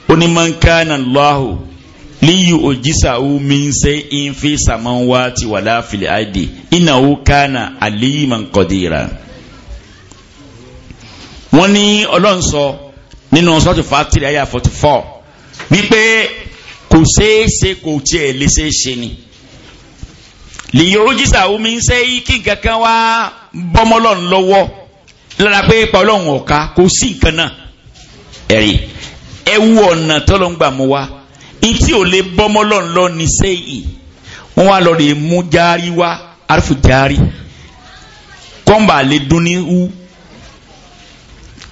onímọ̀nkánà lọ́hù liyu ojisa uminse infi samanwati wala fili aidi inahu kana aliman qadira wọ́n ní Ọlọ́run sọ nínú sọ́tù fàtìrì àyà 44 wípé kò ṣeéṣe kò tiẹ̀ lè ṣeéṣe ni liyu ojisa uminse kí nǹkan kan wá bọ́mọ́lọ́n lọ́wọ́ lára pé ipa ọlọ́run ọ̀ka kò sí nǹkan náà ẹ̀rí ẹ wú ọ̀nà tọ́lọ́ ń gbà mú wa etí ò lè bọ́mọ́ lọ́n lọ ní sẹ́yìn wọ́n wá lọ rè mú járí wá àrùfù járí kọ́ńbà lè dún ní wú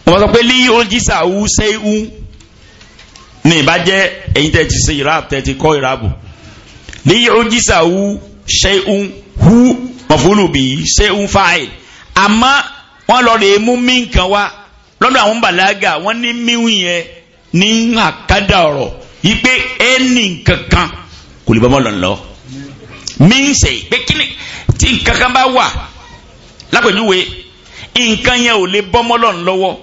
wọ́n sọ pé lí ojísà wú sẹ́yìn wú ní ìbàjẹ́ ẹ̀yin tẹ́ ti ṣe ìrà tẹ́ ti kọ́ ìrà bò lí ojísà wú sẹ́yìn wú mọ̀fúlù bì í sẹ́yìn fáìlì àmọ́ wọ́n lọ rè mú mí nǹkan wá lọ́dọ̀ àwọn bàlágà wọ́n ní míwù yẹn ní àkádà ọ̀rọ̀ yìí pé ẹnì kankan kò lè bọ́ mọ́ lọ. mí ń sè pé kí ni tí nǹkan kan bá wà lápèjúwe nǹkan yẹn ò lè bọ́ mọ́ lọ́nà lọ́wọ́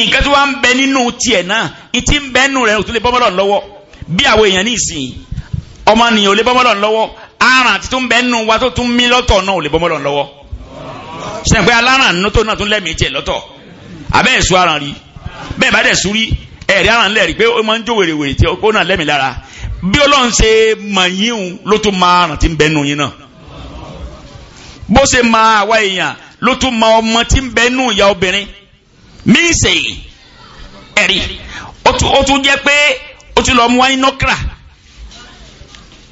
nǹkan tó wà ń bẹ nínú tiẹ̀ náà ìtì ń bẹ nínú rẹ̀ ò tún lè bọ́ mọ́ lọ́nà lọ́wọ́ bí àwọn èèyàn ní ìsìn ọmọnìyàn ò lè bọ́ mọ́ lọ́wọ́ aràn àti tó bẹ nínú wa tó tún mí lọ́tọ̀ náà ò lè bọ́ mọ́ lọ́wọ́ sẹ́yìn pé alárànú tó náà tún lẹ́mìí jẹ lọ́tọ̀ abẹ́ ẹ̀sùn aràn rí bẹ́ẹ̀ bá dẹ̀ sùn rí ẹ̀rí aràn lẹ́rìí pé ó máa ń jó wèrèwèrè tí ó náà lẹ́mìí lára bí ọlọ́run ṣe mọ̀ yín un ló tún máa ràn tí ń bẹnu yín náà bó ṣe máa àwa èèyàn ló tún mọ ọmọ tí ń bẹnu ìyá obìnrin míì sèyí ẹ̀rí ó tún jẹ́ pé ó tún lọ mú wáyé nọ́kìrà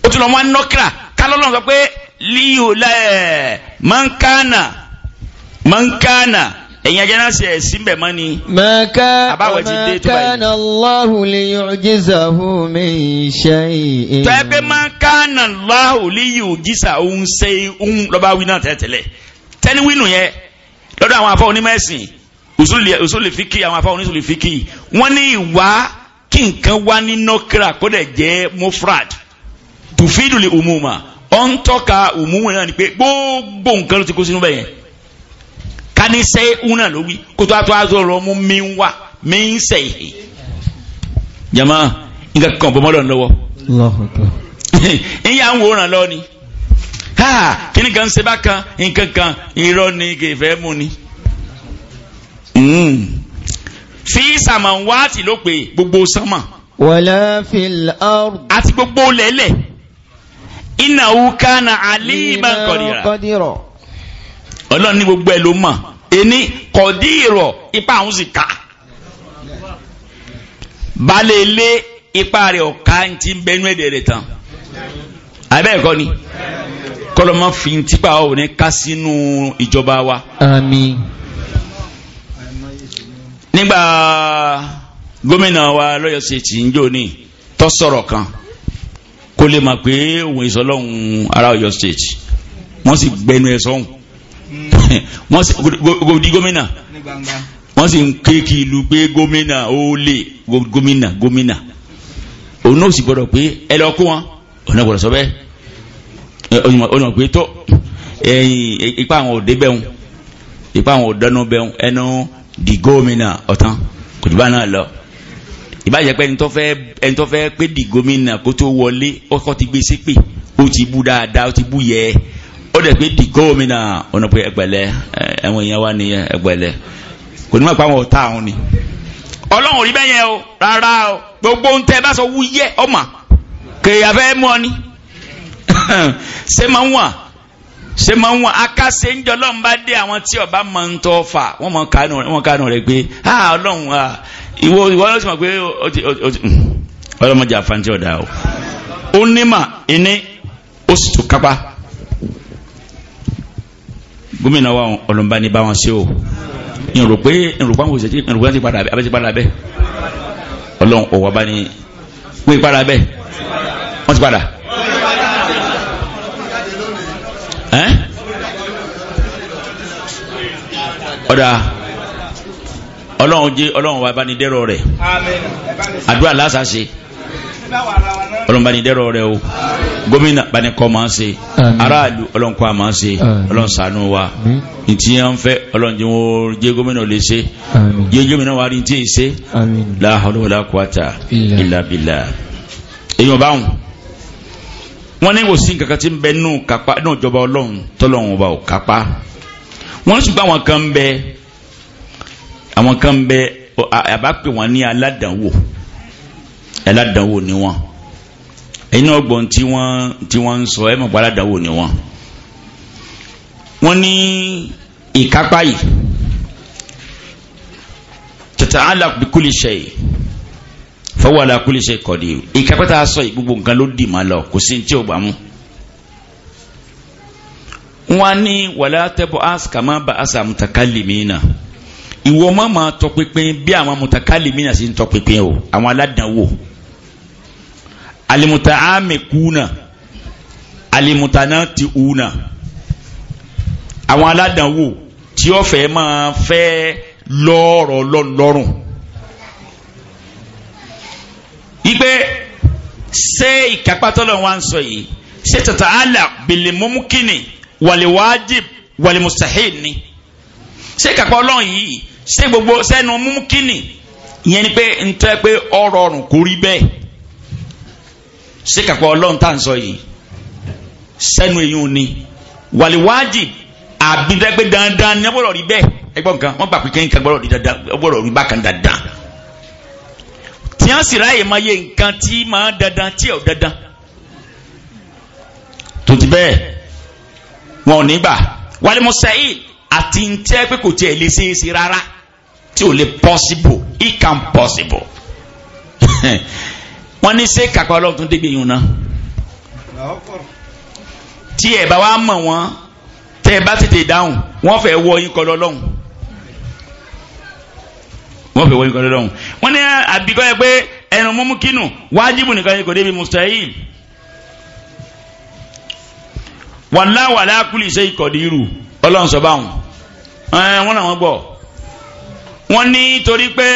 ó tún lọ mú wáyé nọ́kìrà kálọ́lọ́run sọ pé líyò lẹ́ẹ̀ mọ́ńkánà mọ̀nkánà ẹ̀yin ajá náà sì ẹ̀ síbẹ̀ mọ́ ni. mọ̀ká mọ̀kánà Allahu li yu'jizahu min shay'in. tẹ́gbẹ́ mọ̀kánà Allahu li yu'jizahu min shay'in lọ́ba wí náà tẹ́tẹ́lẹ̀ tẹ́ni wínú yẹn lọ́dọ̀ àwọn afọ onímẹ̀sìn usuli fiki àwọn afọ onísùlù fiki wọ́n ní ìwà kí nǹkan wá ní nọ́kìrà kó dẹ̀ jẹ́ mufrad tùfídùlì umuma ọ̀ ń tọ́ka umuma náà ni pé gbogbo nǹkan ló ti kó sínú bẹ́ẹ̀ yẹn kani sẹ una ló wí kótó àtọ àtọ lọ mú mi ń wà mi ń sẹ yìí jama nǹkan kan bọ́ mọ́lọ́ lọ́wọ́ ìyá ń wòran lọ ni ha kíni kan ṣe bá kan nǹkan kan irọ́ ni kẹfẹ́ mú ni hmm. fi sàmàwáàtì ló pé gbogbo sánmà. wala fil ard. àti gbogbo lẹ́lẹ̀ ìnáwó kánà alíman kọ̀dìrà ọlọ́run ní gbogbo ẹ̀ ló mọ̀ ẹni kọ̀dí ìrọ̀ ipa àwọn sì ká balẹ̀ ilé ipa rẹ̀ ọ̀ka ń ti bẹnu ẹ̀dẹ̀ rẹ̀ tán abẹ́ ẹ̀kọ́ ni kọlọmọ fi ń tipa ò ní ká sínú ìjọba wa. àmín. nígbà gómìnà wa lọ́yọ̀ ṣe tì ń jò ní tó sọ̀rọ̀ kan kó lè mọ̀ pé òun ìsọlọ́hún ará Ọ̀yọ́ state wọ́n sì gbẹnu ẹ̀ sọ́hún Hmm. wọ́n sì gòdì gómìnà wọ́n sì ń ké kí ìlú pé gómìnà ó lè gómìnà gómìnà òun náà sì gbọ́dọ̀ pé ẹ lọ kó wọn òun náà gbọ́dọ̀ sọ bẹ́ẹ̀ ọ̀nà pé tó ipa àwọn òde bẹ́ẹ̀ ipa àwọn òdánú bẹ́ẹ̀ ẹnu di gómìnà ọ̀tán kò tó bá náà lọ ìbájẹ́ pé ẹni tó fẹ́ pé di gómìnà kó tó wọlé ọkọ̀ ti gbé ṣépè ó ti bú dáadáa ó ti bú yẹ ẹ́ ó dẹ̀ pé dìgó mi náà ọ̀nà pé ẹgbẹ̀lẹ́ ẹ̀wọ̀n èèyàn wá nìyẹn ẹgbẹ̀lẹ́ kò ní mọ̀ pé àwọn ọ̀tá àwọn ni ọlọ́run rí bẹ́yẹn o rárá o gbogbo ń tẹ́ bá sọ wú yẹ ọmọ kèèyàn fẹ́ mú ọ ni (laughs) ṣé máa ń wà ṣé máa ń wà akásẹ̀ ń jọ ọlọ́run bá dé àwọn tí ọba máa ń tọ́ fà wọ́n mọ̀ kánú rẹ̀ wọ́n kánú rẹ̀ pé ah ọlọ́run ah ìwọ ìwọ ọlọ́sìn mọ̀ pé hmm. ọlọ́mọdé àfáǹtì ọ̀dà o ó ní mà ìní ó sì tún kápá gómìnà wa ọlọ́mba ní bá wọn ṣe o ìrò pé ìrò pé àwọn òṣèlú ìrò pé ti padà abẹ́ ti padà bẹ́ ọlọ́run ọ̀wọ́ bá ní wọ́n ti padà bẹ́ wọ́n ti padà. ọ̀dà ọlọ́run jẹ́ ọlọ́run wa bá ní dẹ́rọ rẹ̀ àdúrà lásà ṣe ọlọ́run bá rẹ o gómìnà bá ní kọ́ máa ń ṣe aráàlú ọlọ́run kọ́ máa ń ṣe ọlọ́run ṣàánú wa ntí yẹn fẹ́ ọlọ́run jẹ́ wọ́n jẹ́ gómìnà lè ṣe jẹ́ gómìnà wa rí ntí yẹn ṣe la hawla wala quwata illa billah èèyàn báwọn wọn ní wòsí kankan tí ń bẹ nù kápá nù ìjọba ọlọ́run tọ́lọ́run ọba ò kápá wọn sì bá àwọn kan bẹ àwọn kan bẹ àbá pè wọn ní aládàáwò ẹládàáwò ni wọn ẹ̀yin náà gbọ́n tí wọ́n tí wọ́n ń sọ ẹ mọ̀ pé aládàáwò ni wọn. wọ́n ní ìkápá yìí tata ala bikuli shay fọwọ́ ala kuli shay kọ̀dí ìkápá tá a sọ yìí gbogbo nǹkan ló dì má lọ kò sí tí ò bá mú wọ́n ní wàlá tẹ́bọ̀ àsìkàmá bá àṣà mùtàkàlìmínà ìwọ má máa tọpinpin bí àwọn mùtàkàlìmínà sì ń tọpinpin o àwọn aládàáwò alimuta ame kuna alimuta náà ti una àwọn aládàáwò tí ó fẹ́ máa fẹ́ lọ́rọ̀ lọ́rùn ipe ṣé ìkápátọ́lọ̀ wa ń sọ yìí ṣé tata ala bìlì mumkini wàlíwájib wàlímustahil ni ṣé ìkápá ọlọ́run yìí ṣé gbogbo sẹ́nu mumkini ìyẹn ni pé ń tẹ́ pé kò rí bẹ́ẹ̀ síkàpọ̀ ọlọ́run tá à ń sọ yìí sẹ́nu èyí ò ní wàlíwájì àbídẹ́gbẹ́ dandan ní ọgbọ́dọ̀ rí bẹ́ẹ̀ ẹgbọ́n nǹkan wọ́n gbà pé kẹ́yìn kan gbọ́dọ̀ rí dandan ọgbọ́dọ̀ rí bákan dandan tí wọ́n sì ráàyè máa yẹ nǹkan tí máa dandan tí ò dandan tó ti bẹ́ẹ̀ wọn ò ní gbà wàlímọ̀sẹ́yì àti ń pé kò tiẹ̀ lè ṣeé rárá tí ò lè possible it can possible. (laughs) wọ́n ní ṣé kàkà ọlọ́run tún dégbé yìí náà tí ẹ̀ bá wá mọ̀ wọ́n tẹ́ ẹ bá tètè dáhùn wọ́n fẹ́ wọ yín kọlọ lọ́hùn wọ́n fẹ́ wọ yín kọlọ lọ́hùn wọ́n ní àbíkọ́ yẹ pé ẹnu mú kínú wájibù nìkan yẹ kò débi mustahil wàlá wàlá kúlì ṣe ìkọ̀dìrú ọlọ́run sọ báwọn wọ́n làwọn gbọ́ wọ́n ní torí pé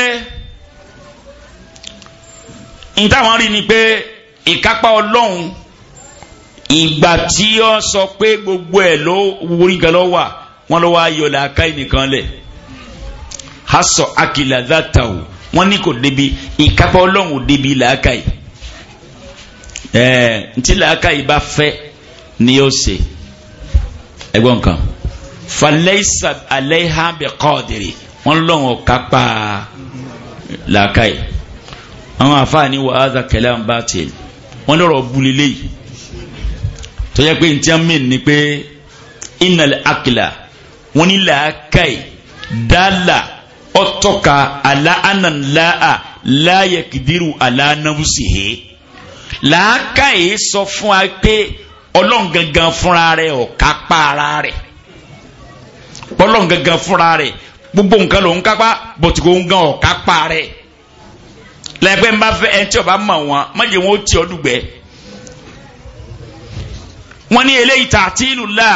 n táwọn rí ni pé ìkápá ọlọ́run ìgbà tí ó sọ pé gbogbo ẹ̀ ló wúrí gan ló wà wọ́n ló wá yọ làákà ìnìkan lẹ̀ hasọ akìlà dátà o wọ́n ní kò débi ìkápá ọlọ́run ò débi làákà yìí ẹ̀ẹ́ ntí làákà yìí bá fẹ́ ni yóò ṣe ẹgbọ́n kan falẹ́sà alẹ́hàbẹ̀kọ́ọ̀dẹ̀rẹ̀ wọ́n lọ́wọ́ kápá làákà yìí àwọn àfáà ní wa hadha kalam batil wọ́n lọ́rọ̀ bulilé tó yẹ pé n tí a mìn ni pé innal akla wọ́n ní làákàyè dálà ọ̀tọ̀ka aláàánàláà láàyè kìdírù aláàánàbùsìhé làákàyè sọ fún wa pé ọlọ́run gangan fúnra rẹ̀ ọ̀ká pa ara rẹ̀ ọlọ́run gangan fúnra rẹ̀ gbogbo nǹkan ló ń kápá bọ̀tùkọ̀ ń gan ọ̀ká pa rẹ̀ lẹ́gbẹ́ ń bá fẹ́ ẹ tí ọba mọ̀ wọn mọ̀jẹ̀ wọn ó ti ọdún gbẹ. wọ́n ní eléyìí tààtìlù là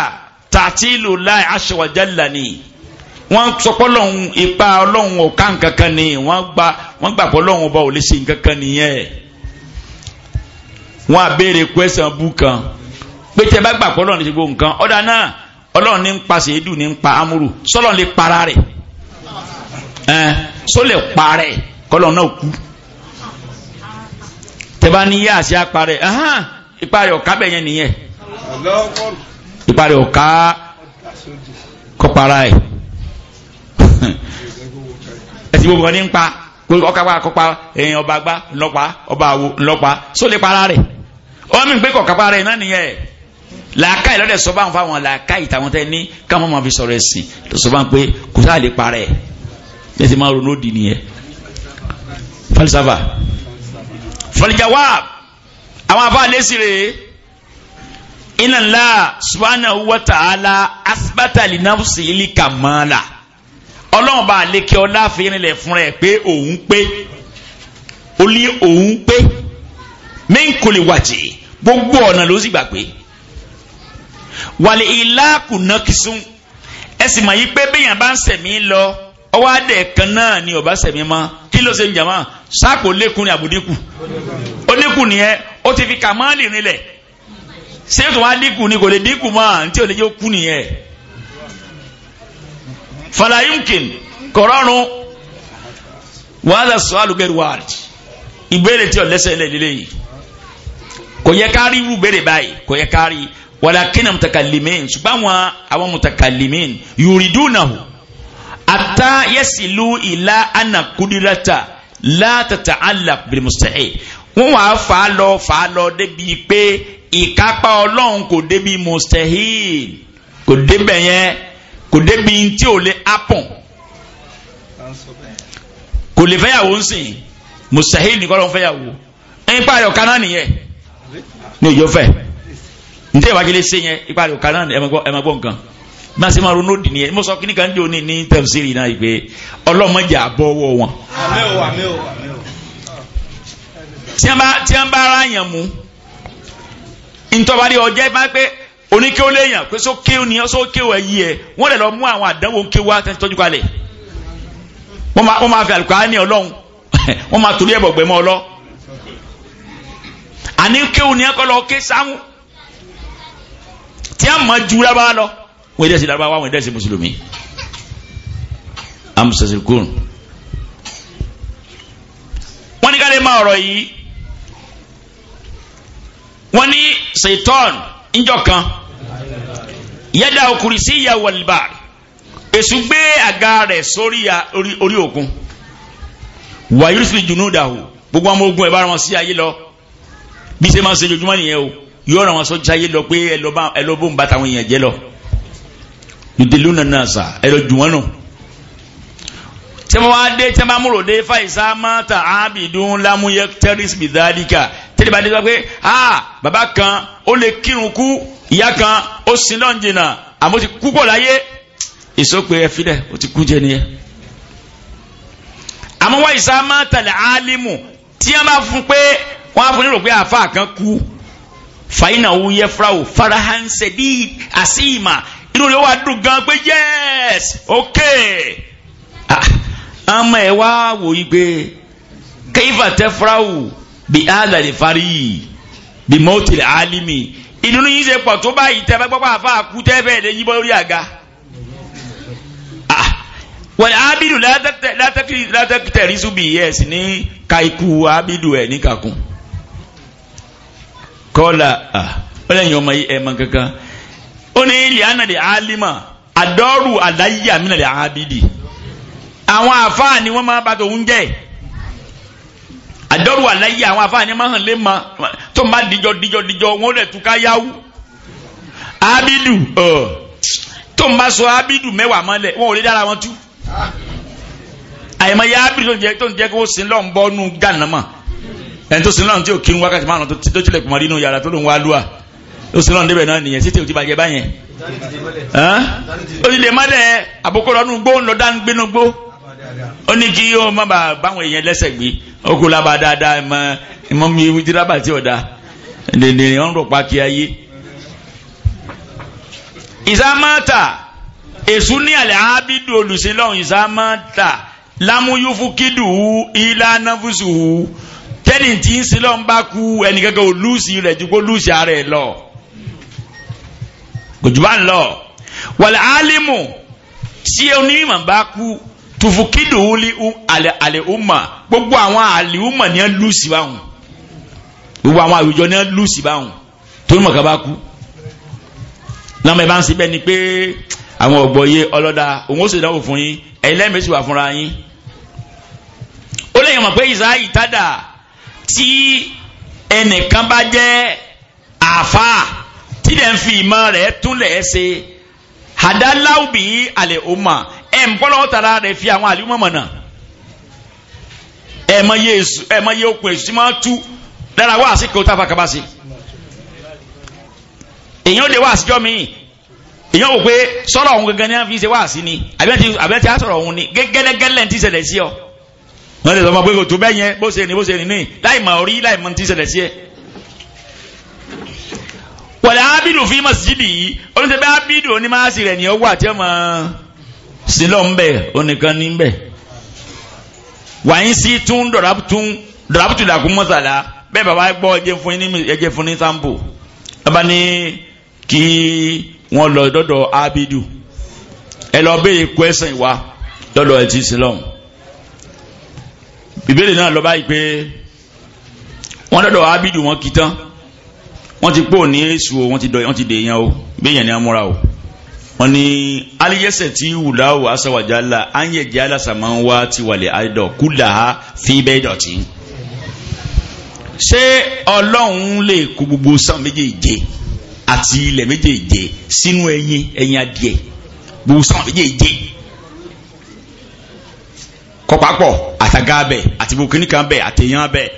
tààtìlù là aṣèwàjálà ni wọ́n sọ pé ọlọ́run ipa ọlọ́run ọ̀ka nkankan ni wọ́n gba wọ́n gbà pé ọlọ́run ọba ò lè ṣe nkankan nìyẹn. wọ́n àbèrè kwẹ́sàn bú kan pé tẹ́ bá gbà pé ọlọ́run ti nǹkan ọ̀dà náà ọlọ́run ní ń pa sèédù ní ń pa amúrù sọ́lọ́run lè para rẹ̀ ẹ̀ sólè para rẹ̀ kọ́lọ́run náà kú tẹ́bá ní yá àṣẹ apárẹ̀ ẹ̀hán ipa rẹ̀ ọ̀ká bẹ̀yẹn nìyẹn ipa rẹ̀ ọ̀ká kọ́para ẹ̀ (laughs) ẹ̀sìn gbogbo ní ń pa ọkà wa kọ́pa ẹ̀yìn ọba gbá ńlọ́pa ọba àwo ńlọ́pa só lè para rẹ̀ ọmọ mi pé kọ̀ọ̀ká para rẹ̀ náà nìyẹn làákà ìlọ́dẹ̀ sọ báwọn fáwọn làákà ìtàwọn tẹ ní káwọn máa fi sọ̀rọ̀ ẹ̀sìn tó sọ báwọn pé kò sáà lè para ẹ̀ ẹ̀ ti máa ronú òdì nìyẹn falsafa fọlìjàwá àwọn afa lẹ́sìn rẹ̀ inna Allah subhanahu wa ta'ala asibata linafsi ili kamala ọlọ́run bá lékè ọlá fìrìnlẹ̀ fún rẹ̀ pé òun pé ó ní òun pé mẹ́ńkòlè wàjẹ́ gbogbo ọ̀nà ló sì gbà pé wàlẹ̀ ìlà kùnà kìsùn ẹ sì mọ̀ yí pé bẹ́yàn bá ń sẹ̀mí lọ ọwọ́ adẹ̀ kan náà ni ọba sẹ̀mí mọ́ kí ló ṣe ń jàmọ́ sáàpò lékun ni àbòdínkù ó lékun nìyẹn ó ti fi kàmáàlì rinlẹ̀ ṣé tó wá dínkù ni kò lè dínkù mọ́ àǹtí ò lè jẹ́ kú nìyẹn. falayimkin kọ̀rọ̀rùn wàhálà sọ àlùgẹ́rù wáàdì ìbéèrè tí ò lẹ́sẹ̀ lẹ̀ lílé yìí kò yẹ ká irú béèrè báyìí kò yẹ ká wàlá kí ni ṣùgbọ́n àwọn mutakallimin yuridunahu Ata yẹ́sìlú ìlà anakudirata látàtà alàbìrì mùsàlẹ̀ wọ́n wàá fà á lọ fà á lọ débi pé ìkápá ọlọ́run kò débi mustahil kò débẹ̀ yẹn kò débi tí ò lè apọ̀n kò lè fẹ́yàwó ń sìn mustahil nìkan ló ń fẹ́yàwó ẹ̀yin pa ayọ̀ kan náà nìyẹn ní òjò fẹ́ ǹtẹ́ ìwádìí lè ṣe yẹn ipa ayọ̀ kan náà nǹkan bá a ṣe máa ronú òdì nìyẹn mo sọ kí ni kan jò ní ní tẹ̀síìrì náà yìí pé ọlọ́mọdé àbọ̀wọ̀ wọn. tí wọ́n bá ara yàn mú ntọ́badé ọjọ́ ẹ bá pé oníkéwò léèyàn pé sókéwò ni sókéwò ẹ yí ẹ wọ́n lè lọ mú àwọn àdánwò kéwò àtẹ́tọ́jú kalẹ̀ wọ́n máa fi àlùkùránì ọlọ́run (laughs) wọ́n máa torí ẹ̀bọ̀ gbẹ̀mọ́ ọlọ́ àní kéwò ni ẹ kọ́ lọ ké sáwọn tí a mọ̀ ju lábá lọ wọ́n ẹ̀dẹ́sì lárúbáwá wọ́n ẹ̀dẹ́sì mùsùlùmí amusasilkun wọ́n ní kálí máa ọ̀rọ̀ yìí wọ́n ní seitan ńjọ kan yẹ́dá okùnrin sí ìyàwó àlùbá èṣù gbé àga rẹ̀ sórí orí òkun wàyúrísìlì jùnú dàhù gbogbo àwọn ogun ẹ̀bá wọn sí ayé lọ bí ṣe máa ń ṣe ojoojúmọ́ nìyẹn o yóò ràn wọn sọ́jà ayé lọ pé ẹ lọ bó ń bá tàwọn èèyàn jẹ́ lọ yòdìlú nànà àṣà ẹ̀rọ jù wọ́n nù. tí wọ́n wá dé tí wọ́n bá múrò dé fàìsà mọ́ta ábìdún lámúyẹ tẹ́rìsì bìdáríkà tẹ́lẹ̀ bá dé sọ pé bàbá kan ó lè kírun kú ìyá kan ó sin náà jìnnà àmọ́ ti kú pọ̀ láyé ìsọpẹ́ ẹ filẹ̀ ó ti kú jẹ nìyẹn. àmọ́ wá ìsà mọ́ta álímù tí wọ́n bá fún pé wọ́n á fún nírò pé àfa kan kú fàyínà wúyẹ fúráwò farahansẹ̀ bíi àsìmà inú rẹ̀ wà dùn gan pé yes ok ọmọ ẹ̀ wá wò yí pé kéfà tẹ fúráwù bí àdàlẹ̀ fari bí mọ́tìlì alimi ìdùnnú yìí ṣe pọ̀ tó báyìí tẹ́ bá gbọ́pọ̀ àfa àkú tẹ́ bẹ́ẹ̀ lé yíbọ́ lórí àga wọ́n abidu látẹ́kítẹ̀rí súbì yes ní kaiku abidu ẹ̀ níkàkùn kọ́lá ọlẹ́yìn ọmọ yìí ẹ̀ mọ kankan ó ní ilẹ̀ alima adoru adọ́rù mina àmìnàlẹ̀ abidi àwọn àfáà ni wọ́n máa bá tó ń jẹ́ adọ́rù aláyé àwọn àfáà ni máa hàn lé ma tó ń bá díjọ díjọ díjọ wọn lè túká yáwú abidu tó ń bá sọ abidu mẹ́wàá mọ́lẹ̀ wọn ò lè dára wọn tú àyẹ̀mọ́ yá abidu tó ń jẹ́ kó sin lọ́n bọ́ nù gànàmọ́ ẹni tó sin lọ́n tí ò kí ń wákàtí márùn tó tilẹ̀kùn mọ́ nínú yàrá tó ló ń wá lúwa ó sì lọ́nà débẹ̀ náà nìyẹn sí tèwé tí bàjẹ́ báyẹn. ó ti lè má dẹ àbókò lọ́nu gbó ń ń gbénu gbó ó ní kí ó má bàa báwọn èèyàn lẹ́sẹ̀ gbé ó kó dáadáa mọ ìmọ̀ mi ìwé dírábà tí dèdè ọ̀n rò pa kí ayé. ìsámátà èṣù ní àlẹ́ ábídù olùsílọ́hùn ìsámátà lámúyúfúkídù ìlànà fúsù tẹ́nì tí ń sílọ́ọ̀ bá ku ẹnìkankan ò rẹ̀ ju kó lùsì ara ẹ̀ lọ kò jù bá ń lọ wàlẹ̀ alimu tí onímọ̀ bá kú tufukidu wuli alẹ́ umma gbogbo àwọn alẹ́ umma ni wọ́n lù sí báwọn gbogbo àwọn àwùjọ ni wọ́n lù sí báwọn tó mọ̀ ká bá kú lọ́mọ ẹ ń ṣe ni pé àwọn ọ̀gbọ̀ye ọlọ́dà òun ó sì dánwò fún yín ẹ̀yin lẹ́mẹ̀ẹ́sì wà fúnra yín ó lè yàn mọ̀ pé ìsáyà ìtàdà tí ẹnìkan bá jẹ́ àfáà tí dẹ̀ ń fi ìmọ̀ rẹ̀ túnlẹ̀ ṣe àdáláwùbí àlè ọmọ ẹ̀ ń bọ́lọ́wọ́ tara rẹ̀ fi àwọn àlùmọ̀ mọ̀nà ẹ̀ mọ iye èsù ẹ̀ mọ iye okùn èsù tí máa tú lára wá àsìkò tá a fa kaba sí. èèyàn lè wá àsìjọ́ mi èèyàn wò pé sọ̀rọ̀ ọ̀hún gangan ni a fi ṣe wá àsì ni àbẹ́ tí a sọ̀rọ̀ ọ̀hún ni gẹ́gẹ́lẹ́gẹ́lẹ́ ti ṣẹlẹ̀ sí ọ. wọ́n ti sọ fún ọ pé kò tó bẹ́ẹ̀ yẹn bó ṣe ni bó ṣe ni ní láì mọ̀ orí láì mọ̀ ti ṣẹlẹ̀ sí ẹ wọ̀lẹ̀ Abidu fi masjidi yìí oníṣẹ́bẹ́ Abidu onímọ̀ọ́sì rẹ̀ ni ó wà tí ó mọ̀ sí lọ ńbẹ̀ oníkan ní ńbẹ̀ wàyí sí tún dọ̀rọ̀tún dọ̀rọ̀tún làkún mọ́sàlá bẹ́ẹ̀ bàbá gbọ́ ẹjẹ́ fún ní sambo, fún ní sampo bàbá ní kí wọ́n lọ dọ́dọ̀ ábìdù ẹ lọ bẹ́ẹ̀ kú ẹsẹ̀ wa dọ́dọ̀ ẹ̀ ti sí ìbéèrè náà lọ báyìí pé wọ́n dọ́dọ̀ ábìdù wọn kì tán wọ́n ti pé òní èṣù o wọ́n ti dọ̀yẹ́ wọ́n ti dèèyàn o béèyàn ni a múra o wọ́n ní aliyẹsẹ̀ tí wùlá o aṣọwàjà la anyẹ̀jẹ̀ alásàmọ́ wa ti wàlẹ̀ àìdọ̀ kúlà á fi bẹ́ẹ̀ dọ̀tí. ṣé ọlọ́run lè kó gbogbo sàn méjèèje àti ilẹ̀ méjèèje sínú ẹyin ẹyin adìẹ gbogbo sàn méjèèje kọ́pápọ̀ àtàgà bẹ̀ àti bukini kan bẹ̀ àtẹ̀yàn bẹ̀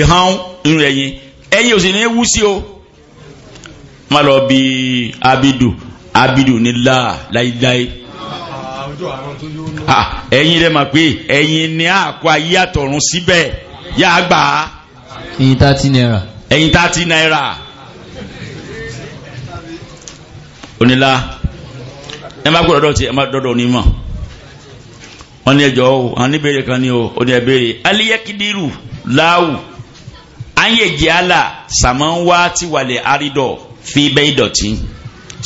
ìhàn nínú ẹyin Eyi ò ní sí o ma lọ bí abidu abidu ní la láíláí ẹ̀yin rẹ̀ mà pé ẹ̀yin ní àkọ ayé àtọ̀run síbẹ̀ yá gbà á. ẹ̀yin tààtì náírà. ẹ̀yin tààtì náírà. onílá ẹ má ẹ má o kan ni o Onye Aliyekidiru aliyakidiru láwù an yẹ jiala saman waati wale aridọ fi bẹyi dọ̀tí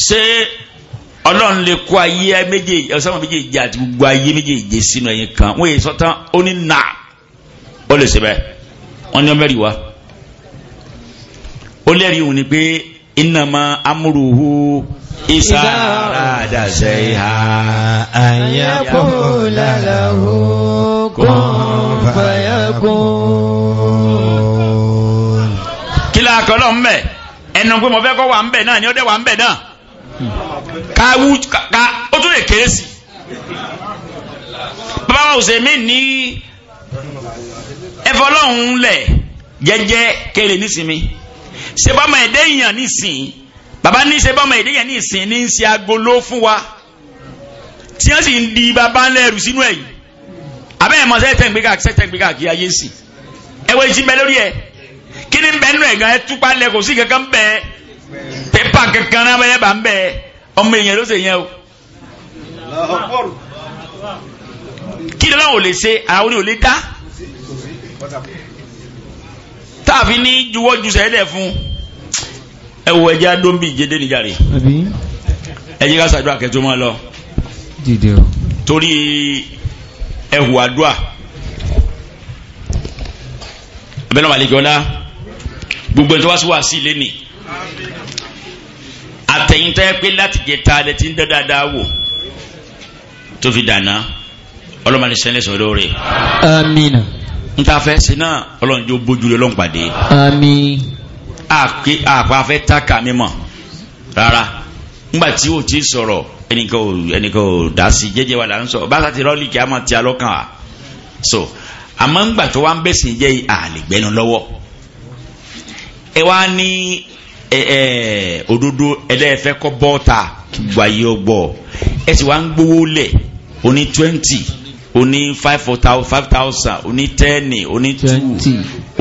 ṣé Ọlọ́run lè kó ayé méje ọsàmà méje jẹ àti gbogbo ayé méje jẹ sínú ẹyin kan wọn yẹ sọtán ó ní nà ó lè ṣẹbẹ wọn ní wọn bẹ̀rẹ̀ wá ó lẹ́rìí òun ni pé innama amruhu isa arada shay'a an yaqula akẹ́ ọlọ́run mbẹ̀ ẹnu pé mo fẹ́ kọ́ wà mbẹ̀ náà ni ó dẹ̀ wà mbẹ̀ náà ká wú ká ó tún lè kéré sí bàbá wa òsè mí ní ẹfọ ọlọ́run lẹ̀ jẹ́jẹ́ kéle nísìmí ṣe bọ́mọ ẹ̀dẹ́ èèyàn nísìn bàbá ní ṣe bọ́mọ ẹ̀dẹ́ èèyàn nísìn ní ṣe agolo fún wa tí wọ́n sì ń di bàbá lẹ́rù sínú ẹ̀yìn abẹ́ ẹ̀ mọ̀ sẹ́tẹ̀ ń gbé káàkiri ayé sí ẹ̀wọ̀ ìjìnbẹ lórí ẹ̀ kí ni bẹ́ẹ̀ nù ẹ̀gán ẹtúpa lẹ kò sí kankan bẹ́ẹ̀ pépà kankan náà bẹ́ẹ̀ bá ń bẹ́ẹ̀ ọmọ èèyàn ló ṣe yẹn o. kí ni ọlọ́run ò lè ṣe àwọn ò lè dá táàfin ní juwọ́ ju sẹ́lẹ̀ fún ẹ wo ẹjẹ́ adóńbì jẹ́dẹ́ níjàre ẹjẹ́ ká ṣàdúrà kẹ́tó máa lọ torí ẹ̀hù àdúrà abẹ́lẹ́ gbogbo ẹni tó wá sí wàásì lé ní àtẹ̀yìntẹ́ pé láti jẹ ta alẹ́ tí ń dá dáadáa wò tó fi dànà ọlọ́mọdé sẹ́lẹ̀ sọ lóore. amina. n ta fẹ́ sin náà ọlọ́run jó bójú lé lọ́n pàdé. ami. àpá fẹ́ taka mímọ̀ rárá ngbà tí o ti sọ̀rọ̀ ẹnìkan ò ẹnìkan ò dá sí jẹ́jẹ́ wa là ń sọ rọ́ọ̀lì kí a máa ti alọ́ kan wa so àmọ́ ngbà tó wá ń bẹ̀sìn jẹ́ àlè lọ́wọ́ ẹ wá ní òdodo ẹlẹ́fẹ́ kọ́ bọ́ọ̀ta gbàyè ọgbọ́ ẹ sì wá ń gbowó lẹ̀ oní twenty oní five thousand oní ten oní two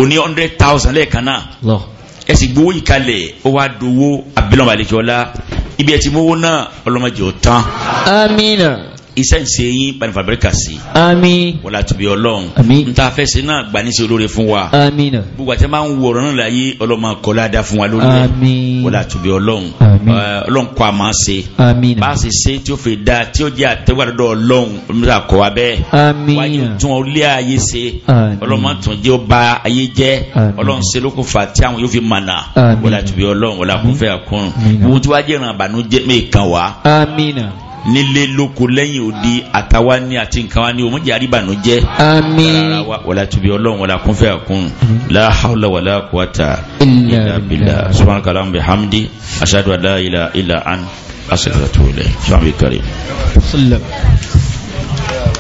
oní hundred thousand lẹ́ẹ̀kan náà ẹ sì gbowó yìí kalẹ̀ ó wá dowó abilọ́mọ àlejò ọlá ibi ẹ ti mówó náà ọlọ́mọdé ò amina iṣẹ́ ń ṣe yín bani fabrika sí. ami. wọlá tubi ọlọ́run. ami. n ta fẹ́ ṣe náà gbanisẹ́ olóore fún wa. ami na. gbogbo àti máa ń wọ ọ̀rọ̀ náà la yé ọlọ́mọ kọlá da fún wa lórí rẹ̀. ami. wọlá tubi ọlọ́run. ami. ọlọ́run kọ́ a máa ṣe. ami na. báàsì ṣe tí ó fi da tí ó jẹ́ àtẹ́wádọ́ ọlọ́run olùmọ̀tà kọ́ wa bẹ́ẹ̀. ami na. wáyé tún ọlé ayé ṣe. ami. ọlọ́mọ tún jẹ́ ọba ayé jẹ́. ami. ọlọ́run nílé lóko lẹ́yìn òdi àtàwa ní àti nǹkan wa ní òun jẹ́ àríbànú jẹ́. àmín. wàlá tubi ọlọ́run wàlá kúnfẹ́ àkún la wàlá quwwata illa billah subhanaka allahumma bihamdi ashhadu an la ilaha illa ant astaghfiruka wa atubu ilayk